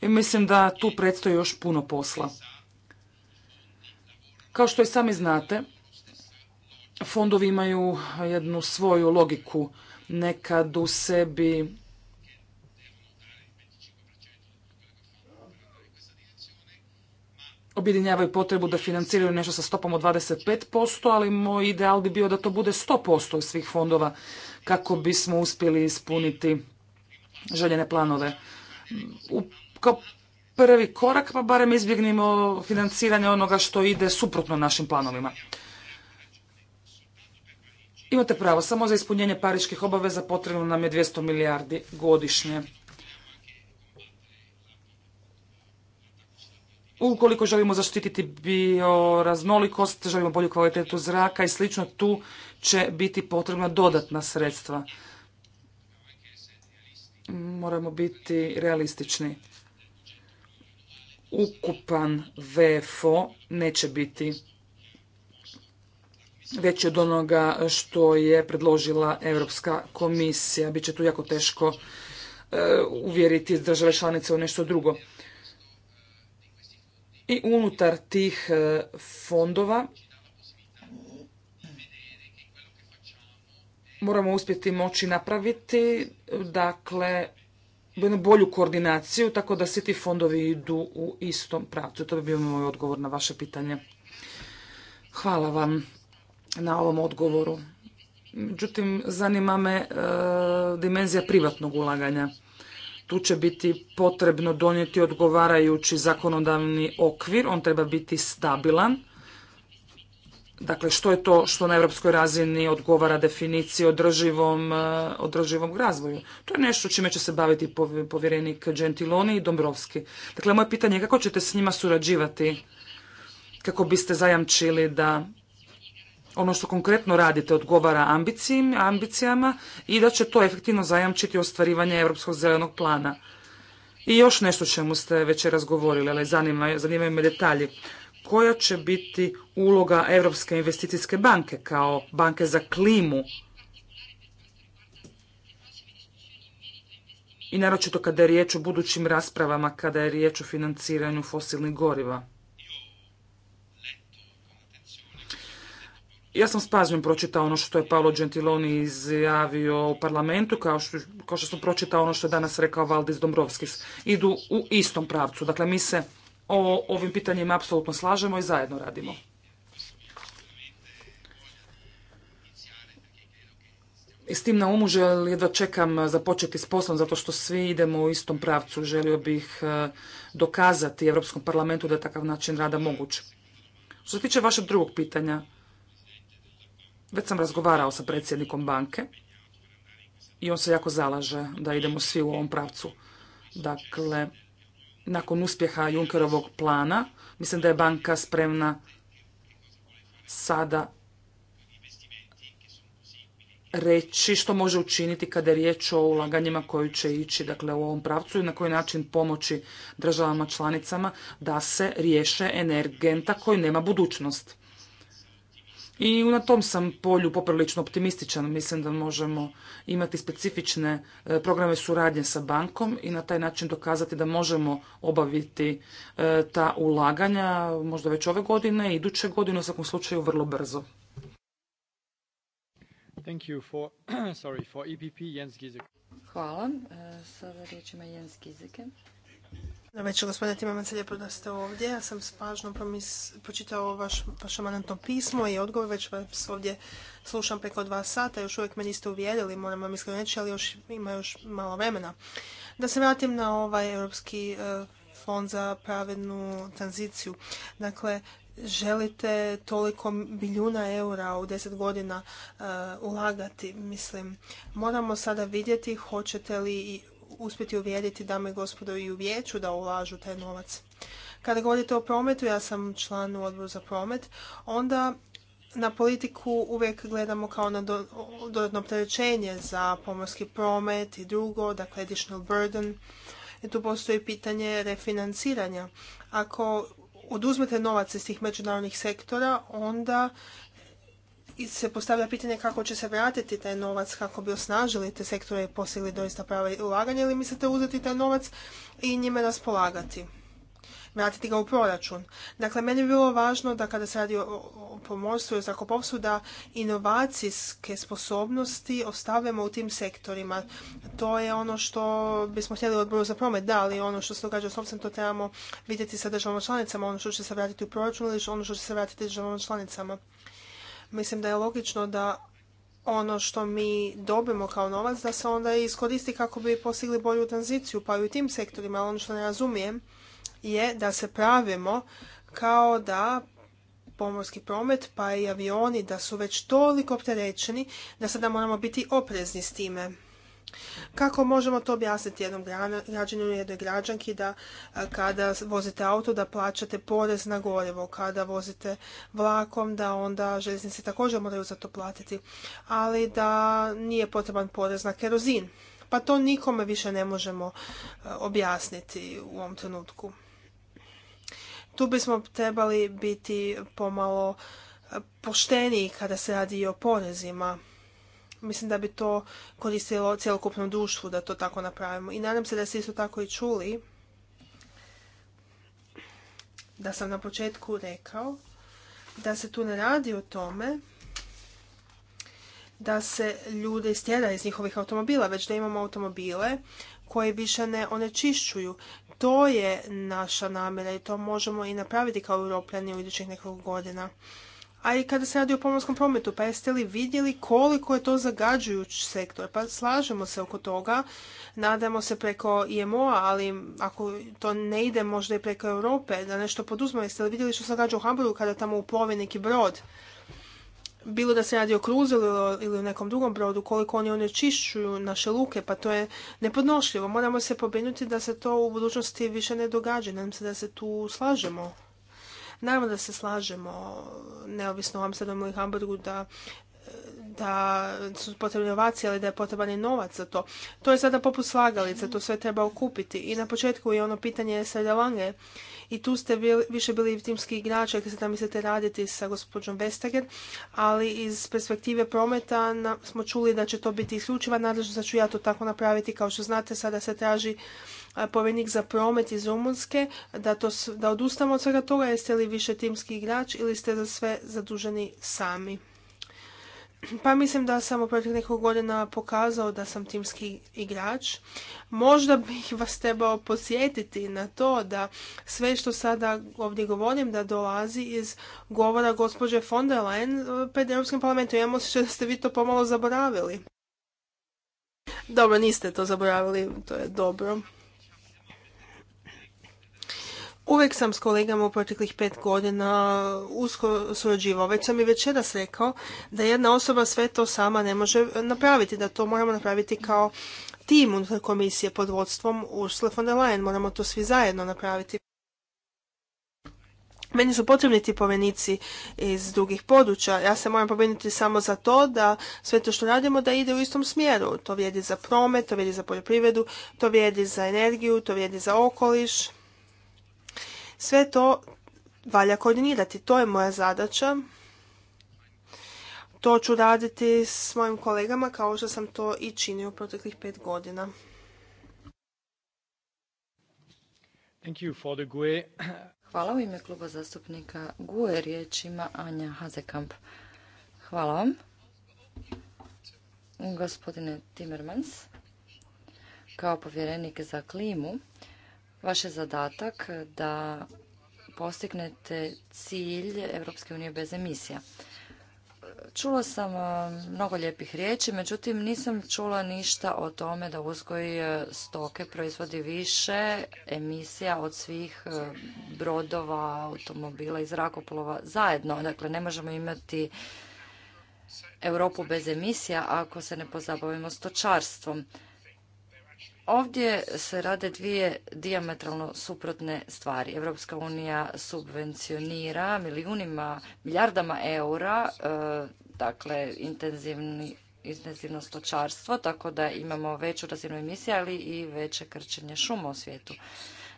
I mislim da tu predstoji još puno posla. Kao što i sami znate, fondovi imaju jednu svoju logiku. Nekad u sebi objedinjavaju potrebu da financiraju nešto sa stopom od 25%, ali moj ideal bi bio da to bude 100% svih fondova kako bismo uspjeli ispuniti željene planove. U, kao prvi korak, pa barem izbjegnimo financiranje onoga što ide suprotno našim planovima. Imate pravo, samo za ispunjenje pariških obaveza potrebno nam je 200 milijardi godišnje. Ukoliko želimo zaštititi bioraznolikost, želimo bolju kvalitetu zraka i slično, tu će biti potrebna dodatna sredstva. Moramo biti realistični ukupan VFO neće biti veći od onoga što je predložila Europska komisija. Biće tu jako teško e, uvjeriti države članice u nešto drugo. I unutar tih e, fondova moramo uspjeti moći napraviti dakle na bolju koordinaciju, tako da svi ti fondovi idu u istom pravcu. To bi bio moj odgovor na vaše pitanje. Hvala vam na ovom odgovoru. Međutim, zanima me e, dimenzija privatnog ulaganja. Tu će biti potrebno donijeti odgovarajući zakonodavni okvir, on treba biti stabilan Dakle, što je to što na europskoj razini odgovara definiciji održivom, e, održivom razvoju? To je nešto čime će se baviti povjerenik Gentiloni i Dombrovski. Dakle, moje pitanje je kako ćete s njima surađivati kako biste zajamčili da ono što konkretno radite odgovara ambicijama i da će to efektivno zajamčiti ostvarivanje Europskog zelenog plana. I još nešto čemu ste već razgovorili, ali zanima, zanimaju me detalji koja će biti uloga Europske investicijske banke kao banke za klimu i naročito kada je riječ o budućim raspravama, kada je riječ o financiranju fosilnih goriva. Ja sam s pročitao ono što je Paolo Gentiloni izjavio u parlamentu, kao što, sam pročitao ono što je danas rekao Valdis Dombrovskis. Idu u istom pravcu. Dakle, mi se o ovim pitanjima apsolutno slažemo i zajedno radimo. I s tim na umu želim jedva čekam započeti s poslom zato što svi idemo u istom pravcu. Želio bih e, dokazati Europskom parlamentu da je takav način rada moguć. Što se tiče vašeg drugog pitanja, već sam razgovarao sa predsjednikom banke i on se jako zalaže da idemo svi u ovom pravcu. Dakle, nakon uspjeha Junckerovog plana, mislim da je banka spremna sada reći što može učiniti kada je riječ o ulaganjima koji će ići dakle, u ovom pravcu i na koji način pomoći državama članicama da se riješe energenta koji nema budućnost. I na tom sam polju poprilično optimističan. Mislim da možemo imati specifične e, programe suradnje sa bankom i na taj način dokazati da možemo obaviti e, ta ulaganja možda već ove godine, iduće godine, u svakom slučaju vrlo brzo. Hvala. E, sada riječ Jens dobro večer, gospodine Timamac, lijepo da ste ovdje. Ja sam s promis, počitao vaš, vaše pismo i odgovor, već vas ovdje slušam preko dva sata, još uvijek me niste uvjerili, moram vam iskreno reći, ali još, ima još malo vremena. Da se vratim na ovaj Europski e, fond za pravednu tranziciju. Dakle, želite toliko biljuna eura u deset godina e, ulagati, mislim. Moramo sada vidjeti hoćete li uspjeti uvjeriti dame i gospodo i u vijeću da ulažu taj novac. Kada govorite o prometu, ja sam član u odboru za promet, onda na politiku uvijek gledamo kao na dodatno opterećenje za pomorski promet i drugo, dakle additional burden. tu postoji pitanje refinanciranja. Ako oduzmete novac iz tih međunarodnih sektora, onda se postavlja pitanje kako će se vratiti taj novac, kako bi osnažili te sektore i postigli doista prava ulaganja ili mislite uzeti taj novac i njime raspolagati? vratiti ga u proračun. Dakle, meni je bilo važno da kada se radi o pomorstvu i o da inovacijske sposobnosti ostavljamo u tim sektorima. To je ono što bismo htjeli odboru za promet, da, ali ono što se događa s novcem, to trebamo vidjeti sa državama članicama, ono što će se vratiti u proračun ili ono što će se vratiti državama članicama. Mislim da je logično da ono što mi dobimo kao novac da se onda iskoristi kako bi postigli bolju tranziciju pa i u tim sektorima. Ali ono što ne razumijem je da se pravimo kao da pomorski promet pa i avioni da su već toliko opterećeni da sada moramo biti oprezni s time. Kako možemo to objasniti jednom građaninu i jednoj građanki da kada vozite auto da plaćate porez na gorivo, kada vozite vlakom da onda željeznice također moraju za to platiti, ali da nije potreban porez na kerozin. Pa to nikome više ne možemo objasniti u ovom trenutku. Tu bismo trebali biti pomalo pošteniji kada se radi i o porezima Mislim da bi to koristilo cjelokupnom društvu da to tako napravimo. I nadam se da ste isto tako i čuli da sam na početku rekao da se tu ne radi o tome da se ljude istjera iz njihovih automobila, već da imamo automobile koji više ne onečišćuju. To je naša namjera i to možemo i napraviti kao europljani u idućih nekog godina a i kada se radi o pomorskom prometu. Pa jeste li vidjeli koliko je to zagađujuć sektor? Pa slažemo se oko toga, nadamo se preko IMO-a, ali ako to ne ide možda i preko Europe, da nešto poduzmemo. Jeste li vidjeli što se događa u Hamburgu kada tamo uplove neki brod? bilo da se radi o kruzu ili o nekom drugom brodu, koliko oni onečišćuju naše luke, pa to je nepodnošljivo. Moramo se pobrinuti da se to u budućnosti više ne događa. Nadam se da se tu slažemo. Naravno da se slažemo, neovisno o Amsterdamu i Hamburgu, da da su potrebne inovacije, ali da je potreban i novac za to. To je sada poput slagalice, to sve treba okupiti. I na početku je ono pitanje Sreda Lange. I tu ste više bili timski igrači, kada se da mislite raditi sa gospođom Vestager, ali iz perspektive prometa smo čuli da će to biti isključiva nadležnost, da ću ja to tako napraviti. Kao što znate, sada se traži povjednik za promet iz Rumunske da, to, odustamo od svega toga? Jeste li više timski igrač ili ste za sve zaduženi sami? Pa mislim da sam u proteklih nekog godina pokazao da sam timski igrač. Možda bih vas trebao posjetiti na to da sve što sada ovdje govorim da dolazi iz govora gospođe von der Leyen e, pred Europskim parlamentom. se da ste vi to pomalo zaboravili. Dobro, niste to zaboravili, to je dobro. Uvijek sam s kolegama u proteklih pet godina usko surađivao. Već sam i večeras rekao da jedna osoba sve to sama ne može napraviti, da to moramo napraviti kao tim unutar komisije pod vodstvom u von der Moramo to svi zajedno napraviti. Meni su potrebni ti povenici iz drugih područja. Ja se moram pobrinuti samo za to da sve to što radimo da ide u istom smjeru. To vrijedi za promet, to vrijedi za poljoprivredu, to vrijedi za energiju, to vrijedi za okoliš. Sve to valja koordinirati. To je moja zadaća. To ću raditi s mojim kolegama kao što sam to i činio u proteklih pet godina. E. Hvala u ime kluba zastupnika GUE. Riječ ima Anja Hazekamp. Hvala vam. Gospodine Timmermans, kao povjerenik za klimu, Vaš je zadatak da postignete cilj Europske unije bez emisija. Čula sam e, mnogo lijepih riječi, međutim nisam čula ništa o tome da uzgoj e, stoke proizvodi više emisija od svih e, brodova, automobila i zrakoplova zajedno. Dakle, ne možemo imati Europu bez emisija ako se ne pozabavimo stočarstvom. Ovdje se rade dvije diametralno suprotne stvari. Europska unija subvencionira milijunima, milijardama eura, e, dakle intenzivni intenzivno stočarstvo, tako da imamo veću razinu emisije, ali i veće krčenje šuma u svijetu.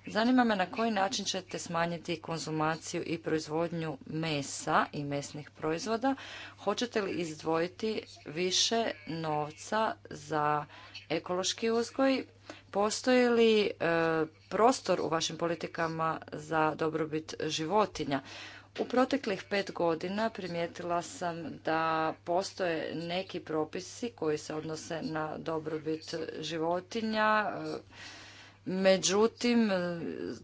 Zanima me na koji način ćete smanjiti konzumaciju i proizvodnju mesa i mesnih proizvoda. Hoćete li izdvojiti više novca za ekološki uzgoj. Postoji li e, prostor u vašim politikama za dobrobit životinja? U proteklih pet godina primijetila sam da postoje neki propisi koji se odnose na dobrobit životinja, e, međutim e,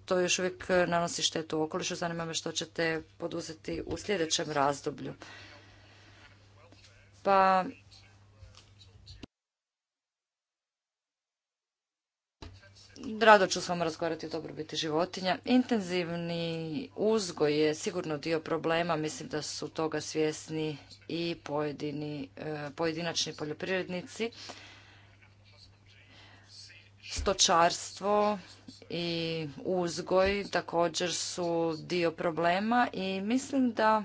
to još uvijek nanosi štetu okolišu. Zanima me što ćete poduzeti u sljedećem razdoblju. Pa Rado ću s vama razgovarati o dobrobiti životinja. Intenzivni uzgoj je sigurno dio problema. Mislim da su toga svjesni i pojedini, e, pojedinačni poljoprivrednici. Stočarstvo i uzgoj također su dio problema i mislim da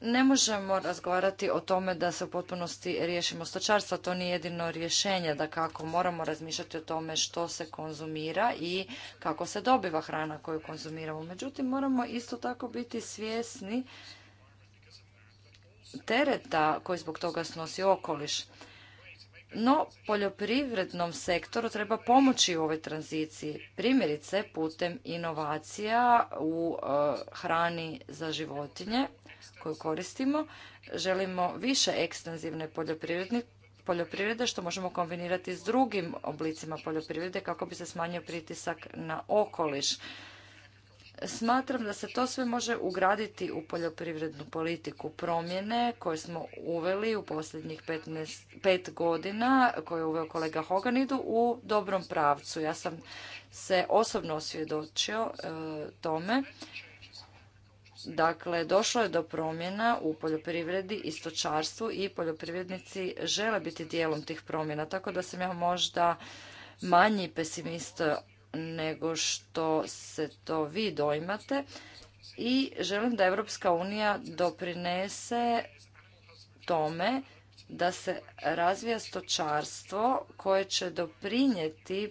ne možemo razgovarati o tome da se u potpunosti riješimo stočarstva. To nije jedino rješenje, da kako moramo razmišljati o tome što se konzumira i kako se dobiva hrana koju konzumiramo. Međutim, moramo isto tako biti svjesni tereta koji zbog toga snosi okoliš. No, poljoprivrednom sektoru treba pomoći u ovoj tranziciji, primjerice putem inovacija u e, hrani za životinje, koju koristimo. Želimo više ekstenzivne poljoprivrede što možemo kombinirati s drugim oblicima poljoprivrede kako bi se smanjio pritisak na okoliš. Smatram da se to sve može ugraditi u poljoprivrednu politiku promjene koje smo uveli u posljednjih 15, pet godina, koje je uveo kolega Hogan, idu u dobrom pravcu. Ja sam se osobno osvjedočio e, tome Dakle, došlo je do promjena u poljoprivredi i stočarstvu i poljoprivrednici žele biti dijelom tih promjena, tako da sam ja možda manji pesimist nego što se to vi dojmate. i želim da Europska unija doprinese tome da se razvija stočarstvo koje će doprinijeti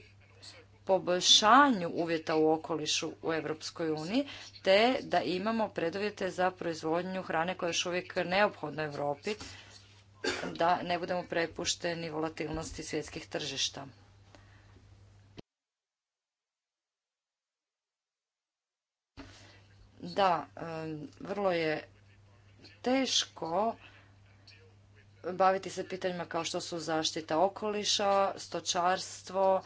poboljšanju uvjeta u okolišu u Europskoj uniji, te da imamo preduvjete za proizvodnju hrane koja je još uvijek neophodna Europi, da ne budemo prepušteni volatilnosti svjetskih tržišta. Da, vrlo je teško baviti se pitanjima kao što su zaštita okoliša, stočarstvo,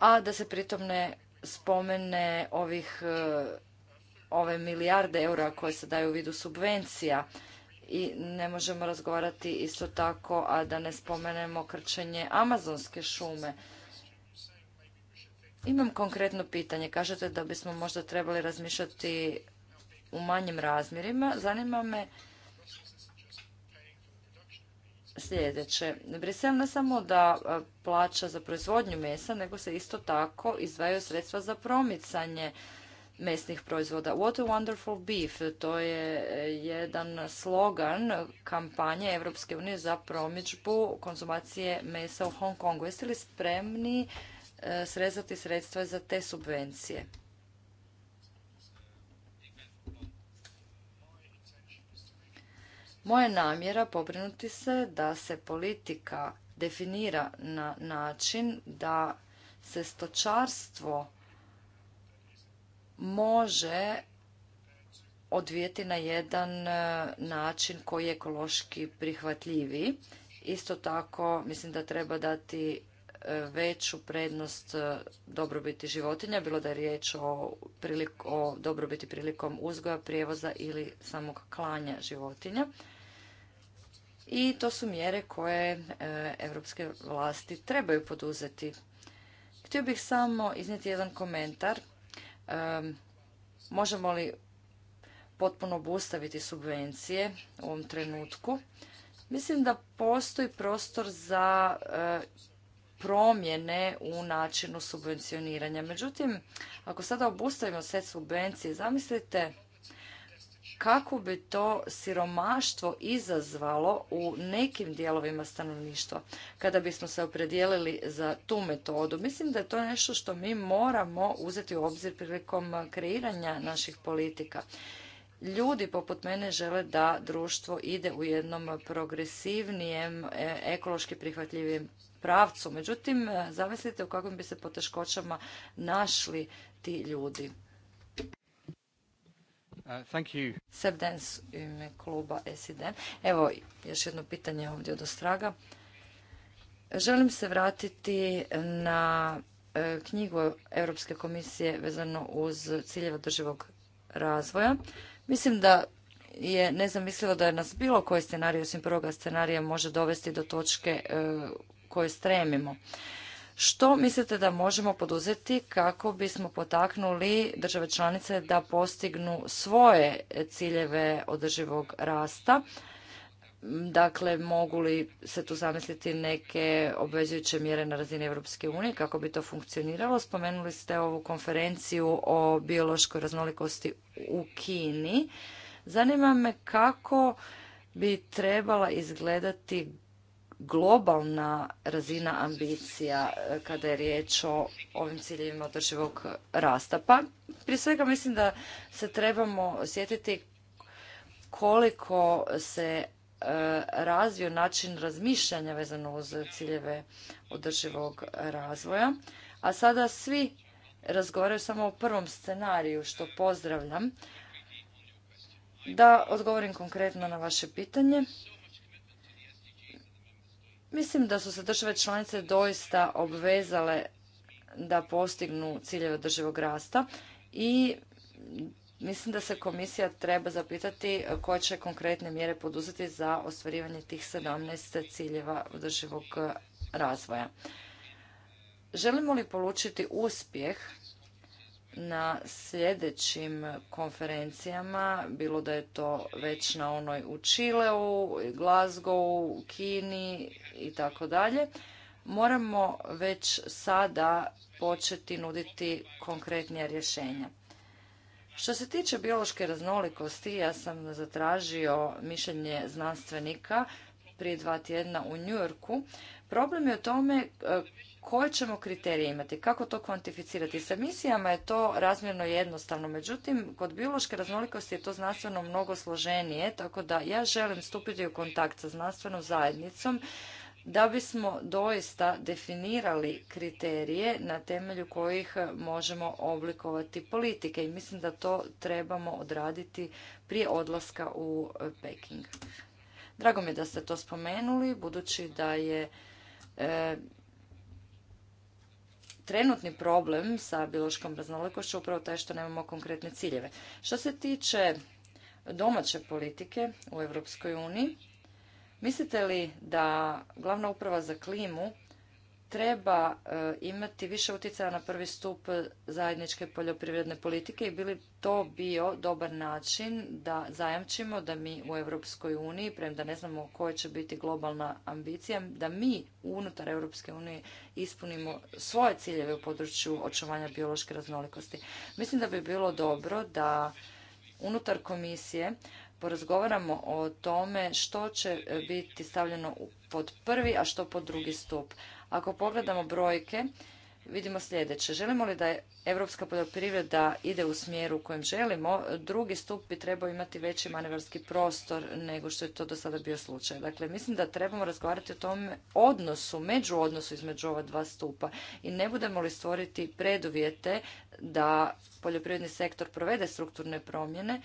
a da se pritom ne spomene ovih e, ove milijarde eura koje se daju u vidu subvencija i ne možemo razgovarati isto tako, a da ne spomenemo krčenje amazonske šume. Imam konkretno pitanje. Kažete da bismo možda trebali razmišljati u manjim razmjerima. Zanima me sljedeće. Brisel ne samo da e, plaća za proizvodnju mesa, nego se isto tako izdvajaju sredstva za promicanje mesnih proizvoda. What a wonderful beef, to je e, jedan slogan kampanje Evropske unije za promičbu konzumacije mesa u Hong Kongu. Jeste li spremni e, srezati sredstva za te subvencije? Moja namjera pobrinuti se da se politika definira na način da se stočarstvo može odvijeti na jedan e, način koji je ekološki prihvatljiviji. Isto tako mislim da treba dati veću prednost e, dobrobiti životinja, bilo da je riječ o, prilik, dobrobiti prilikom uzgoja, prijevoza ili samog klanja životinja. I to su mjere koje europske vlasti trebaju poduzeti. Htio bih samo iznijeti jedan komentar. E, možemo li potpuno obustaviti subvencije u ovom trenutku? Mislim da postoji prostor za e, promjene u načinu subvencioniranja. Međutim, ako sada obustavimo sve subvencije, zamislite kako bi to siromaštvo izazvalo u nekim dijelovima stanovništva kada bismo se opredijelili za tu metodu. Mislim da je to nešto što mi moramo uzeti u obzir prilikom kreiranja naših politika. Ljudi poput mene žele da društvo ide u jednom progresivnijem, e, ekološki prihvatljivijem pravcu. Međutim, e, zamislite u kakvim bi se poteškoćama našli ti ljudi. Uh, Seb Dens u ime kluba SID. Evo, još jedno pitanje ovdje od Ostraga. Želim se vratiti na e, knjigu Europske komisije vezano uz ciljeva drživog razvoja. Mislim da je nezamislivo da je nas bilo koji scenarij osim prvoga scenarija može dovesti do točke e, koje stremimo. Što mislite da možemo poduzeti kako bismo potaknuli države članice da postignu svoje ciljeve održivog rasta? Dakle, mogu li se tu zamisliti neke obvezujuće mjere na razini Europske unije kako bi to funkcioniralo? Spomenuli ste ovu konferenciju o biološkoj raznolikosti u Kini. Zanima me kako bi trebala izgledati globalna razina ambicija e, kada je riječ o ovim ciljevima održivog rasta? Pa prije svega mislim da se trebamo sjetiti koliko se e, razvio način razmišljanja vezano uz ciljeve održivog razvoja, a sada svi razgovaraju samo o prvom scenariju, što pozdravljam. Da odgovorim konkretno na vaše pitanje. Mislim da su se države članice doista obvezale da postignu ciljeve održivog rasta i mislim da se komisija treba zapitati koje će konkretne mjere poduzeti za ostvarivanje tih 17 ciljeva održivog razvoja. Želimo li polučiti uspjeh na sljedećim konferencijama, bilo da je to već na onoj u Čileu, Glasgowu, Kini i tako dalje, moramo već sada početi nuditi konkretnija rješenja. Što se tiče biološke raznolikosti, ja sam zatražio mišljenje znanstvenika prije dva tjedna u Njujorku. Problem je u tome koje ćemo kriterije imati, kako to kvantificirati. Sa misijama je to razmjerno jednostavno, međutim, kod biološke raznolikosti je to znanstveno mnogo složenije, tako da ja želim stupiti u kontakt sa znanstvenom zajednicom da bismo doista definirali kriterije na temelju kojih možemo oblikovati politike i mislim da to trebamo odraditi prije odlaska u Peking. Drago mi je da ste to spomenuli, budući da je e, trenutni problem sa biološkom raznolikošću upravo taj što nemamo konkretne ciljeve. Što se tiče domaće politike u Europskoj uniji, mislite li da glavna uprava za klimu treba e, imati više utjecaja na prvi stup zajedničke poljoprivredne politike i bili to bio dobar način da zajamčimo da mi u Europskoj uniji, premda ne znamo koja će biti globalna ambicija, da mi unutar Europske unije ispunimo svoje ciljeve u području očuvanja biološke raznolikosti. Mislim da bi bilo dobro da unutar komisije porazgovaramo o tome što će biti stavljeno pod prvi, a što pod drugi stup. Ako pogledamo brojke, vidimo sljedeće. Želimo li da europska poljoprivreda ide u smjeru u kojem želimo, drugi stup bi trebao imati veći manevarski prostor nego što je to do sada bio slučaj. Dakle, mislim da trebamo razgovarati o tom odnosu, među odnosu između ova dva stupa i ne budemo li stvoriti preduvjete da poljoprivredni sektor provede strukturne promjene.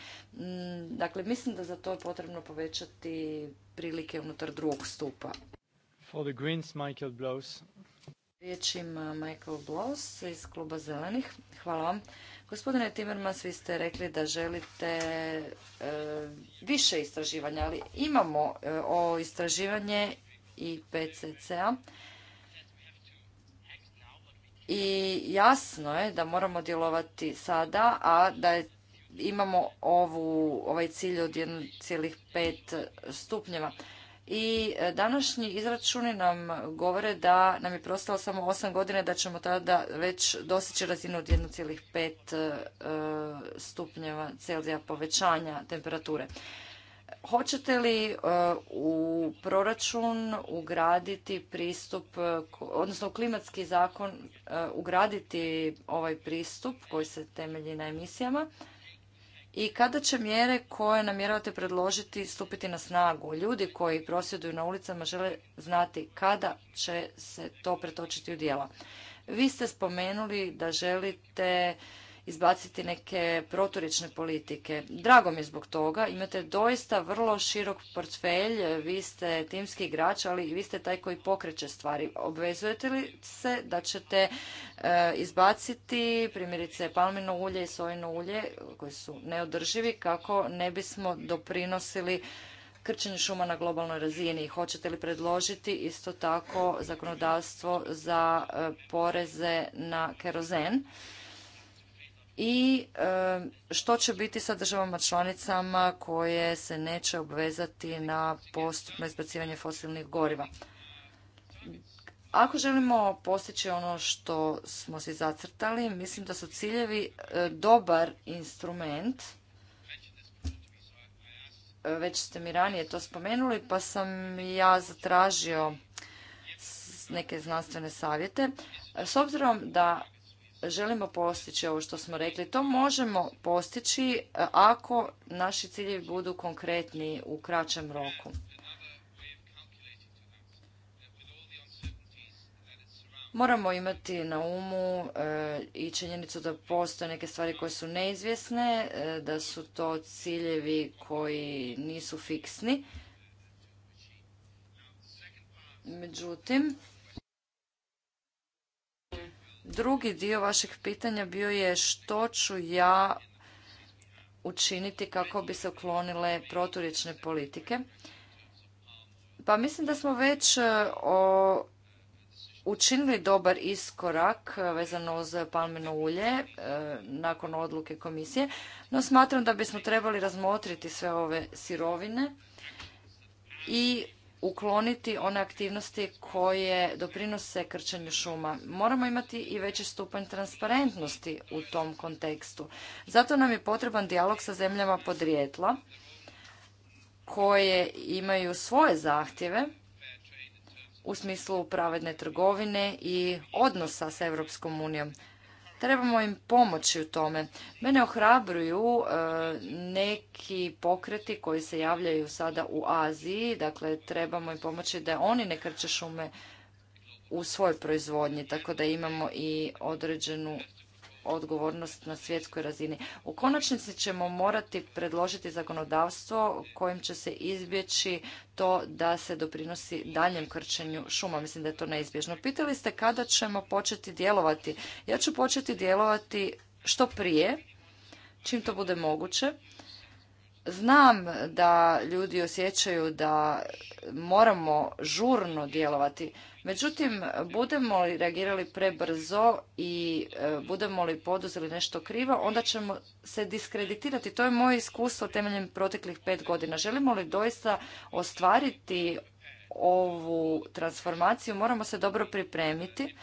Dakle, mislim da za to je potrebno povećati prilike unutar drugog stupa. For the Michael Riječ ima Michael Bloss iz kluba Zelenih. Hvala vam. Gospodine Timmermans, vi ste rekli da želite e, više istraživanja, ali imamo e, o istraživanje i PCC-a. I jasno je da moramo djelovati sada, a da je, imamo ovu, ovaj cilj od 1,5 stupnjeva i e, današnji izračuni nam govore da nam je prostalo samo osam godina da ćemo tada već dostići razinu od 1,5 e, stupnjeva Celzija povećanja temperature. Hoćete li e, u proračun ugraditi pristup, odnosno u klimatski zakon ugraditi ovaj pristup koji se temelji na emisijama? i kada će mjere koje namjeravate predložiti stupiti na snagu? Ljudi koji prosvjeduju na ulicama žele znati kada će se to pretočiti u djela. Vi ste spomenuli da želite izbaciti neke proturječne politike. Drago mi je zbog toga. Imate doista vrlo širok portfelj. Vi ste timski igrač, ali vi ste taj koji pokreće stvari. Obvezujete li se da ćete e, izbaciti primjerice palmino ulje i sojino ulje koji su neodrživi kako ne bismo doprinosili krčenju šuma na globalnoj razini. Hoćete li predložiti isto tako zakonodavstvo za e, poreze na kerozen? i e, što će biti sa državama članicama koje se neće obvezati na postupno izbacivanje fosilnih goriva. Ako želimo postići ono što smo si zacrtali, mislim da su ciljevi e, dobar instrument. E, već ste mi ranije to spomenuli, pa sam ja zatražio neke znanstvene savjete. S obzirom da želimo postići ovo što smo rekli, to možemo postići e, ako naši ciljevi budu konkretni u kraćem roku. Moramo imati na umu e, i činjenicu da postoje neke stvari koje su neizvjesne, e, da su to ciljevi koji nisu fiksni. Međutim, Drugi dio vašeg pitanja bio je što ću ja učiniti kako bi se uklonile proturječne politike. Pa mislim da smo već e, o, učinili dobar iskorak e, vezano uz palmino ulje e, nakon odluke komisije, no smatram da bismo trebali razmotriti sve ove sirovine i ukloniti one aktivnosti koje doprinose krčenju šuma. Moramo imati i veći stupanj transparentnosti u tom kontekstu. Zato nam je potreban dijalog sa zemljama podrijetla koje imaju svoje zahtjeve u smislu pravedne trgovine i odnosa s Europskom unijom. Trebamo im pomoći u tome. Mene ohrabruju e, neki pokreti koji se javljaju sada u Aziji, dakle trebamo im pomoći da oni ne krče šume u svojoj proizvodnji, tako da imamo i određenu odgovornost na svjetskoj razini. U konačnici ćemo morati predložiti zakonodavstvo kojim će se izbjeći to da se doprinosi daljem krčenju šuma. Mislim da je to neizbježno. Pitali ste kada ćemo početi djelovati. Ja ću početi djelovati što prije, čim to bude moguće. Znam da ljudi osjećaju da moramo žurno djelovati, međutim, budemo li reagirali prebrzo i e, budemo li poduzeli nešto krivo, onda ćemo se diskreditirati. To je moje iskustvo temeljem proteklih pet godina. Želimo li doista ostvariti ovu transformaciju, moramo se dobro pripremiti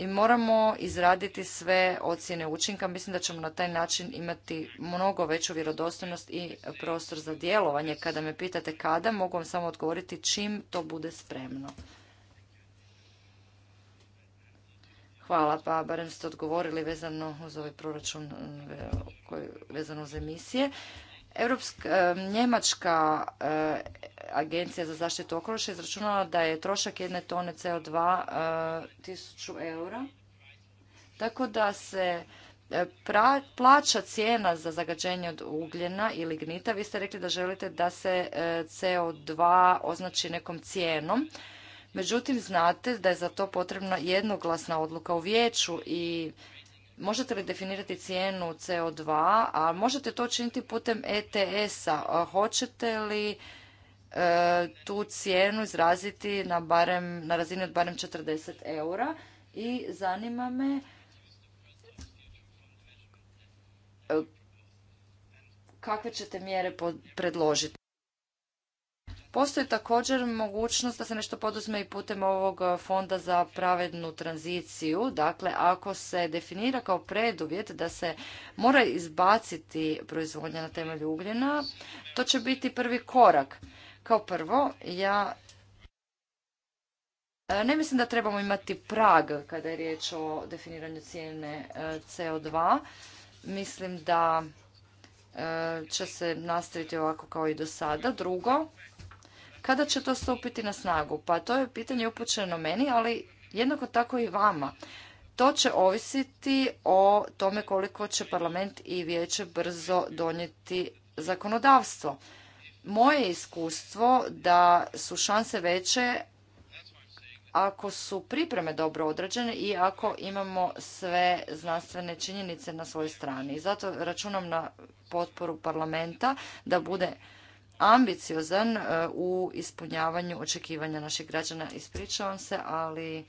i moramo izraditi sve ocjene učinka. Mislim da ćemo na taj način imati mnogo veću vjerodostojnost i prostor za djelovanje. Kada me pitate kada, mogu vam samo odgovoriti čim to bude spremno. Hvala, pa barem ste odgovorili vezano uz ovaj proračun, vezano uz emisije. Europska, e, Njemačka e, agencija za zaštitu okoliša izračunala da je trošak jedne tone CO2 e, tisuću eura. Tako da se plaća cijena za zagađenje od ugljena ili gnita. Vi ste rekli da želite da se CO2 označi nekom cijenom. Međutim, znate da je za to potrebna jednoglasna odluka u vijeću i Možete li definirati cijenu CO2, a možete to činiti putem ETS-a. Hoćete li e, tu cijenu izraziti na, barem, na razini od barem 40 eura? I zanima me e, kakve ćete mjere predložiti. Postoji također mogućnost da se nešto poduzme i putem ovog e, fonda za pravednu tranziciju. Dakle, ako se definira kao preduvjet da se mora izbaciti proizvodnja na temelju ugljena, to će biti prvi korak. Kao prvo, ja e, ne mislim da trebamo imati prag kada je riječ o definiranju cijene e, CO2. Mislim da će se nastaviti ovako kao i do sada. Drugo, kada će to stupiti na snagu? Pa to je pitanje upućeno meni, ali jednako tako i vama. To će ovisiti o tome koliko će parlament i vijeće brzo donijeti zakonodavstvo. Moje iskustvo da su šanse veće ako su pripreme dobro odrađene i ako imamo sve znanstvene činjenice na svojoj strani. zato računam na potporu parlamenta da bude ambiciozan e, u ispunjavanju očekivanja naših građana. Ispričavam se, ali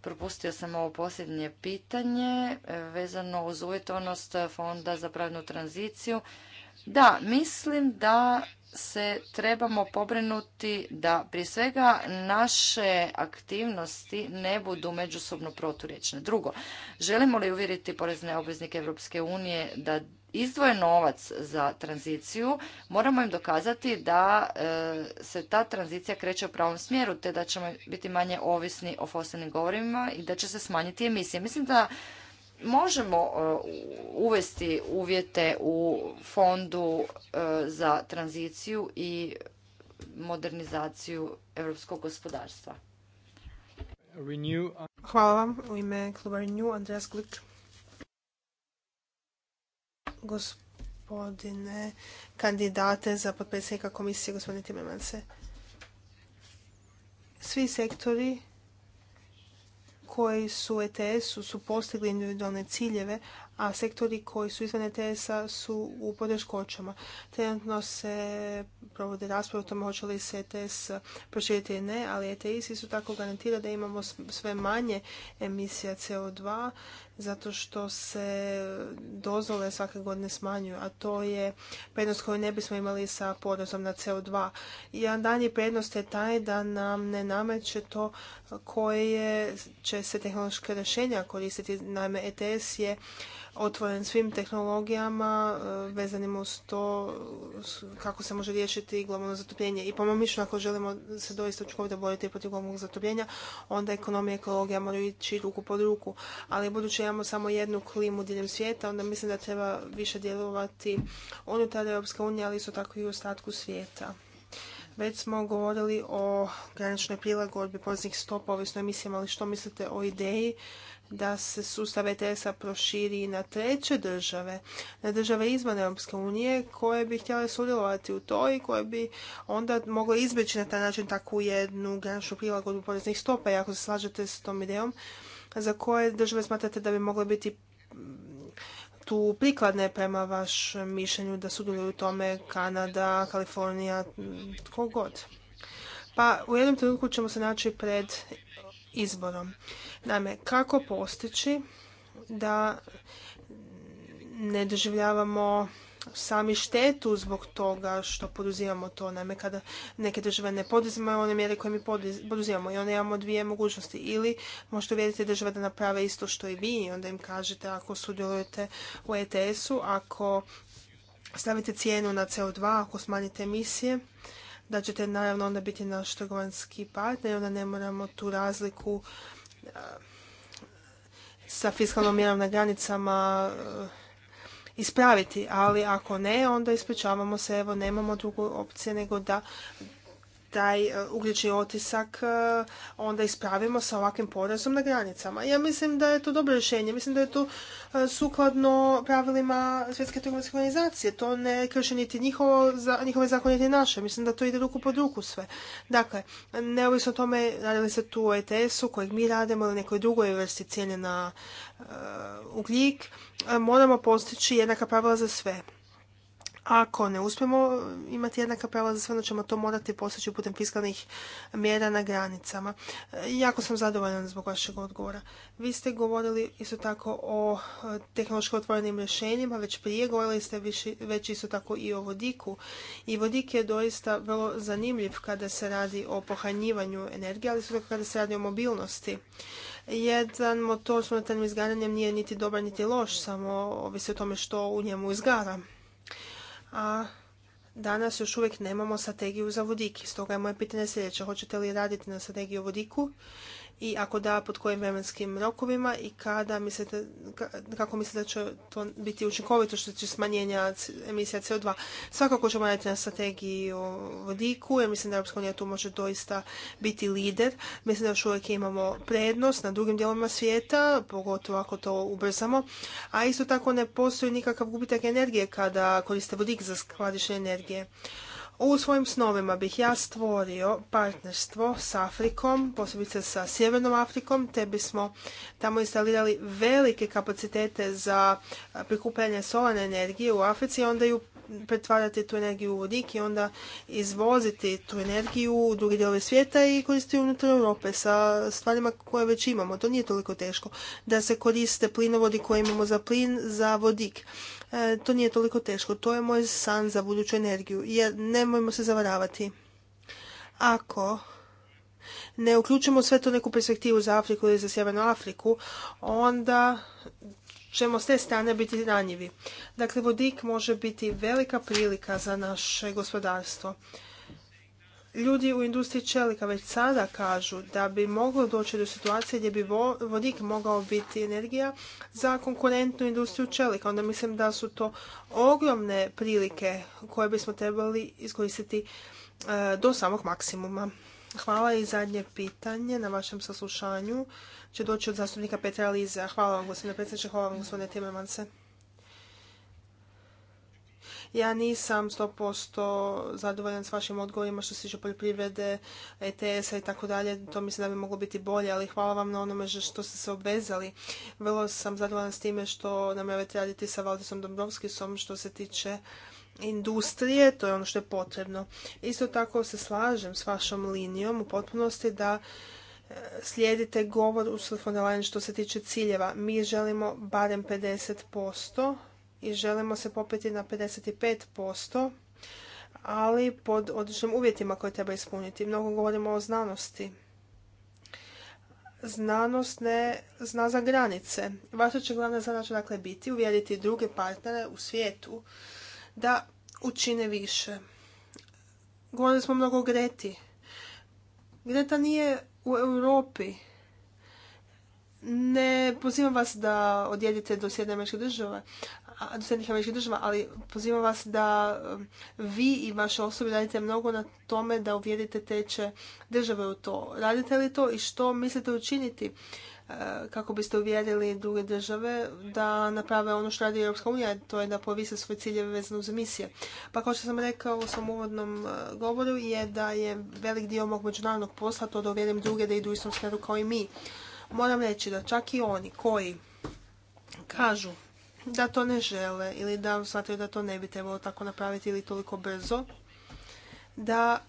propustio sam ovo posljednje pitanje e, vezano uz uvjetovanost Fonda za pravnu tranziciju. Da, mislim da se trebamo pobrinuti da prije svega naše aktivnosti ne budu međusobno proturječne. Drugo, želimo li uvjeriti porezne obveznike Europske unije da izdvoje novac za tranziciju, moramo im dokazati da e, se ta tranzicija kreće u pravom smjeru, te da ćemo biti manje ovisni o fosilnim govorima i da će se smanjiti emisije. Mislim da možemo e, uvesti uvjete u fondu e, za tranziciju i modernizaciju europskog gospodarstva. Hvala vam. U ime kluba Renew, Andreas gospodine kandidate za potpredsjednika komisije, gospodine Timmermanse. Svi sektori koji su ETS-u su postigli individualne ciljeve, a sektori koji su izvan ETS-a su u podeškoćama. Trenutno se provode rasprave o tome hoće li se ETS proširiti ili ne, ali ETS su tako garantira da imamo sve manje emisija CO2 zato što se dozvole svake godine smanjuju, a to je prednost koju ne bismo imali sa porezom na CO2. I jedan je prednost je taj da nam ne nameće to koje će se tehnološke rješenja koristiti. Naime, ETS je otvoren svim tehnologijama e, vezanim uz to kako se može riješiti globalno zatopljenje. I po mom mišljenju, ako želimo se doista učinkovito boriti protiv globalnog zatopljenja, onda ekonomija i ekologija moraju ići ruku pod ruku. Ali budući imamo samo jednu klimu diljem svijeta, onda mislim da treba više djelovati unutar Europske unije, ali isto tako i u ostatku svijeta. Već smo govorili o graničnoj prilagodbi poreznih stopa ovisno emisijama, ali što mislite o ideji da se sustav ETS-a proširi na treće države, na države izvan Europske unije koje bi htjele sudjelovati u to i koje bi onda mogle izbjeći na taj način takvu jednu graničnu prilagodbu poreznih stopa. ako se slažete s tom idejom, za koje države smatrate da bi mogle biti tu prikladne prema vašem mišljenju da sudjeluju u tome Kanada, Kalifornija, tko god. Pa u jednom trenutku ćemo se naći pred izborom. Naime, kako postići da ne doživljavamo sami štetu zbog toga što poduzimamo to. Naime, kada neke države ne poduzimaju one mjere koje mi poduzivamo i onda imamo dvije mogućnosti. Ili možete uvjeriti države da naprave isto što i vi i onda im kažete ako sudjelujete u ETS-u, ako stavite cijenu na CO2, ako smanjite emisije, da ćete naravno onda biti naš trgovanski partner i onda ne moramo tu razliku sa fiskalnom mjerom na granicama e, ispraviti, ali ako ne, onda ispričavamo se, evo nemamo drugu opcije nego da taj e, ugljični otisak e, onda ispravimo sa ovakvim porezom na granicama. Ja mislim da je to dobro rješenje. Mislim da je to e, sukladno pravilima Svjetske trgovinske organizacije. To ne krši niti njihove zakone niti naše. Mislim da to ide ruku pod ruku sve. Dakle, neovisno o tome radili se tu o ETS-u kojeg mi radimo ili nekoj drugoj vrsti cijene na ugljik, moramo postići jednaka pravila za sve. Ako ne uspijemo imati jednaka prava za sve, onda ćemo to morati postići putem fiskalnih mjera na granicama. Jako sam zadovoljan zbog vašeg odgovora. Vi ste govorili isto tako o e, tehnološko otvorenim rješenjima, već prije govorili ste već isto tako i o vodiku. I vodik je doista vrlo zanimljiv kada se radi o pohranjivanju energije, ali isto tako kada se radi o mobilnosti. Jedan motor s unutarnjim izgaranjem nije niti dobar niti loš, samo ovisi o tome što u njemu izgara a danas još uvijek nemamo strategiju za vodik. Stoga je moje pitanje sljedeće. Hoćete li raditi na strategiju o vodiku i ako da, pod kojim vremenskim rokovima i kada mislite, kako mislite da će to biti učinkovito što će smanjenja emisija CO2. Svakako ćemo raditi na strategiji o vodiku, jer mislim da Europska unija tu može doista biti lider. Mislim da još uvijek imamo prednost na drugim dijelovima svijeta, pogotovo ako to ubrzamo. A isto tako ne postoji nikakav gubitak energije kada koriste vodik za skladištenje energije. U svojim snovima bih ja stvorio partnerstvo s Afrikom, posebice sa Sjevernom Afrikom, te bismo tamo instalirali velike kapacitete za prikupljanje solarne energije u Africi i onda ju pretvarati tu energiju u vodik i onda izvoziti tu energiju u druge dijelove svijeta i koristiti unutar Europe sa stvarima koje već imamo. To nije toliko teško. Da se koriste plinovodi koje imamo za plin, za vodik. E, to nije toliko teško. To je moj san za buduću energiju. Jer nemojmo se zavaravati. Ako ne uključimo sve to neku perspektivu za Afriku ili za Sjevernu Afriku, onda ćemo s te strane biti ranjivi. Dakle, vodik može biti velika prilika za naše gospodarstvo. Ljudi u industriji čelika već sada kažu da bi moglo doći do situacije gdje bi vodik mogao biti energija za konkurentnu industriju čelika. Onda mislim da su to ogromne prilike koje bismo trebali iskoristiti e, do samog maksimuma. Hvala i zadnje pitanje na vašem saslušanju će doći od zastupnika Petra Liza. Hvala vam, gospodine predsjedniče, hvala vam, gospodine Ja nisam 100% zadovoljan s vašim odgovorima što se tiče poljoprivrede, ETS-a i tako dalje. To mislim da bi moglo biti bolje, ali hvala vam na onome što ste se obvezali. Vrlo sam zadovoljan s time što namjeravate ovaj raditi sa Valdisom Dombrovskisom što se tiče industrije, to je ono što je potrebno. Isto tako se slažem s vašom linijom u potpunosti da slijedite govor u von što se tiče ciljeva. Mi želimo barem 50% i želimo se popeti na 55%, ali pod određenim uvjetima koje treba ispuniti. Mnogo govorimo o znanosti. Znanost ne zna za granice. Vaša će glavna zadaća dakle biti uvjeriti druge partnere u svijetu da učine više. Govorili smo mnogo o Greti. Greta nije u Europi. Ne pozivam vas da odjedite do Sjedne američke države, do Sjednih američkih država, ali pozivam vas da um, vi i vaše osobe radite mnogo na tome da uvjerite teče države u to. Radite li to i što mislite učiniti? E, kako biste uvjerili druge države da naprave ono što radi Europska unija, to je da povise svoje ciljeve vezano za misije. Pa kao što sam rekao u svom uvodnom e, govoru je da je velik dio mog međunarodnog posla to da uvjerim druge da idu u istom smjeru kao i mi. Moram reći da čak i oni koji kažu da to ne žele ili da smatraju da to ne bi trebalo tako napraviti ili toliko brzo, da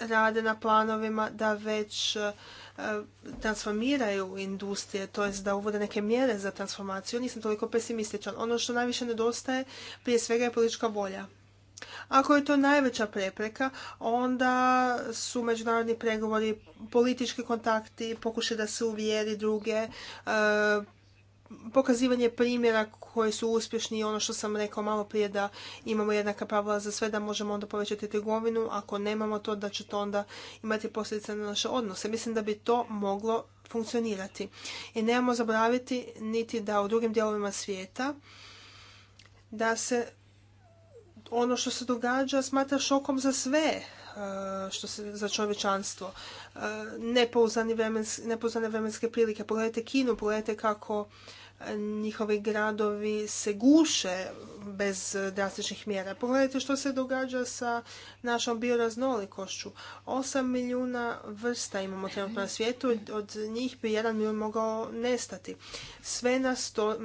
rade na planovima da već transformiraju industrije, to jest da uvode neke mjere za transformaciju, nisam toliko pesimističan. Ono što najviše nedostaje prije svega je politička volja. Ako je to najveća prepreka, onda su međunarodni pregovori, politički kontakti, pokušaj da se uvjeri druge, pokazivanje primjera koji su uspješni i ono što sam rekao malo prije da imamo jednaka pravila za sve, da možemo onda povećati trgovinu, ako nemamo to da će to onda imati posljedice na naše odnose. Mislim da bi to moglo funkcionirati. I nemamo zaboraviti niti da u drugim dijelovima svijeta da se ono što se događa smatra šokom za sve E, što se za čovječanstvo. E, nepouzane vremenske, prilike. Pogledajte Kinu, pogledajte kako e, njihovi gradovi se guše bez drastičnih mjera. Pogledajte što se događa sa našom bioraznolikošću. 8 milijuna vrsta imamo trenutno na svijetu, od njih bi jedan milijun mogao nestati. Sve nas to na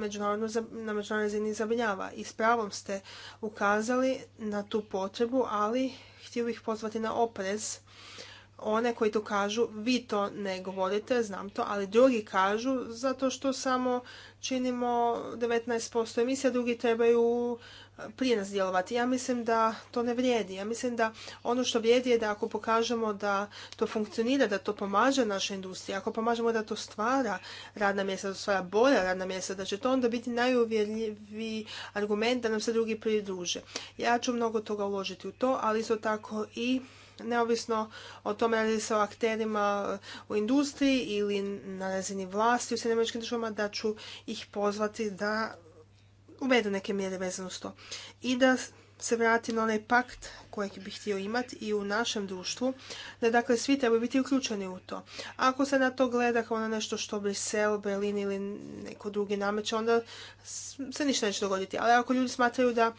međunarodnoj zemlji zabrinjava i s pravom ste ukazali na tu potrebu, ali htio bih pozvati na oprez one koji to kažu, vi to ne govorite, znam to, ali drugi kažu zato što samo činimo 19% emisija, drugi trebaju prije nas djelovati. Ja mislim da to ne vrijedi. Ja mislim da ono što vrijedi je da ako pokažemo da to funkcionira, da to pomaže našoj industriji, ako pomažemo da to stvara radna mjesta, da stvara bolja radna mjesta, da će to onda biti najuvjerljiviji argument da nam se drugi pridruže. Ja ću mnogo toga uložiti u to, ali isto tako i neovisno o tome radi se o akterima u industriji ili na razini vlasti u Sjedinjenim državama, da ću ih pozvati da uvedu neke mjere vezano s to. I da se vrati na onaj pakt kojeg bi htio imati i u našem društvu, da dakle svi trebaju biti uključeni u to. Ako se na to gleda kao na nešto što Brisel, Berlin ili neko drugi nameće, onda se ništa neće dogoditi. Ali ako ljudi smatraju da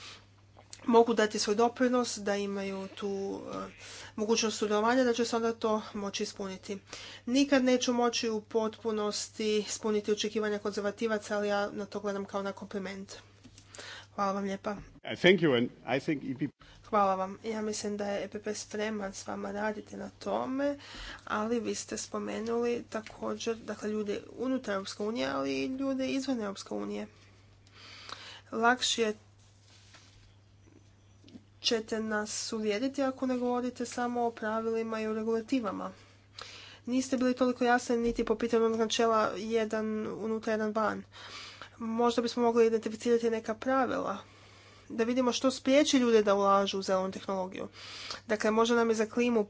mogu dati svoj doprinos, da imaju tu eh, mogućnost sudjelovanja, da će se onda to moći ispuniti. Nikad neću moći u potpunosti ispuniti očekivanja konzervativaca, ali ja na to gledam kao na kompliment. Hvala vam lijepa. Uh, e Hvala vam. Ja mislim da je EPP spreman s vama raditi na tome, ali vi ste spomenuli također dakle, ljude unutar Europske unije, ali i ljude izvan Europske unije. Lakše ćete nas uvjeriti ako ne govorite samo o pravilima i o regulativama. Niste bili toliko jasni niti po pitanju načela jedan unutar jedan van možda bismo mogli identificirati neka pravila da vidimo što spriječi ljude da ulažu u zelenu tehnologiju. Dakle, možda nam je za klimu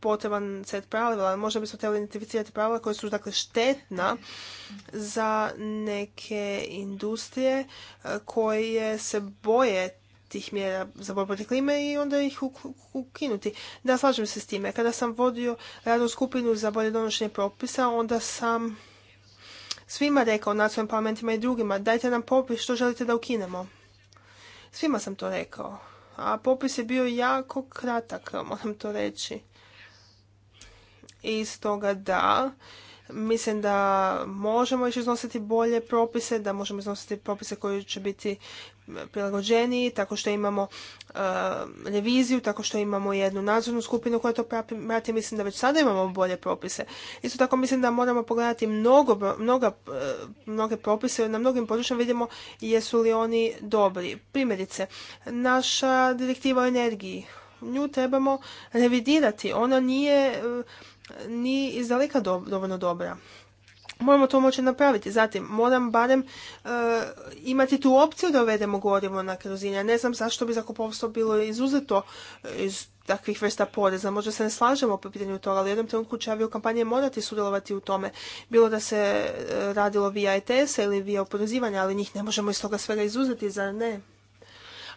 potreban set pravila, ali možda bismo trebali identificirati pravila koja su dakle štetna za neke industrije e, koje se boje tih mjera za borbu protiv klime i onda ih ukinuti. Da, slažem se s time. Kada sam vodio radnu skupinu za bolje donošenje propisa, onda sam svima rekao, na svojim parlamentima i drugima, dajte nam popis što želite da ukinemo. Svima sam to rekao. A popis je bio jako kratak, moram to reći. I stoga da, mislim da možemo još iznositi bolje propise, da možemo iznositi propise koji će biti prilagođeniji, tako što imamo eh, reviziju, tako što imamo jednu nadzornu skupinu koja to prati. Mislim da već sada imamo bolje propise. Isto tako mislim da moramo pogledati eh, mnoge propise na mnogim područjima vidimo jesu li oni dobri. Primjerice, naša direktiva o energiji. Nju trebamo revidirati. Ona nije eh, ni izdaleka dovoljno dobra moramo to moći napraviti. Zatim, moram barem e, imati tu opciju da uvedemo gorivo na kerozin. ne znam zašto bi zakupovstvo bilo izuzeto e, iz takvih vrsta poreza. Možda se ne slažemo po pitanju toga, ali u jednom trenutku će kampanije morati sudjelovati u tome. Bilo da se e, radilo via ETS-a ili via oporezivanja, ali njih ne možemo iz toga svega izuzeti, zar ne?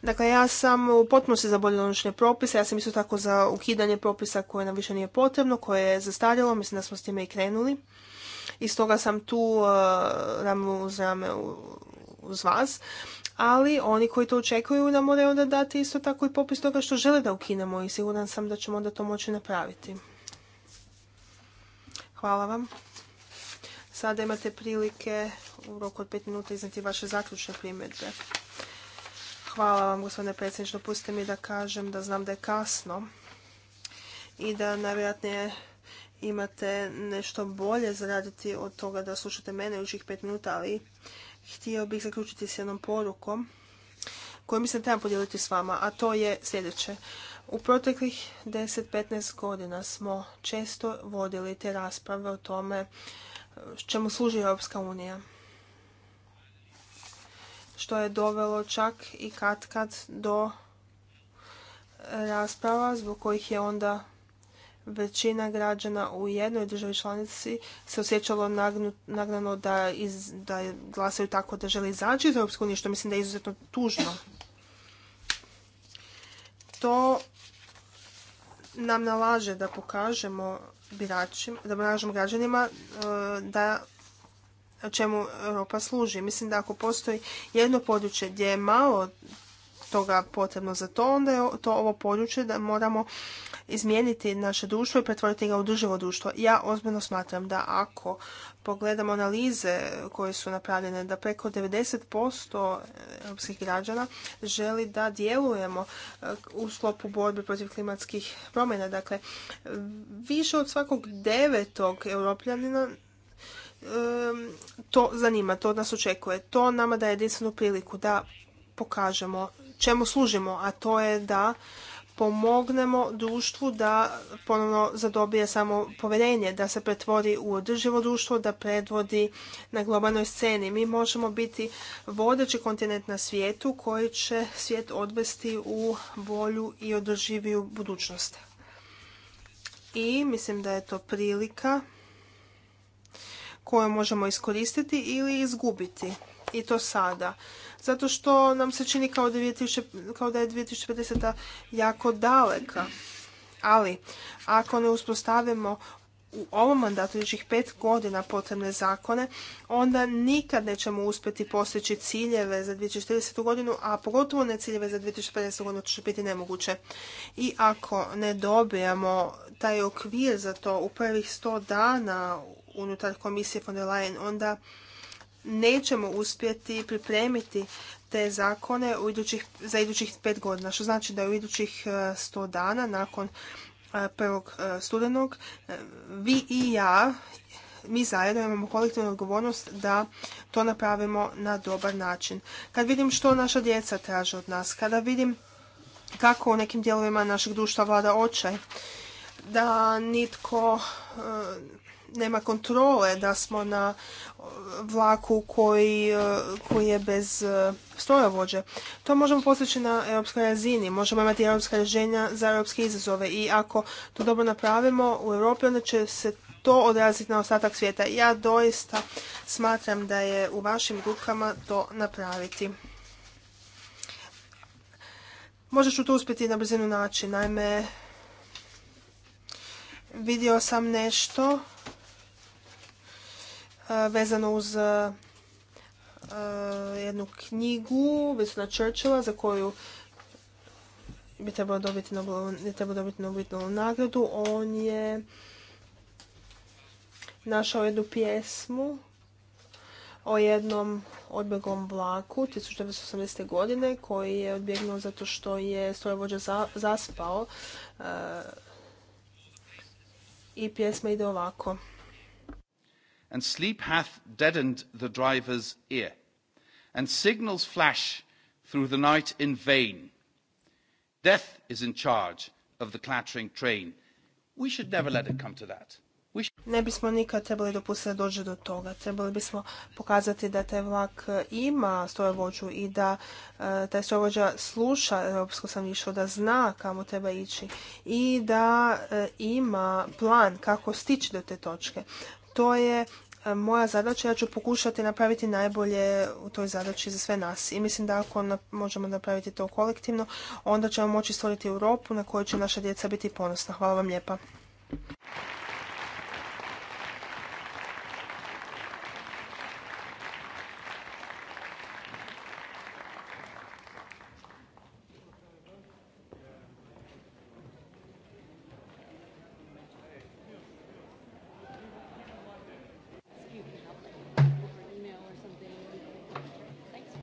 Dakle, ja sam u potpunosti za bolje donošenje propisa, ja sam isto tako za ukidanje propisa koje nam više nije potrebno, koje je zastarjelo, mislim da smo s time i krenuli i stoga sam tu rame uh, uz uz vas. Ali oni koji to očekuju nam moraju onda dati isto tako i popis toga što žele da ukinemo i siguran sam da ćemo onda to moći napraviti. Hvala vam. Sada imate prilike u roku od pet minuta iznati vaše zaključne primjedbe. Hvala vam, gospodine predsjedniče. Pustite mi da kažem da znam da je kasno i da najvjerojatnije imate nešto bolje zaraditi od toga da slušate mene učih pet minuta, ali htio bih zaključiti s jednom porukom koju mislim trebam podijeliti s vama, a to je sljedeće. U proteklih 10-15 godina smo često vodili te rasprave o tome čemu služi Europska unija. Što je dovelo čak i kad kad do rasprava zbog kojih je onda većina građana u jednoj državi članici se osjećalo nagnano da, iz, da glasaju tako da žele izaći iz Europske unije, što mislim da je izuzetno tužno. To nam nalaže da pokažemo biračima, da pokažemo građanima e, da čemu Europa služi. Mislim da ako postoji jedno područje gdje je malo toga potrebno za to, onda je to ovo područje da moramo izmijeniti naše društvo i pretvoriti ga u drživo društvo. Ja ozbiljno smatram da ako pogledamo analize koje su napravljene, da preko 90% europskih građana želi da djelujemo eh, u slopu borbe protiv klimatskih promjena. Dakle, više od svakog devetog europljanina to zanima, to od nas očekuje. To nama daje jedinstvenu priliku da pokažemo čemu služimo, a to je da pomognemo društvu da ponovno zadobije samo povjerenje, da se pretvori u održivo društvo, da predvodi na globalnoj sceni. Mi možemo biti vodeći kontinent na svijetu koji će svijet odvesti u bolju i održiviju budućnost. I mislim da je to prilika koju možemo iskoristiti ili izgubiti. I to sada zato što nam se čini kao da, 2000, kao da je 2050. jako daleka. Ali, ako ne uspostavimo u ovom mandatu idućih pet godina potrebne zakone, onda nikad nećemo uspjeti postići ciljeve za 2040. godinu, a pogotovo ne ciljeve za 2050. godinu, to će biti nemoguće. I ako ne dobijemo taj okvir za to u prvih 100 dana unutar komisije von der Leyen, onda nećemo uspjeti pripremiti te zakone za idućih pet godina, što znači da u idućih e, sto dana nakon e, prvog e, studenog vi i ja mi zajedno imamo kolektivnu odgovornost da to napravimo na dobar način. Kad vidim što naša djeca traže od nas, kada vidim kako u nekim dijelovima našeg društva vlada očaj, da nitko nema kontrole, da smo na vlaku koji, e, je bez e, strojovođe. To možemo postići na europskoj razini. Možemo imati europska rješenja za europske izazove i ako to dobro napravimo u Europi, onda će se to odraziti na ostatak svijeta. Ja doista smatram da je u vašim rukama to napraviti. Možda ću to uspjeti na brzinu naći. Naime, vidio sam nešto vezano uz jednu knjigu Vesna Churchilla za koju bi trebao dobiti Nobelovu, je dobiti nagradu. On je našao jednu pjesmu o jednom odbjegom vlaku 1980. godine koji je odbjegnuo zato što je vođa zaspao i pjesma ide ovako and sleep hath deadened the driver's ear, and signals flash through the night in vain. Death is in charge of the clattering train. We should never let it come to that. ne bismo nikad trebali dopustiti da dođe do toga. Trebali bismo pokazati da taj vlak e, ima vođu i da e, taj strojovođa sluša europsko išao da zna kamo treba ići i da e, ima plan kako stići do te točke. To je e, moja zadaća, ja ću pokušati napraviti najbolje u toj zadaći za sve nas. I mislim da ako možemo napraviti to kolektivno, onda ćemo moći stvoriti Europu na kojoj će naša djeca biti ponosna. Hvala vam lijepa.